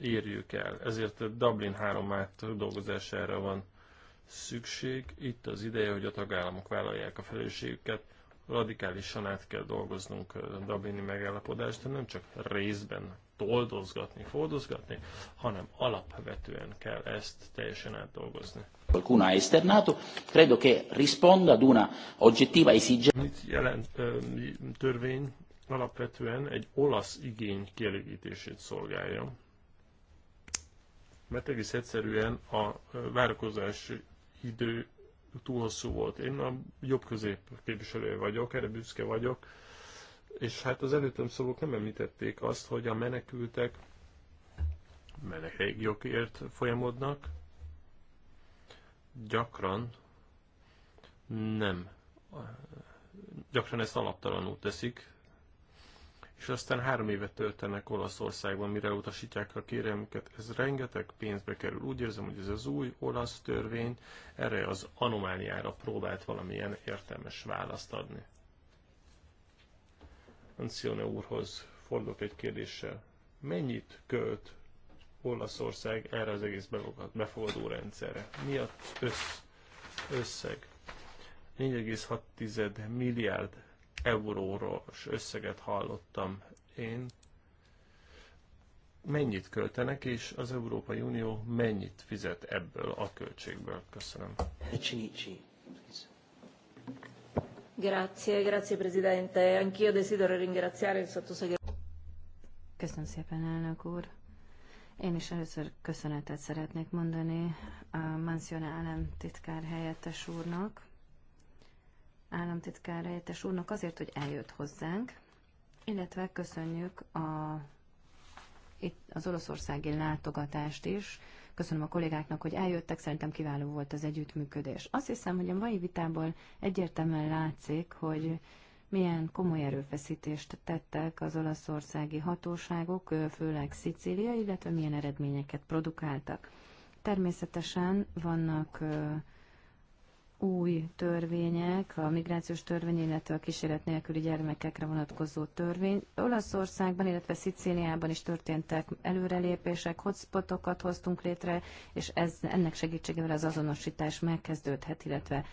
érjük el. Ezért Dublin 3 át dolgozására van szükség. Itt az ideje, hogy a tagállamok vállalják a felelősségüket, radikálisan át kell dolgoznunk a Dublini megállapodást, de nem csak részben toldozgatni, fordozgatni, hanem alapvetően kell ezt teljesen átdolgozni. Qualcuno ha esternato, credo che risponda ad una oggettiva esigenza. Mit jelent törvény alapvetően egy olasz igény kielégítését szolgálja? Mert egész egyszerűen a várakozási idő túl hosszú volt. Én a jobb közép képviselő vagyok, erre büszke vagyok, és hát az előttem szólók nem említették azt, hogy a menekültek menekrégiókért folyamodnak, gyakran nem, gyakran ezt alaptalanul teszik, és aztán három évet töltenek Olaszországban, mire utasítják a kérelmüket. Ez rengeteg pénzbe kerül. Úgy érzem, hogy ez az új olasz törvény erre az anomáliára próbált valamilyen értelmes választ adni. Ancione úrhoz fordulok egy kérdéssel. Mennyit költ Olaszország erre az egész befogadó rendszerre? Mi az össz, összeg? 4,6 milliárd eurós összeget hallottam én. Mennyit költenek, és az Európai Unió mennyit fizet ebből a költségből? Köszönöm. Csinicsi. Grazie, grazie Presidente. Anch'io desidero ringraziare il sottosegretario. Köszönöm szépen, elnök úr. Én is először köszönetet szeretnék mondani a Mansion állam titkár helyettes úrnak államtitkár helyettes úrnak azért, hogy eljött hozzánk, illetve köszönjük a, itt az olaszországi látogatást is. Köszönöm a kollégáknak, hogy eljöttek, szerintem kiváló volt az együttműködés. Azt hiszem, hogy a mai vitából egyértelműen látszik, hogy milyen komoly erőfeszítést tettek az olaszországi hatóságok, főleg Szicília, illetve milyen eredményeket produkáltak. Természetesen vannak új törvények, a migrációs törvény, illetve a kísérlet nélküli gyermekekre vonatkozó törvény. Olaszországban, illetve Szicíliában is történtek előrelépések, hotspotokat hoztunk létre, és ez, ennek segítségével az azonosítás megkezdődhet, illetve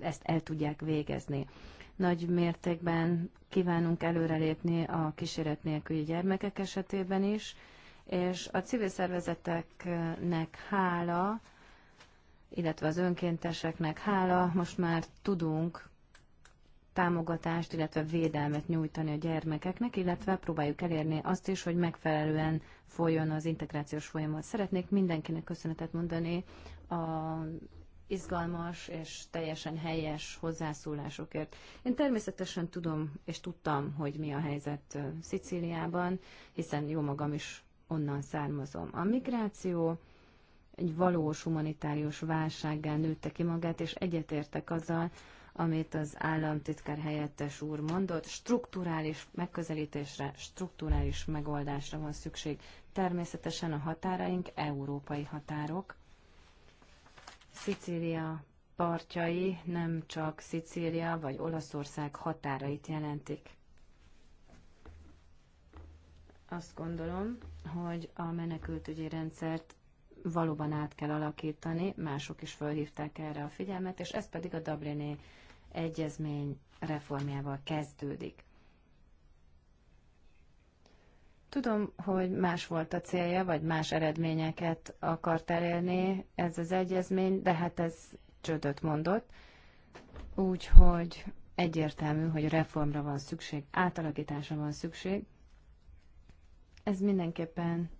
ezt el tudják végezni. Nagy mértékben kívánunk előrelépni a kísérlet nélküli gyermekek esetében is, és a civil szervezeteknek hála, illetve az önkénteseknek hála, most már tudunk támogatást, illetve védelmet nyújtani a gyermekeknek, illetve próbáljuk elérni azt is, hogy megfelelően folyjon az integrációs folyamat. Szeretnék mindenkinek köszönetet mondani a izgalmas és teljesen helyes hozzászólásokért. Én természetesen tudom és tudtam, hogy mi a helyzet Szicíliában, hiszen jó magam is onnan származom. A migráció egy valós humanitárius válsággal nőtte ki magát, és egyetértek azzal, amit az államtitkár helyettes úr mondott, strukturális megközelítésre, strukturális megoldásra van szükség. Természetesen a határaink európai határok. Szicília partjai nem csak Szicília vagy Olaszország határait jelentik. Azt gondolom, hogy a menekültügyi rendszert valóban át kell alakítani, mások is felhívták erre a figyelmet, és ez pedig a Dublini egyezmény reformjával kezdődik. Tudom, hogy más volt a célja, vagy más eredményeket akart elérni ez az egyezmény, de hát ez csődöt mondott. Úgyhogy egyértelmű, hogy reformra van szükség, átalakításra van szükség. Ez mindenképpen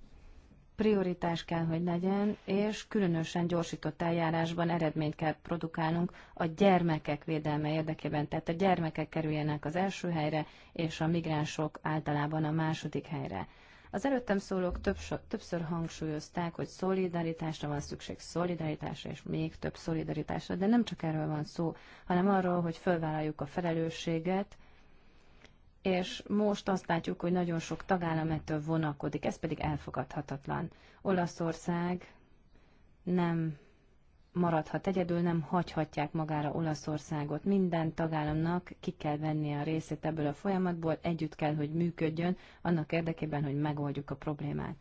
prioritás kell, hogy legyen, és különösen gyorsított eljárásban eredményt kell produkálnunk a gyermekek védelme érdekében. Tehát a gyermekek kerüljenek az első helyre, és a migránsok általában a második helyre. Az előttem szólók többször, többször hangsúlyozták, hogy szolidaritásra van szükség, szolidaritásra és még több szolidaritásra, de nem csak erről van szó, hanem arról, hogy fölvállaljuk a felelősséget, és most azt látjuk, hogy nagyon sok tagállam ettől vonakodik, ez pedig elfogadhatatlan. Olaszország nem maradhat egyedül, nem hagyhatják magára Olaszországot. Minden tagállamnak ki kell venni a részét ebből a folyamatból, együtt kell, hogy működjön, annak érdekében, hogy megoldjuk a problémát.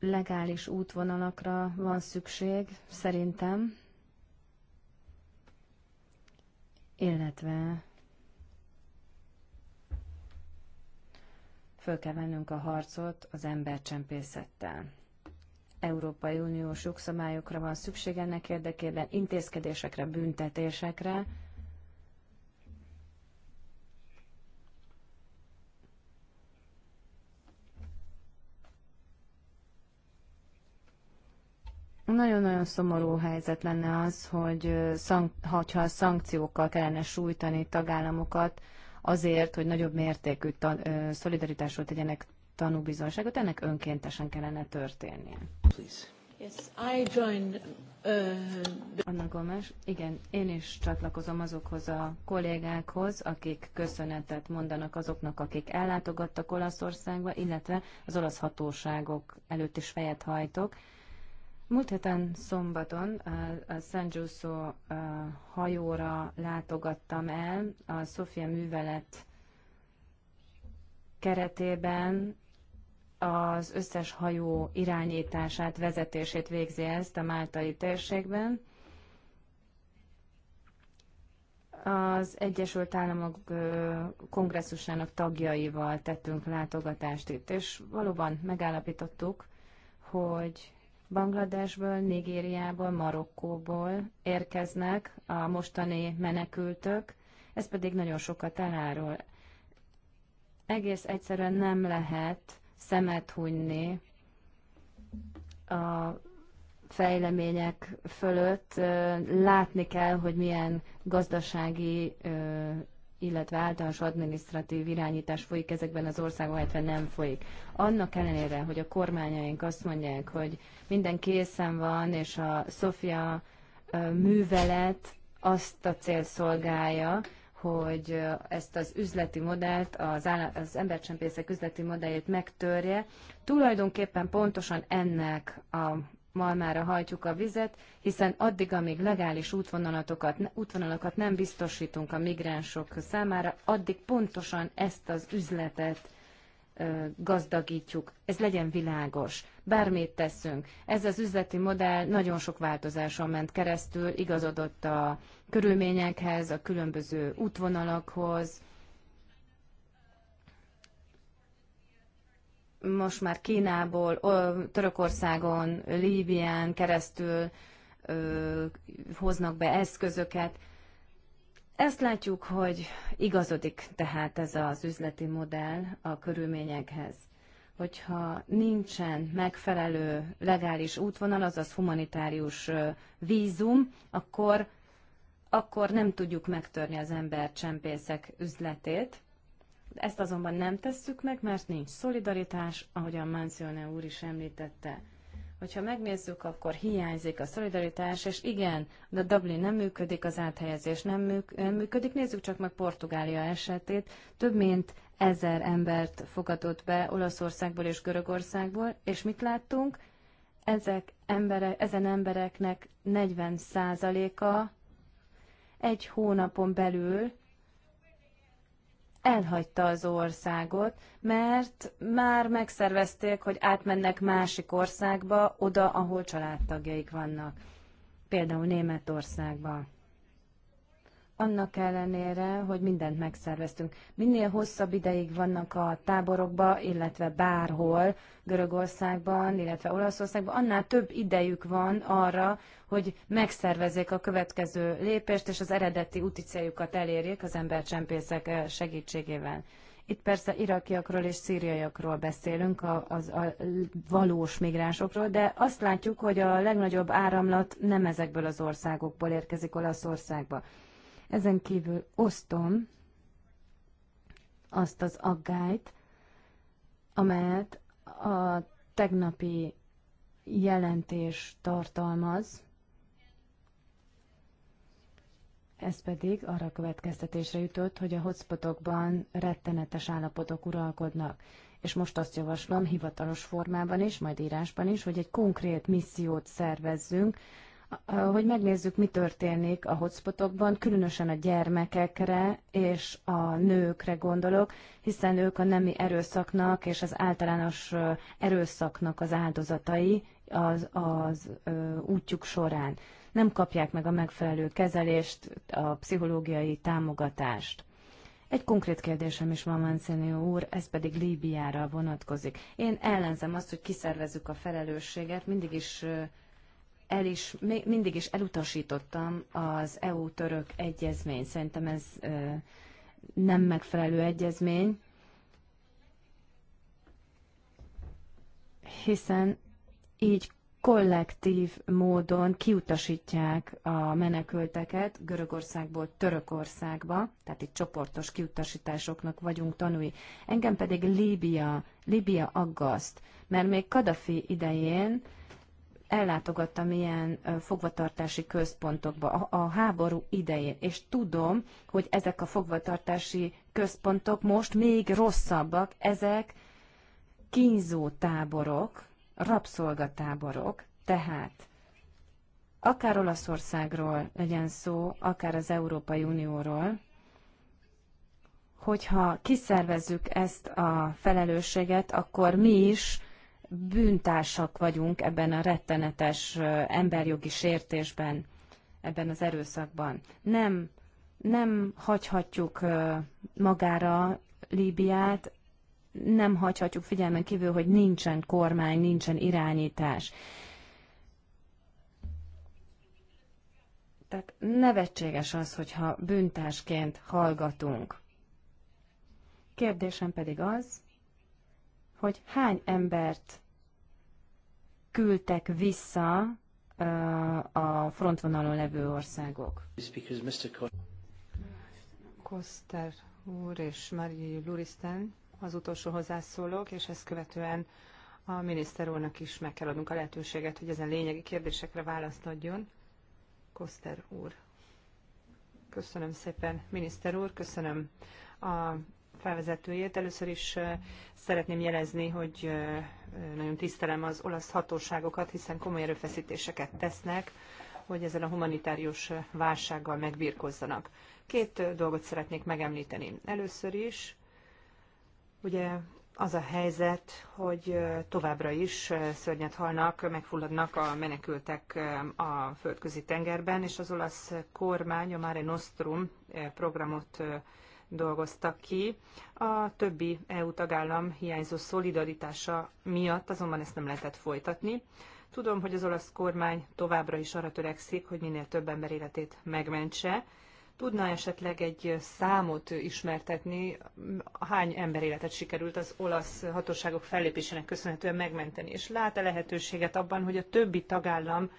Legális útvonalakra van szükség, szerintem, illetve föl kell vennünk a harcot az embercsempészettel. Európai Uniós jogszabályokra van szükség ennek érdekében, intézkedésekre, büntetésekre, Nagyon-nagyon szomorú helyzet lenne az, hogy szank- ha szankciókkal kellene sújtani tagállamokat azért, hogy nagyobb mértékű ta- szolidaritásról tegyenek tanúbizonságot, ennek önkéntesen kellene történnie. Anna Gomes, igen, én is csatlakozom azokhoz a kollégákhoz, akik köszönetet mondanak azoknak, akik ellátogattak Olaszországba, illetve az olasz hatóságok előtt is fejet hajtok Múlt héten szombaton a San Giusto hajóra látogattam el a Sofia művelet keretében az összes hajó irányítását, vezetését végzi ezt a máltai térségben. Az Egyesült Államok kongresszusának tagjaival tettünk látogatást itt, és valóban megállapítottuk, hogy Bangladesből, Nigériából, Marokkóból érkeznek a mostani menekültök, ez pedig nagyon sokat elárul. Egész egyszerűen nem lehet szemet hunyni a fejlemények fölött. Látni kell, hogy milyen gazdasági illetve általános adminisztratív irányítás folyik ezekben az országban, illetve nem folyik. Annak ellenére, hogy a kormányaink azt mondják, hogy minden készen van, és a Sofia művelet azt a cél szolgálja, hogy ezt az üzleti modellt, az, áll- az embercsempészek üzleti modelljét megtörje. Tulajdonképpen pontosan ennek a malmára hajtjuk a vizet, hiszen addig, amíg legális útvonalatokat, útvonalakat nem biztosítunk a migránsok számára, addig pontosan ezt az üzletet ö, gazdagítjuk. Ez legyen világos. Bármit teszünk. Ez az üzleti modell nagyon sok változáson ment keresztül, igazodott a körülményekhez, a különböző útvonalakhoz, most már Kínából, Törökországon, Líbián keresztül hoznak be eszközöket. Ezt látjuk, hogy igazodik tehát ez az üzleti modell a körülményekhez. Hogyha nincsen megfelelő legális útvonal, azaz humanitárius vízum, akkor, akkor nem tudjuk megtörni az ember csempészek üzletét. Ezt azonban nem tesszük meg, mert nincs szolidaritás, ahogy a Mancione úr is említette. Hogyha megnézzük, akkor hiányzik a szolidaritás, és igen, de Dublin nem működik, az áthelyezés nem, nem működik. Nézzük csak meg Portugália esetét. Több mint ezer embert fogadott be Olaszországból és Görögországból, és mit láttunk? Ezek emberek, ezen embereknek 40 a egy hónapon belül elhagyta az országot, mert már megszervezték, hogy átmennek másik országba, oda, ahol családtagjaik vannak, például Németországba annak ellenére, hogy mindent megszerveztünk. Minél hosszabb ideig vannak a táborokba, illetve bárhol, Görögországban, illetve Olaszországban, annál több idejük van arra, hogy megszervezzék a következő lépést, és az eredeti úti céljukat elérjék az embercsempészek eh, segítségével. Itt persze irakiakról és szíriaiakról beszélünk, a, az, a valós migránsokról, de azt látjuk, hogy a legnagyobb áramlat nem ezekből az országokból érkezik Olaszországba. Ezen kívül osztom azt az aggályt, amelyet a tegnapi jelentés tartalmaz, ez pedig arra következtetésre jutott, hogy a hotspotokban rettenetes állapotok uralkodnak. És most azt javaslom hivatalos formában is, majd írásban is, hogy egy konkrét missziót szervezzünk, hogy megnézzük, mi történik a hotspotokban, különösen a gyermekekre és a nőkre gondolok, hiszen ők a nemi erőszaknak és az általános erőszaknak az áldozatai az, az útjuk során. Nem kapják meg a megfelelő kezelést, a pszichológiai támogatást. Egy konkrét kérdésem is van, Mancini úr, ez pedig Líbiára vonatkozik. Én ellenzem azt, hogy kiszervezzük a felelősséget, mindig is el is, mindig is elutasítottam az EU-török egyezmény. Szerintem ez nem megfelelő egyezmény, hiszen így kollektív módon kiutasítják a menekülteket Görögországból Törökországba, tehát itt csoportos kiutasításoknak vagyunk tanúi. Engem pedig Líbia, Líbia aggaszt, mert még Kadafi idején ellátogattam ilyen fogvatartási központokba a, a háború idején, és tudom, hogy ezek a fogvatartási központok most még rosszabbak, ezek kínzó táborok, rabszolgatáborok, tehát akár Olaszországról legyen szó, akár az Európai Unióról, hogyha kiszervezzük ezt a felelősséget, akkor mi is bűntársak vagyunk ebben a rettenetes emberjogi sértésben, ebben az erőszakban. Nem, nem hagyhatjuk magára Líbiát, nem hagyhatjuk figyelmen kívül, hogy nincsen kormány, nincsen irányítás. Tehát nevetséges az, hogyha bűntásként hallgatunk. Kérdésem pedig az, hogy hány embert küldtek vissza a frontvonalon levő országok. Koster úr és Marie Luristen az utolsó hozzászólók, és ezt követően a miniszter úrnak is meg kell adnunk a lehetőséget, hogy ezen lényegi kérdésekre választ adjon. Koster úr. Köszönöm szépen, miniszter úr, köszönöm a felvezetőjét. Először is szeretném jelezni, hogy nagyon tisztelem az olasz hatóságokat, hiszen komoly erőfeszítéseket tesznek, hogy ezzel a humanitárius válsággal megbírkozzanak. Két dolgot szeretnék megemlíteni. Először is, ugye az a helyzet, hogy továbbra is szörnyet halnak, megfulladnak a menekültek a földközi tengerben, és az olasz kormány a Mare Nostrum programot dolgoztak ki. A többi EU tagállam hiányzó szolidaritása miatt azonban ezt nem lehetett folytatni. Tudom, hogy az olasz kormány továbbra is arra törekszik, hogy minél több ember életét megmentse. Tudna esetleg egy számot ismertetni, hány ember életet sikerült az olasz hatóságok fellépésének köszönhetően megmenteni, és lát-e lehetőséget abban, hogy a többi tagállam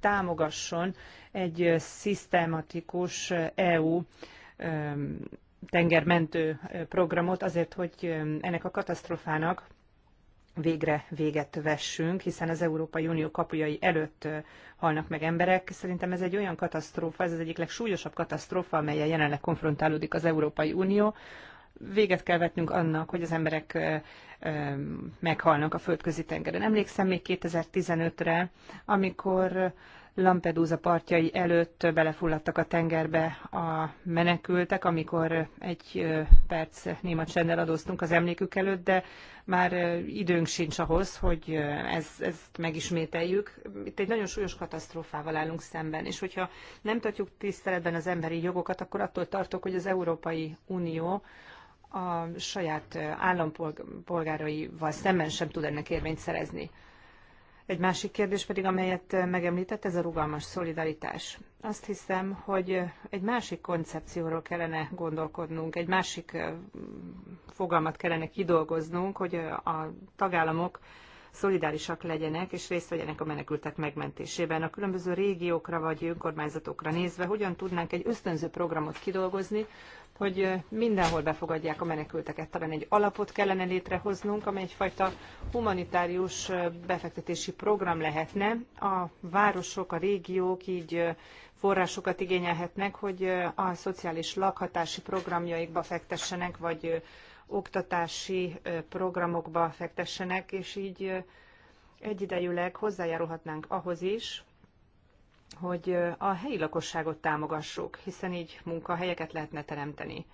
támogasson egy szisztematikus eh, EU tengermentő programot azért, hogy ennek a katasztrofának végre véget vessünk, hiszen az Európai Unió kapujai előtt halnak meg emberek. Szerintem ez egy olyan katasztrófa, ez az egyik legsúlyosabb katasztrófa, amelyel jelenleg konfrontálódik az Európai Unió. Véget kell vetnünk annak, hogy az emberek meghalnak a földközi tengeren. Emlékszem még 2015-re, amikor Lampedusa partjai előtt belefulladtak a tengerbe a menekültek, amikor egy perc néma csendel adóztunk az emlékük előtt, de már időnk sincs ahhoz, hogy ez, ezt megismételjük. Itt egy nagyon súlyos katasztrófával állunk szemben, és hogyha nem tartjuk tiszteletben az emberi jogokat, akkor attól tartok, hogy az Európai Unió a saját állampolgáraival szemben sem tud ennek érvényt szerezni. Egy másik kérdés pedig, amelyet megemlített, ez a rugalmas szolidaritás. Azt hiszem, hogy egy másik koncepcióról kellene gondolkodnunk, egy másik fogalmat kellene kidolgoznunk, hogy a tagállamok szolidárisak legyenek és részt vegyenek a menekültek megmentésében. A különböző régiókra vagy önkormányzatokra nézve hogyan tudnánk egy ösztönző programot kidolgozni, hogy mindenhol befogadják a menekülteket. Talán egy alapot kellene létrehoznunk, amely egyfajta humanitárius befektetési program lehetne. A városok, a régiók így forrásokat igényelhetnek, hogy a szociális lakhatási programjaikba fektessenek, vagy oktatási programokba fektessenek, és így egyidejűleg hozzájárulhatnánk ahhoz is, hogy a helyi lakosságot támogassuk, hiszen így munkahelyeket lehetne teremteni.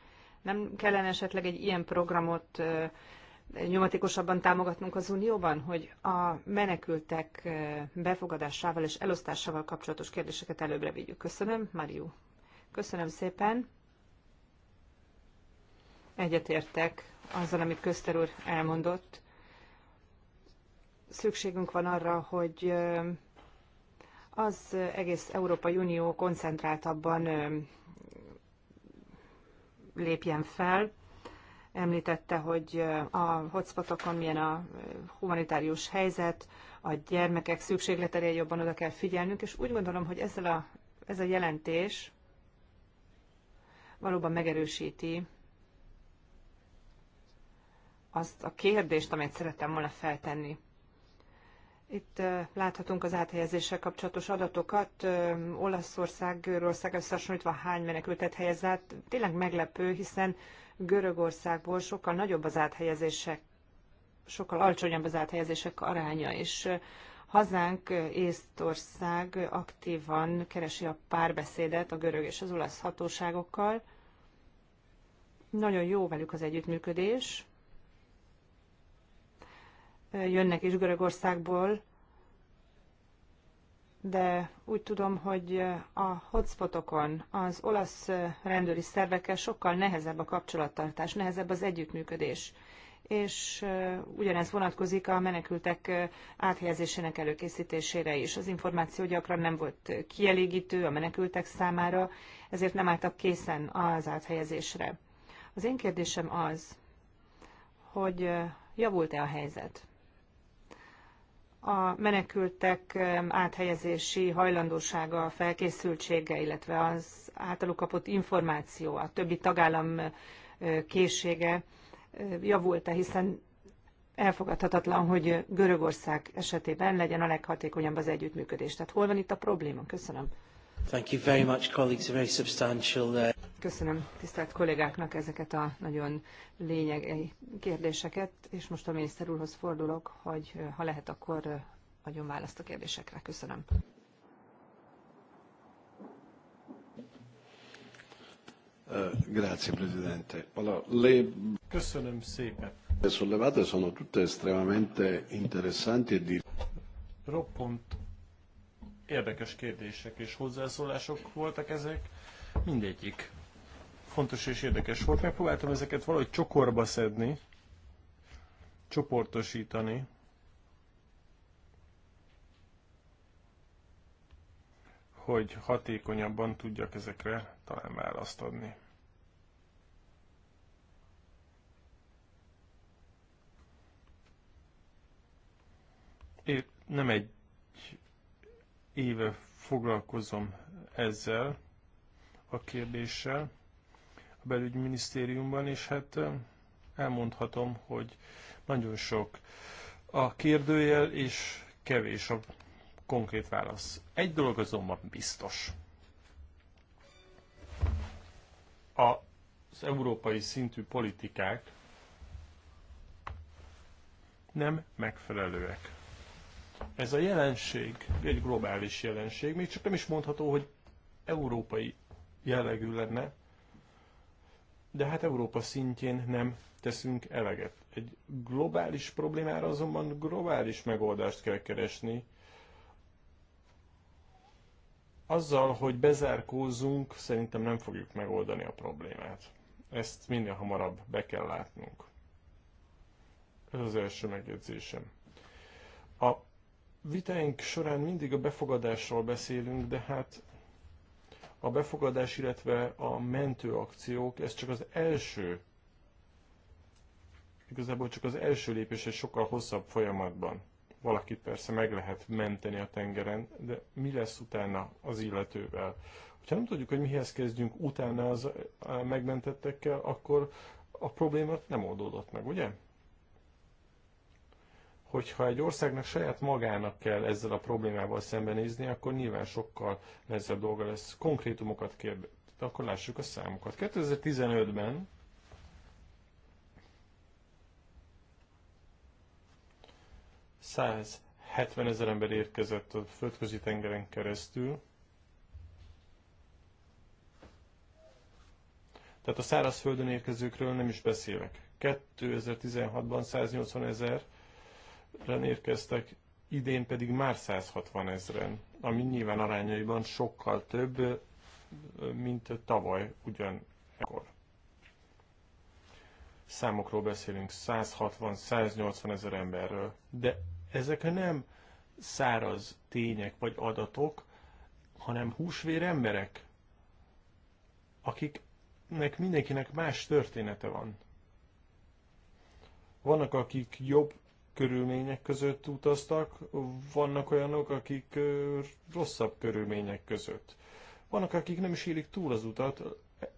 Nem kellene esetleg egy ilyen programot nyomatikusabban támogatnunk az Unióban, hogy a menekültek befogadásával és elosztásával kapcsolatos kérdéseket előbbre vigyük. Köszönöm, Mariu. Köszönöm szépen egyetértek azzal, amit Közter úr elmondott. Szükségünk van arra, hogy az egész Európai Unió koncentráltabban lépjen fel. Említette, hogy a hotspotokon milyen a humanitárius helyzet, a gyermekek szükségletére jobban oda kell figyelnünk, és úgy gondolom, hogy ezzel a, ez a jelentés valóban megerősíti azt a kérdést, amit szerettem volna feltenni. Itt láthatunk az áthelyezéssel kapcsolatos adatokat. Olaszország, Görögország összehasonlítva hány menekültet helyez át. Tényleg meglepő, hiszen Görögországból sokkal nagyobb az áthelyezések, sokkal alacsonyabb az áthelyezések aránya, és hazánk Észtország aktívan keresi a párbeszédet a görög és az olasz hatóságokkal. Nagyon jó velük az együttműködés jönnek is Görögországból, de úgy tudom, hogy a hotspotokon az olasz rendőri szervekkel sokkal nehezebb a kapcsolattartás, nehezebb az együttműködés. És uh, ugyanez vonatkozik a menekültek uh, áthelyezésének előkészítésére is. Az információ gyakran nem volt kielégítő a menekültek számára, ezért nem álltak készen az áthelyezésre. Az én kérdésem az, hogy uh, javult-e a helyzet? a menekültek áthelyezési hajlandósága, felkészültsége, illetve az általuk kapott információ, a többi tagállam készsége javult-e, hiszen elfogadhatatlan, hogy Görögország esetében legyen a leghatékonyabb az együttműködés. Tehát hol van itt a probléma? Köszönöm. Uh, Köszönöm tisztelt kollégáknak ezeket a nagyon lényegi kérdéseket, és most a miniszter úrhoz fordulok, hogy uh, ha lehet, akkor uh, adjon választ a kérdésekre. Köszönöm. Eh, grazie Presidente. le... Köszönöm szépen. sollevate sono tutte estremamente interessanti e di... Roppont Érdekes kérdések és hozzászólások voltak ezek, mindegyik fontos és érdekes volt. Megpróbáltam ezeket valahogy csokorba szedni, csoportosítani. hogy hatékonyabban tudjak ezekre talán választ adni. Én nem egy éve foglalkozom ezzel a kérdéssel a belügyminisztériumban, és hát elmondhatom, hogy nagyon sok a kérdőjel, és kevés a konkrét válasz. Egy dolog azonban biztos. A, az európai szintű politikák nem megfelelőek. Ez a jelenség egy globális jelenség, még csak nem is mondható, hogy európai jellegű lenne, de hát Európa szintjén nem teszünk eleget. Egy globális problémára azonban globális megoldást kell keresni. Azzal, hogy bezárkózunk, szerintem nem fogjuk megoldani a problémát. Ezt minél hamarabb be kell látnunk. Ez az első megjegyzésem. A vitáink során mindig a befogadásról beszélünk, de hát a befogadás, illetve a mentőakciók, ez csak az első, igazából csak az első lépés egy sokkal hosszabb folyamatban. Valakit persze meg lehet menteni a tengeren, de mi lesz utána az illetővel? Ha nem tudjuk, hogy mihez kezdjünk utána az megmentettekkel, akkor a problémát nem oldódott meg, ugye? hogyha egy országnak saját magának kell ezzel a problémával szembenézni, akkor nyilván sokkal nehezebb dolga lesz. Konkrétumokat de akkor lássuk a számokat. 2015-ben száz 70 ezer ember érkezett a földközi tengeren keresztül. Tehát a szárazföldön érkezőkről nem is beszélek. 2016-ban 180 ezer, ezren érkeztek, idén pedig már 160 ezren, ami nyilván arányaiban sokkal több, mint tavaly ugyanekkor. Számokról beszélünk 160-180 ezer emberről, de ezek nem száraz tények vagy adatok, hanem húsvér emberek, akiknek mindenkinek más története van. Vannak, akik jobb körülmények között utaztak, vannak olyanok, akik rosszabb körülmények között. Vannak, akik nem is élik túl az utat,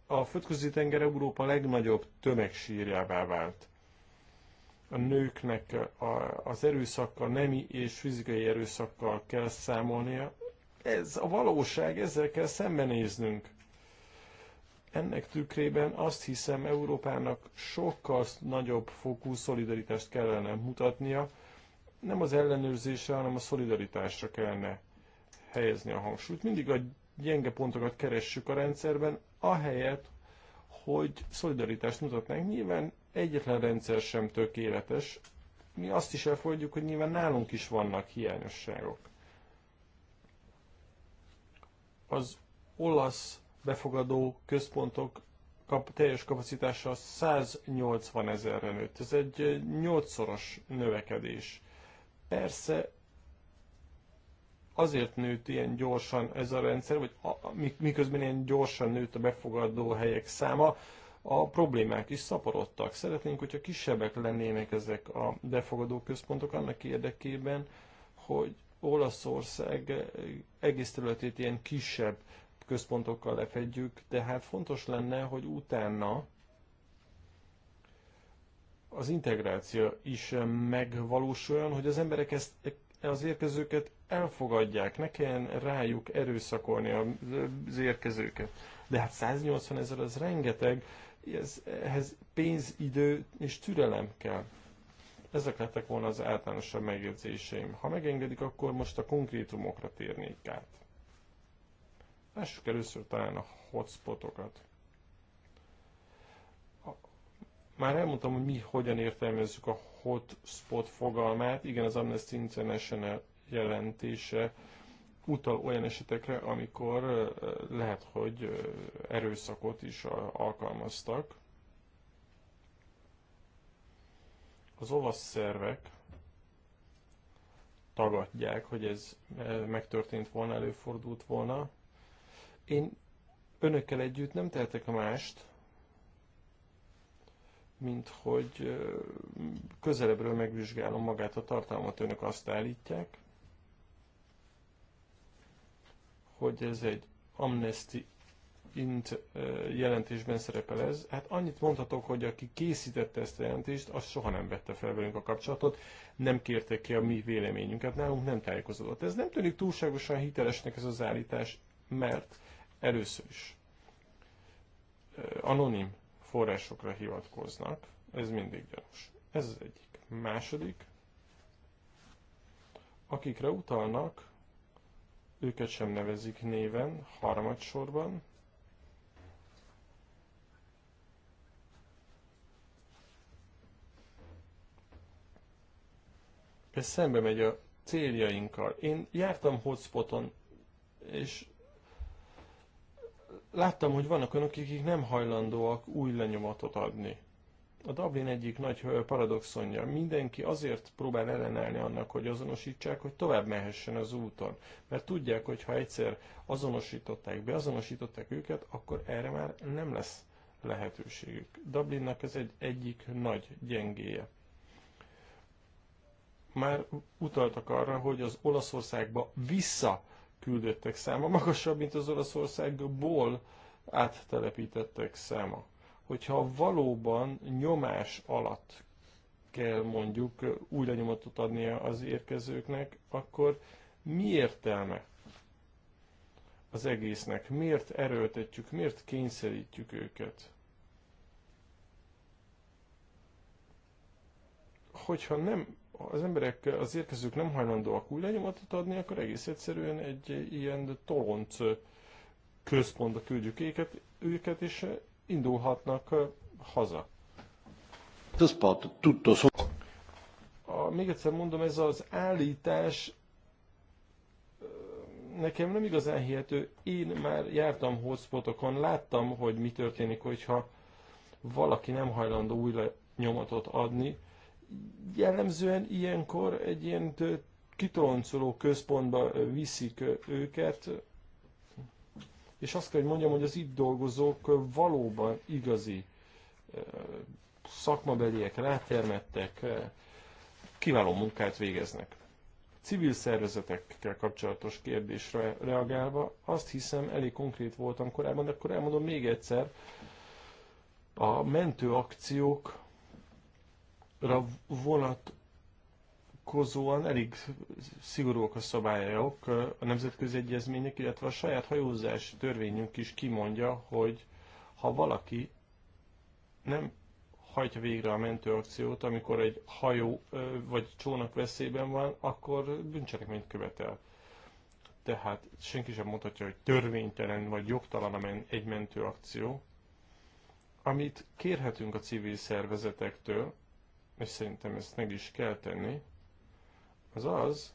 a földközi tenger Európa legnagyobb tömegsírjává vált. A nőknek az erőszakkal, nemi és fizikai erőszakkal kell számolnia. Ez a valóság, ezzel kell szembenéznünk. Ennek tükrében azt hiszem Európának sokkal nagyobb fokú szolidaritást kellene mutatnia, nem az ellenőrzésre, hanem a szolidaritásra kellene helyezni a hangsúlyt. Mindig a gyenge pontokat keressük a rendszerben, ahelyett, hogy szolidaritást mutatnánk. Nyilván egyetlen rendszer sem tökéletes. Mi azt is elfogadjuk, hogy nyilván nálunk is vannak hiányosságok. Az olasz befogadó központok kap, teljes kapacitása 180 ezerre nőtt. Ez egy 8-szoros növekedés. Persze azért nőtt ilyen gyorsan ez a rendszer, vagy a, miközben ilyen gyorsan nőtt a befogadó helyek száma, a problémák is szaporodtak. Szeretnénk, hogyha kisebbek lennének ezek a befogadó központok annak érdekében, hogy Olaszország egész területét ilyen kisebb központokkal lefedjük, de hát fontos lenne, hogy utána az integráció is megvalósuljon, hogy az emberek ezt, az érkezőket elfogadják, ne kelljen rájuk erőszakolni az érkezőket. De hát 180 ezer az rengeteg, ez, ehhez pénz, idő és türelem kell. Ezek lettek volna az általánosabb megjegyzéseim. Ha megengedik, akkor most a konkrétumokra térnék át. Lássuk először talán a hotspotokat. Már elmondtam, hogy mi hogyan értelmezzük a hotspot fogalmát. Igen, az Amnesty International jelentése utal olyan esetekre, amikor lehet, hogy erőszakot is alkalmaztak. Az olasz szervek tagadják, hogy ez megtörtént volna, előfordult volna. Én önökkel együtt nem tehetek a mást, mint hogy közelebbről megvizsgálom magát a tartalmat, önök azt állítják, hogy ez egy amnesti int jelentésben szerepel ez. Hát annyit mondhatok, hogy aki készítette ezt a jelentést, az soha nem vette fel velünk a kapcsolatot, nem kérte ki a mi véleményünket, nálunk nem tájékozódott. Ez nem tűnik túlságosan hitelesnek ez az állítás, mert Először is anonim forrásokra hivatkoznak, ez mindig gyanús. Ez az egyik. Második, akikre utalnak, őket sem nevezik néven, harmadsorban, ez szembe megy a céljainkkal. Én jártam hotspoton, és Láttam, hogy vannak olyanok, akik nem hajlandóak új lenyomatot adni. A Dublin egyik nagy paradoxonja. Mindenki azért próbál ellenállni annak, hogy azonosítsák, hogy tovább mehessen az úton. Mert tudják, hogy ha egyszer azonosították, beazonosították őket, akkor erre már nem lesz lehetőségük. Dublinnak ez egy egyik nagy gyengéje. Már utaltak arra, hogy az Olaszországba vissza küldöttek száma magasabb, mint az Oroszországból áttelepítettek száma. Hogyha valóban nyomás alatt kell mondjuk új lenyomatot adnia az érkezőknek, akkor mi értelme az egésznek? Miért erőltetjük, miért kényszerítjük őket? Hogyha nem az emberek, az érkezők nem hajlandóak új lenyomatot adni, akkor egész egyszerűen egy ilyen tolonc központba küldjük őket, őket és indulhatnak haza. A, még egyszer mondom, ez az állítás nekem nem igazán hihető. Én már jártam hotspotokon, láttam, hogy mi történik, hogyha valaki nem hajlandó új lenyomatot adni, jellemzően ilyenkor egy ilyen kitoloncoló központba viszik őket, és azt kell, hogy mondjam, hogy az itt dolgozók valóban igazi szakmabeliek, rátermettek, kiváló munkát végeznek. Civil szervezetekkel kapcsolatos kérdésre reagálva, azt hiszem elég konkrét voltam korábban, de akkor elmondom még egyszer, a mentőakciók ra vonatkozóan elég szigorúak a szabályok, a nemzetközi egyezmények, illetve a saját hajózási törvényünk is kimondja, hogy ha valaki nem hajtja végre a mentőakciót, amikor egy hajó vagy csónak veszélyben van, akkor bűncselekményt követel. Tehát senki sem mondhatja, hogy törvénytelen vagy jogtalan egy mentőakció. Amit kérhetünk a civil szervezetektől, és szerintem ezt meg is kell tenni, az az,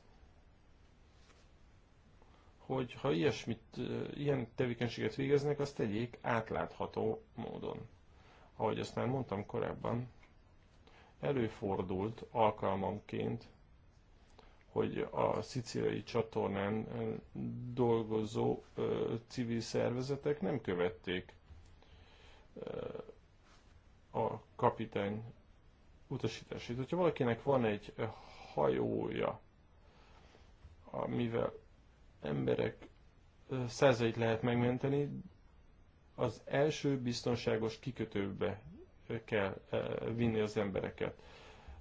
hogy ha ilyesmit, ilyen tevékenységet végeznek, azt tegyék átlátható módon. Ahogy azt már mondtam korábban, előfordult alkalmamként, hogy a szicilai csatornán dolgozó ö, civil szervezetek nem követték ö, a kapitány utasítás. Itt, hogyha valakinek van egy eh, hajója, amivel emberek eh, százait lehet megmenteni, az első biztonságos kikötőbe eh, kell vinni az embereket.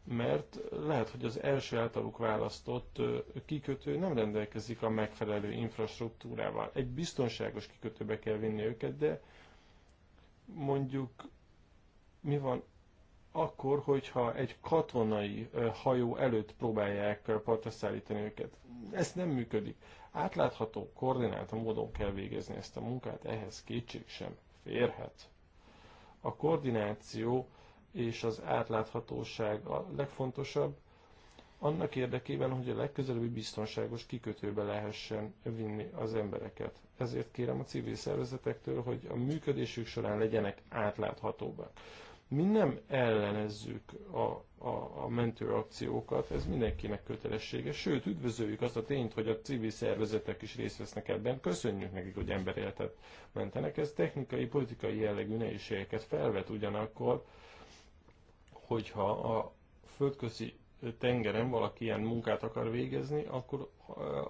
Mert lehet, hogy az első általuk választott kikötő nem rendelkezik a megfelelő infrastruktúrával. Egy biztonságos kikötőbe kell vinni őket, de mondjuk mi van akkor, hogyha egy katonai hajó előtt próbálják partra szállítani őket. Ez nem működik. Átlátható, koordinált módon kell végezni ezt a munkát, ehhez kétség sem férhet. A koordináció és az átláthatóság a legfontosabb, annak érdekében, hogy a legközelebbi biztonságos kikötőbe lehessen vinni az embereket. Ezért kérem a civil szervezetektől, hogy a működésük során legyenek átláthatóbbak mi nem ellenezzük a, a, a mentőakciókat, ez mindenkinek kötelessége, sőt üdvözöljük azt a tényt, hogy a civil szervezetek is részt vesznek ebben, köszönjük nekik, hogy emberéletet mentenek, ez technikai, politikai jellegű nehézségeket felvet ugyanakkor, hogyha a földközi tengeren valaki ilyen munkát akar végezni, akkor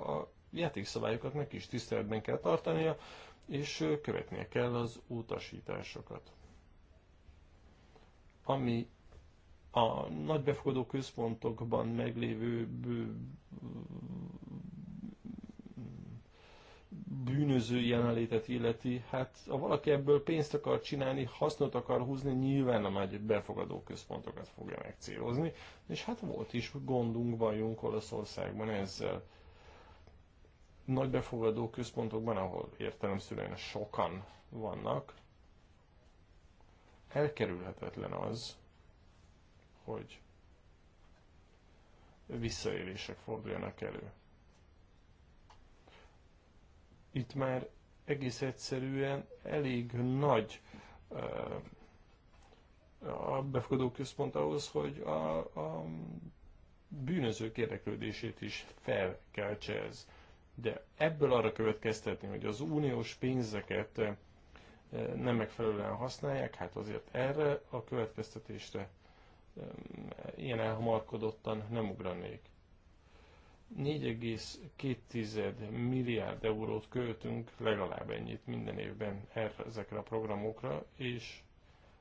a játékszabályokat neki is tiszteletben kell tartania, és követnie kell az utasításokat ami a nagy befogadó központokban meglévő bűnöző jelenlétet illeti, hát ha valaki ebből pénzt akar csinálni, hasznot akar húzni, nyilván a nagy befogadó központokat fogja megcélozni, és hát volt is gondunk, bajunk Olaszországban ezzel. Nagy befogadó központokban, ahol értelemszerűen sokan vannak, elkerülhetetlen az, hogy visszaélések forduljanak elő. Itt már egész egyszerűen elég nagy a befogadó központ ahhoz, hogy a, a bűnözők érdeklődését is kell ez. De ebből arra következtetni, hogy az uniós pénzeket nem megfelelően használják, hát azért erre a következtetésre ilyen elhamarkodottan nem ugranék. 4,2 milliárd eurót költünk, legalább ennyit minden évben erre, ezekre a programokra, és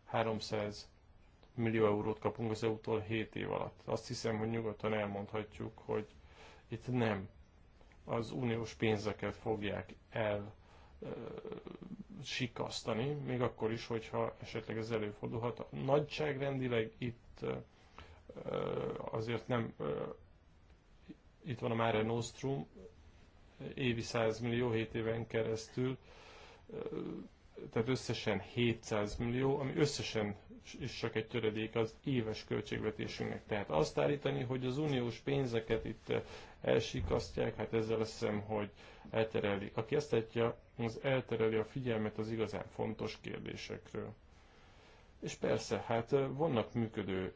300 millió eurót kapunk az EU-tól 7 év alatt. Azt hiszem, hogy nyugodtan elmondhatjuk, hogy itt nem az uniós pénzeket fogják el sikasztani, még akkor is, hogyha esetleg ez előfordulhat. A nagyságrendileg itt azért nem, itt van a Mare Nostrum, évi 100 millió, 7 éven keresztül, tehát összesen 700 millió, ami összesen is csak egy töredék az éves költségvetésünknek. Tehát azt állítani, hogy az uniós pénzeket itt elsikasztják, hát ezzel azt hiszem, hogy eltereli. Aki ezt állítja, az eltereli a figyelmet az igazán fontos kérdésekről. És persze, hát vannak működő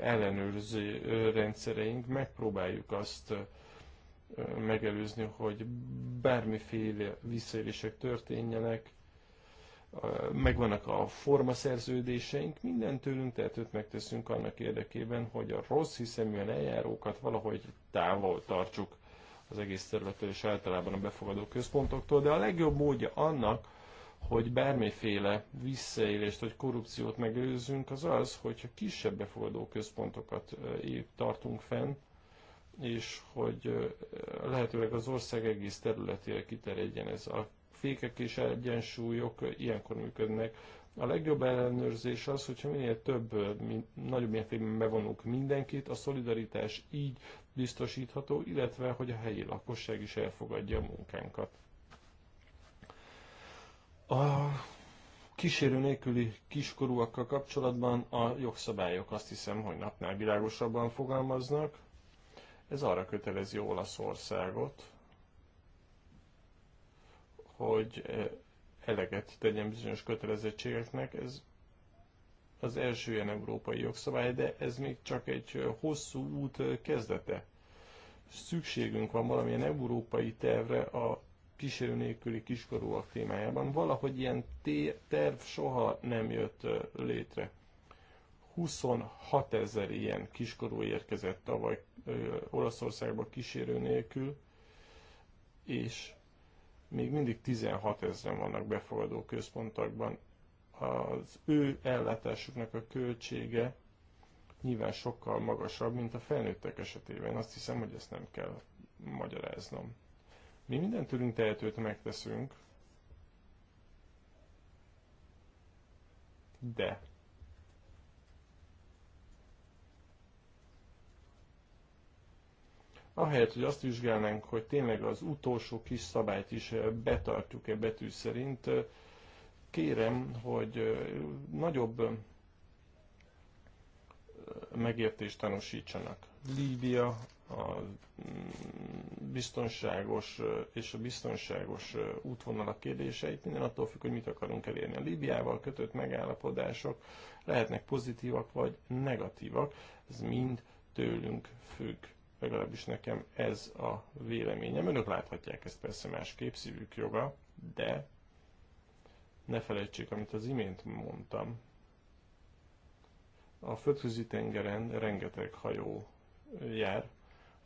ellenőrző rendszereink, megpróbáljuk azt megelőzni, hogy bármiféle visszaélések történjenek, megvannak a formaszerződéseink, minden tőlünk tehetőt megteszünk annak érdekében, hogy a rossz hiszeműen eljárókat valahogy távol tartsuk az egész területtől és általában a befogadó központoktól, de a legjobb módja annak, hogy bármiféle visszaélést vagy korrupciót megelőzünk az az, hogyha kisebb befogadó központokat tartunk fenn, és hogy lehetőleg az ország egész területére kiterjedjen ez a fékek és egyensúlyok ilyenkor működnek. A legjobb ellenőrzés az, hogyha minél több, min, nagyobb mértékben bevonunk mindenkit, a szolidaritás így biztosítható, illetve hogy a helyi lakosság is elfogadja a munkánkat. A kísérő nélküli kiskorúakkal kapcsolatban a jogszabályok azt hiszem, hogy napnál világosabban fogalmaznak. Ez arra kötelezi Olaszországot, hogy eh, eleget tegyen bizonyos kötelezettségeknek. Ez az első ilyen európai jogszabály, de ez még csak egy eh, hosszú út eh, kezdete. Szükségünk van valamilyen európai tervre a kísérő nélküli kiskorúak témájában. Valahogy ilyen terv soha nem jött létre. 26 ezer ilyen kiskorú érkezett tavaly Olaszországba kísérő nélkül, és még mindig 16 ezeren vannak befogadó központokban. Az ő ellátásuknak a költsége nyilván sokkal magasabb, mint a felnőttek esetében. Azt hiszem, hogy ezt nem kell magyaráznom. Mi minden tőlünk tehetőt megteszünk, de ahelyett, hogy azt vizsgálnánk, hogy tényleg az utolsó kis szabályt is eh, betartjuk-e betű szerint, eh, kérem, hogy eh, nagyobb megértést tanúsítsanak. Líbia a mm, biztonságos és a biztonságos útvonalak kérdéseit minden attól függ, hogy mit akarunk elérni. A Líbiával kötött megállapodások lehetnek pozitívak vagy negatívak, ez mind tőlünk függ legalábbis nekem ez a véleményem. Önök láthatják ezt persze másképp, szívük joga, de ne felejtsék, amit az imént mondtam. A földközi tengeren rengeteg hajó jár,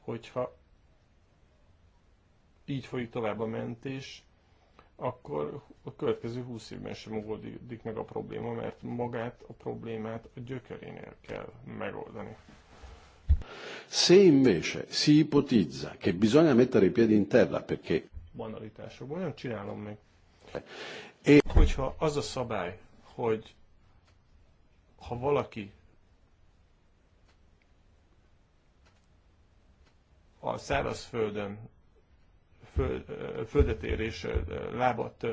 hogyha így folyik tovább a mentés, akkor a következő 20 évben sem oldódik meg a probléma, mert magát a problémát a gyökerénél kell megoldani. Se invece si ipotizza che bisogna mettere i piedi in terra perché... Banalitásokban nem csinálom még. É... E hogyha az a szabály, hogy ha valaki a szárazföldön föld, földet érés lábat,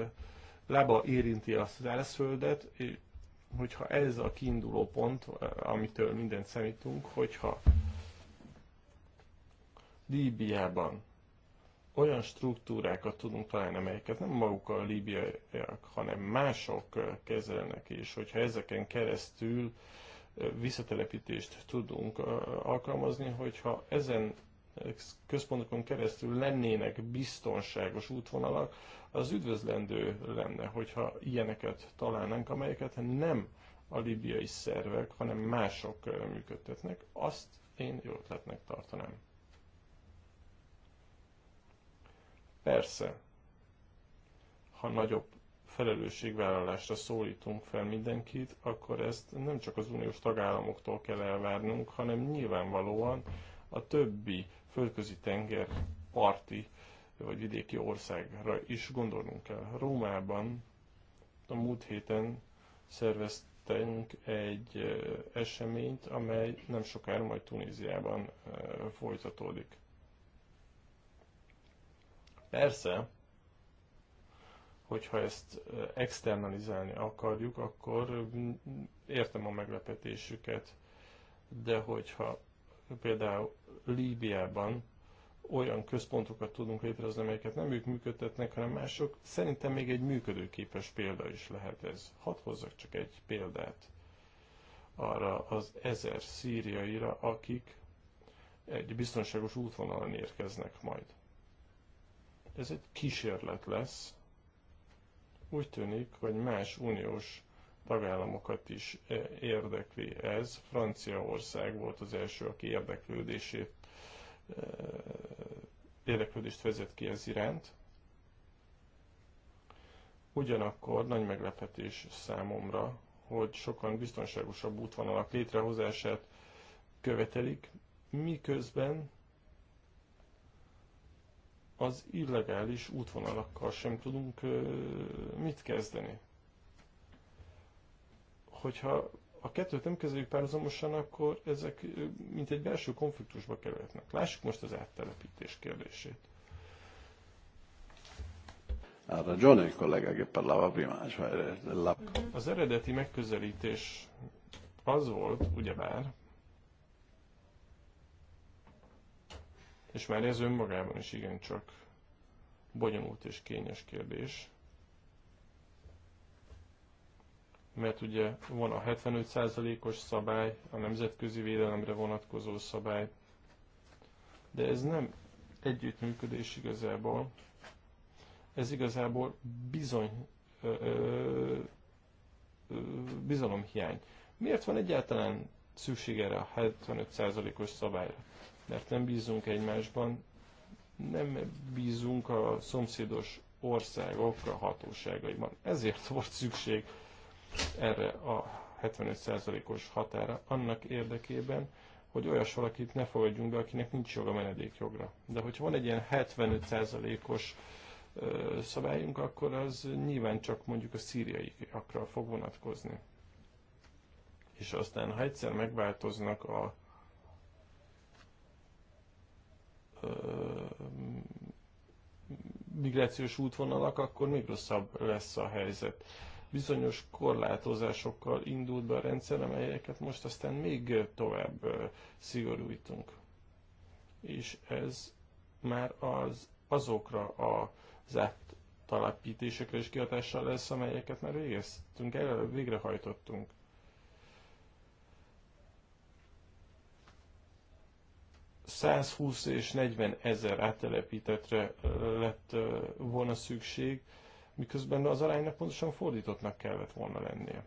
lába érinti a szárazföldet, hogyha ez a kiinduló pont, amitől mindent számítunk, hogyha Líbiában olyan struktúrákat tudunk találni, amelyeket nem maguk a líbiaiak, hanem mások kezelnek, és hogyha ezeken keresztül visszatelepítést tudunk alkalmazni, hogyha ezen központokon keresztül lennének biztonságos útvonalak, az üdvözlendő lenne, hogyha ilyeneket találnánk, amelyeket nem a libiai szervek, hanem mások működtetnek. Azt én jó ötletnek tartanám. Persze, ha nagyobb felelősségvállalásra szólítunk fel mindenkit, akkor ezt nem csak az uniós tagállamoktól kell elvárnunk, hanem nyilvánvalóan a többi földközi tenger parti vagy vidéki országra is gondolnunk kell. Rómában a múlt héten szerveztünk egy eh, eseményt, amely nem sokára majd Tunéziában eh, folytatódik. Persze, hogyha ezt externalizálni akarjuk, akkor értem a meglepetésüket, de hogyha például Líbiában olyan központokat tudunk létrehozni, amelyeket nem ők működtetnek, hanem mások, szerintem még egy működőképes példa is lehet ez. Hadd hozzak csak egy példát arra az ezer szíriaira, akik egy biztonságos útvonalon érkeznek majd. Ez egy kísérlet lesz. Úgy tűnik, hogy más uniós tagállamokat is e, érdekli ez. Franciaország volt az első, aki érdeklődését e, érdeklődést vezet ki ez iránt. Ugyanakkor nagy meglepetés számomra, hogy sokan biztonságosabb útvonalak létrehozását követelik, miközben az illegális útvonalakkal sem tudunk mit kezdeni. Hogyha a kettőt nem kezeljük párhuzamosan, akkor ezek mint egy belső konfliktusba kerülhetnek. Lássuk most az áttelepítés kérdését. Az eredeti megközelítés az volt, ugyebár, És már ez önmagában is igencsak bonyolult és kényes kérdés. Mert ugye van a 75%-os szabály, a nemzetközi védelemre vonatkozó szabály, de ez nem együttműködés igazából, ez igazából bizony ö, ö, bizalomhiány. Miért van egyáltalán szükség erre a 75%-os szabályra? mert nem bízunk egymásban, nem bízunk a szomszédos országok a hatóságaiban. Ezért volt szükség erre a 75%-os határa annak érdekében, hogy olyas valakit ne fogadjunk be, akinek nincs joga menedékjogra. De hogyha van egy ilyen 75%-os szabályunk, akkor az nyilván csak mondjuk a szíriaiakra fog vonatkozni. És aztán, ha egyszer megváltoznak a migrációs útvonalak, akkor még rosszabb lesz a helyzet. Bizonyos korlátozásokkal indult be a rendszer, amelyeket most aztán még tovább szigorújtunk. És ez már az, azokra a talapítésekre is kihatással lesz, amelyeket már végeztünk el, végrehajtottunk. 120 és 40 ezer áttelepítetre lett volna szükség, miközben az aránynak pontosan fordítottnak kellett volna lennie.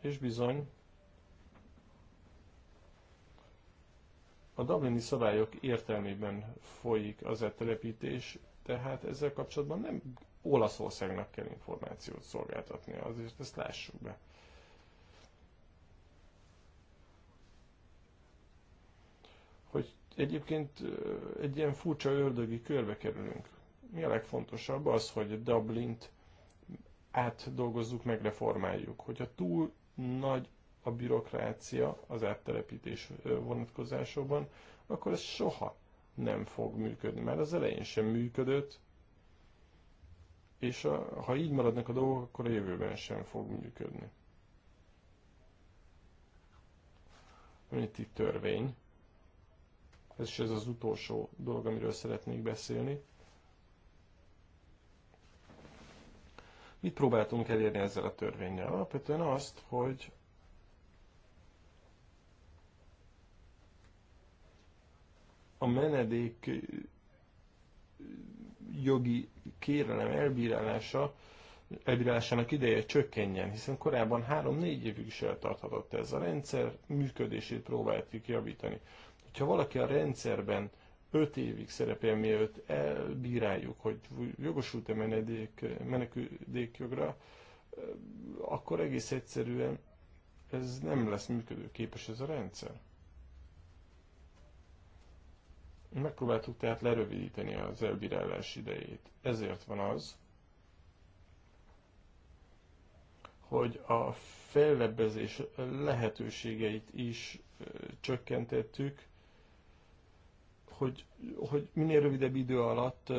És bizony, a Dublini szabályok értelmében folyik az áttelepítés, tehát ezzel kapcsolatban nem Olaszországnak kell információt szolgáltatnia, azért ezt lássuk be. hogy egyébként egy ilyen furcsa ördögi körbe kerülünk. Mi a legfontosabb? Az, hogy Dublint átdolgozzuk, megreformáljuk. Hogyha túl nagy a bürokrácia az áttelepítés vonatkozásában, akkor ez soha nem fog működni. mert az elején sem működött, és a, ha így maradnak a dolgok, akkor a jövőben sem fog működni. Van itt törvény, ez is ez az utolsó dolog, amiről szeretnék beszélni. Mit próbáltunk elérni ezzel a törvényel? Alapvetően azt, hogy a menedék jogi kérelem elbírálása, elbírálásának ideje csökkenjen, hiszen korábban 3-4 évig is eltarthatott ez a rendszer, működését próbáltuk javítani. Ha valaki a rendszerben 5 évig szerepel, mielőtt elbíráljuk, hogy jogosult-e menekülékjogra, akkor egész egyszerűen ez nem lesz működőképes ez a rendszer. Megpróbáltuk tehát lerövidíteni az elbírálás idejét. Ezért van az, hogy a fellebbezés lehetőségeit is csökkentettük, hogy, hogy minél rövidebb idő alatt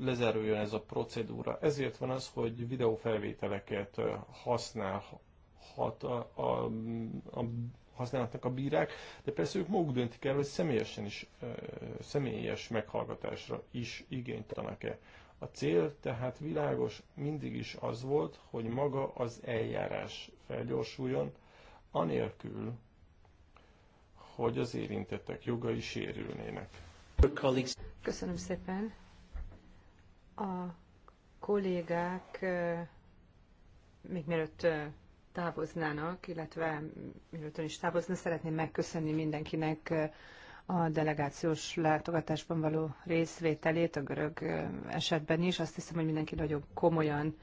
lezáruljon ez a procedúra. Ezért van az, hogy videófelvételeket használhat a, a, a, használhatnak a bírák, de persze ők maguk döntik el, hogy személyesen is, személyes meghallgatásra is igényt tanak-e. A cél tehát világos mindig is az volt, hogy maga az eljárás felgyorsuljon, anélkül, hogy az érintettek jogai sérülnének. Köszönöm szépen. A kollégák még mielőtt távoznának, illetve mielőtt is távozna, szeretném megköszönni mindenkinek a delegációs látogatásban való részvételét, a görög esetben is. Azt hiszem, hogy mindenki nagyon komolyan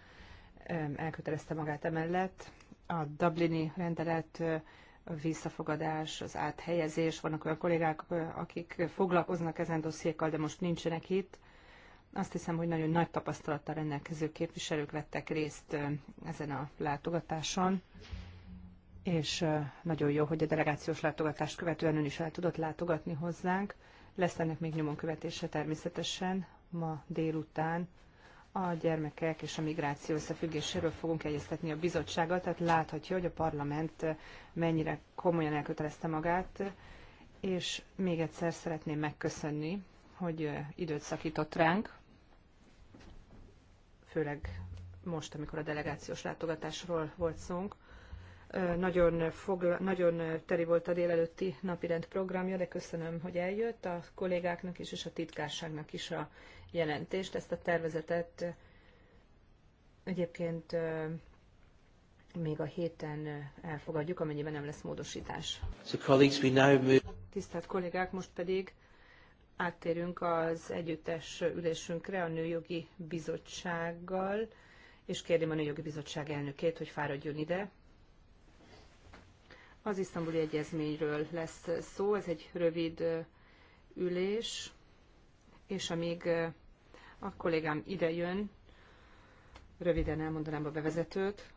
elkötelezte magát emellett. A Dublini rendelet visszafogadás, az áthelyezés. Vannak olyan kollégák, akik foglalkoznak ezen dossziékkal, de most nincsenek itt. Azt hiszem, hogy nagyon nagy tapasztalattal rendelkező képviselők vettek részt ezen a látogatáson, és nagyon jó, hogy a delegációs látogatást követően ön is el tudott látogatni hozzánk. Lesz ennek még nyomon követése természetesen ma délután a gyermekek és a migráció összefüggéséről fogunk egyeztetni a bizottsággal, tehát láthatja, hogy a parlament mennyire komolyan elkötelezte magát, és még egyszer szeretném megköszönni, hogy időt szakított ránk, főleg most, amikor a delegációs látogatásról volt szónk. Nagyon, fogla, nagyon teri volt a délelőtti napirend programja, de köszönöm, hogy eljött a kollégáknak is, és a titkárságnak is a jelentést, ezt a tervezetet egyébként még a héten elfogadjuk, amennyiben nem lesz módosítás. Tisztelt kollégák, most pedig áttérünk az együttes ülésünkre a Nőjogi Bizottsággal, és kérdem a Nőjogi Bizottság elnökét, hogy fáradjon ide. Az isztambuli egyezményről lesz szó, ez egy rövid ülés, és amíg a kollégám ide jön, röviden elmondanám a bevezetőt.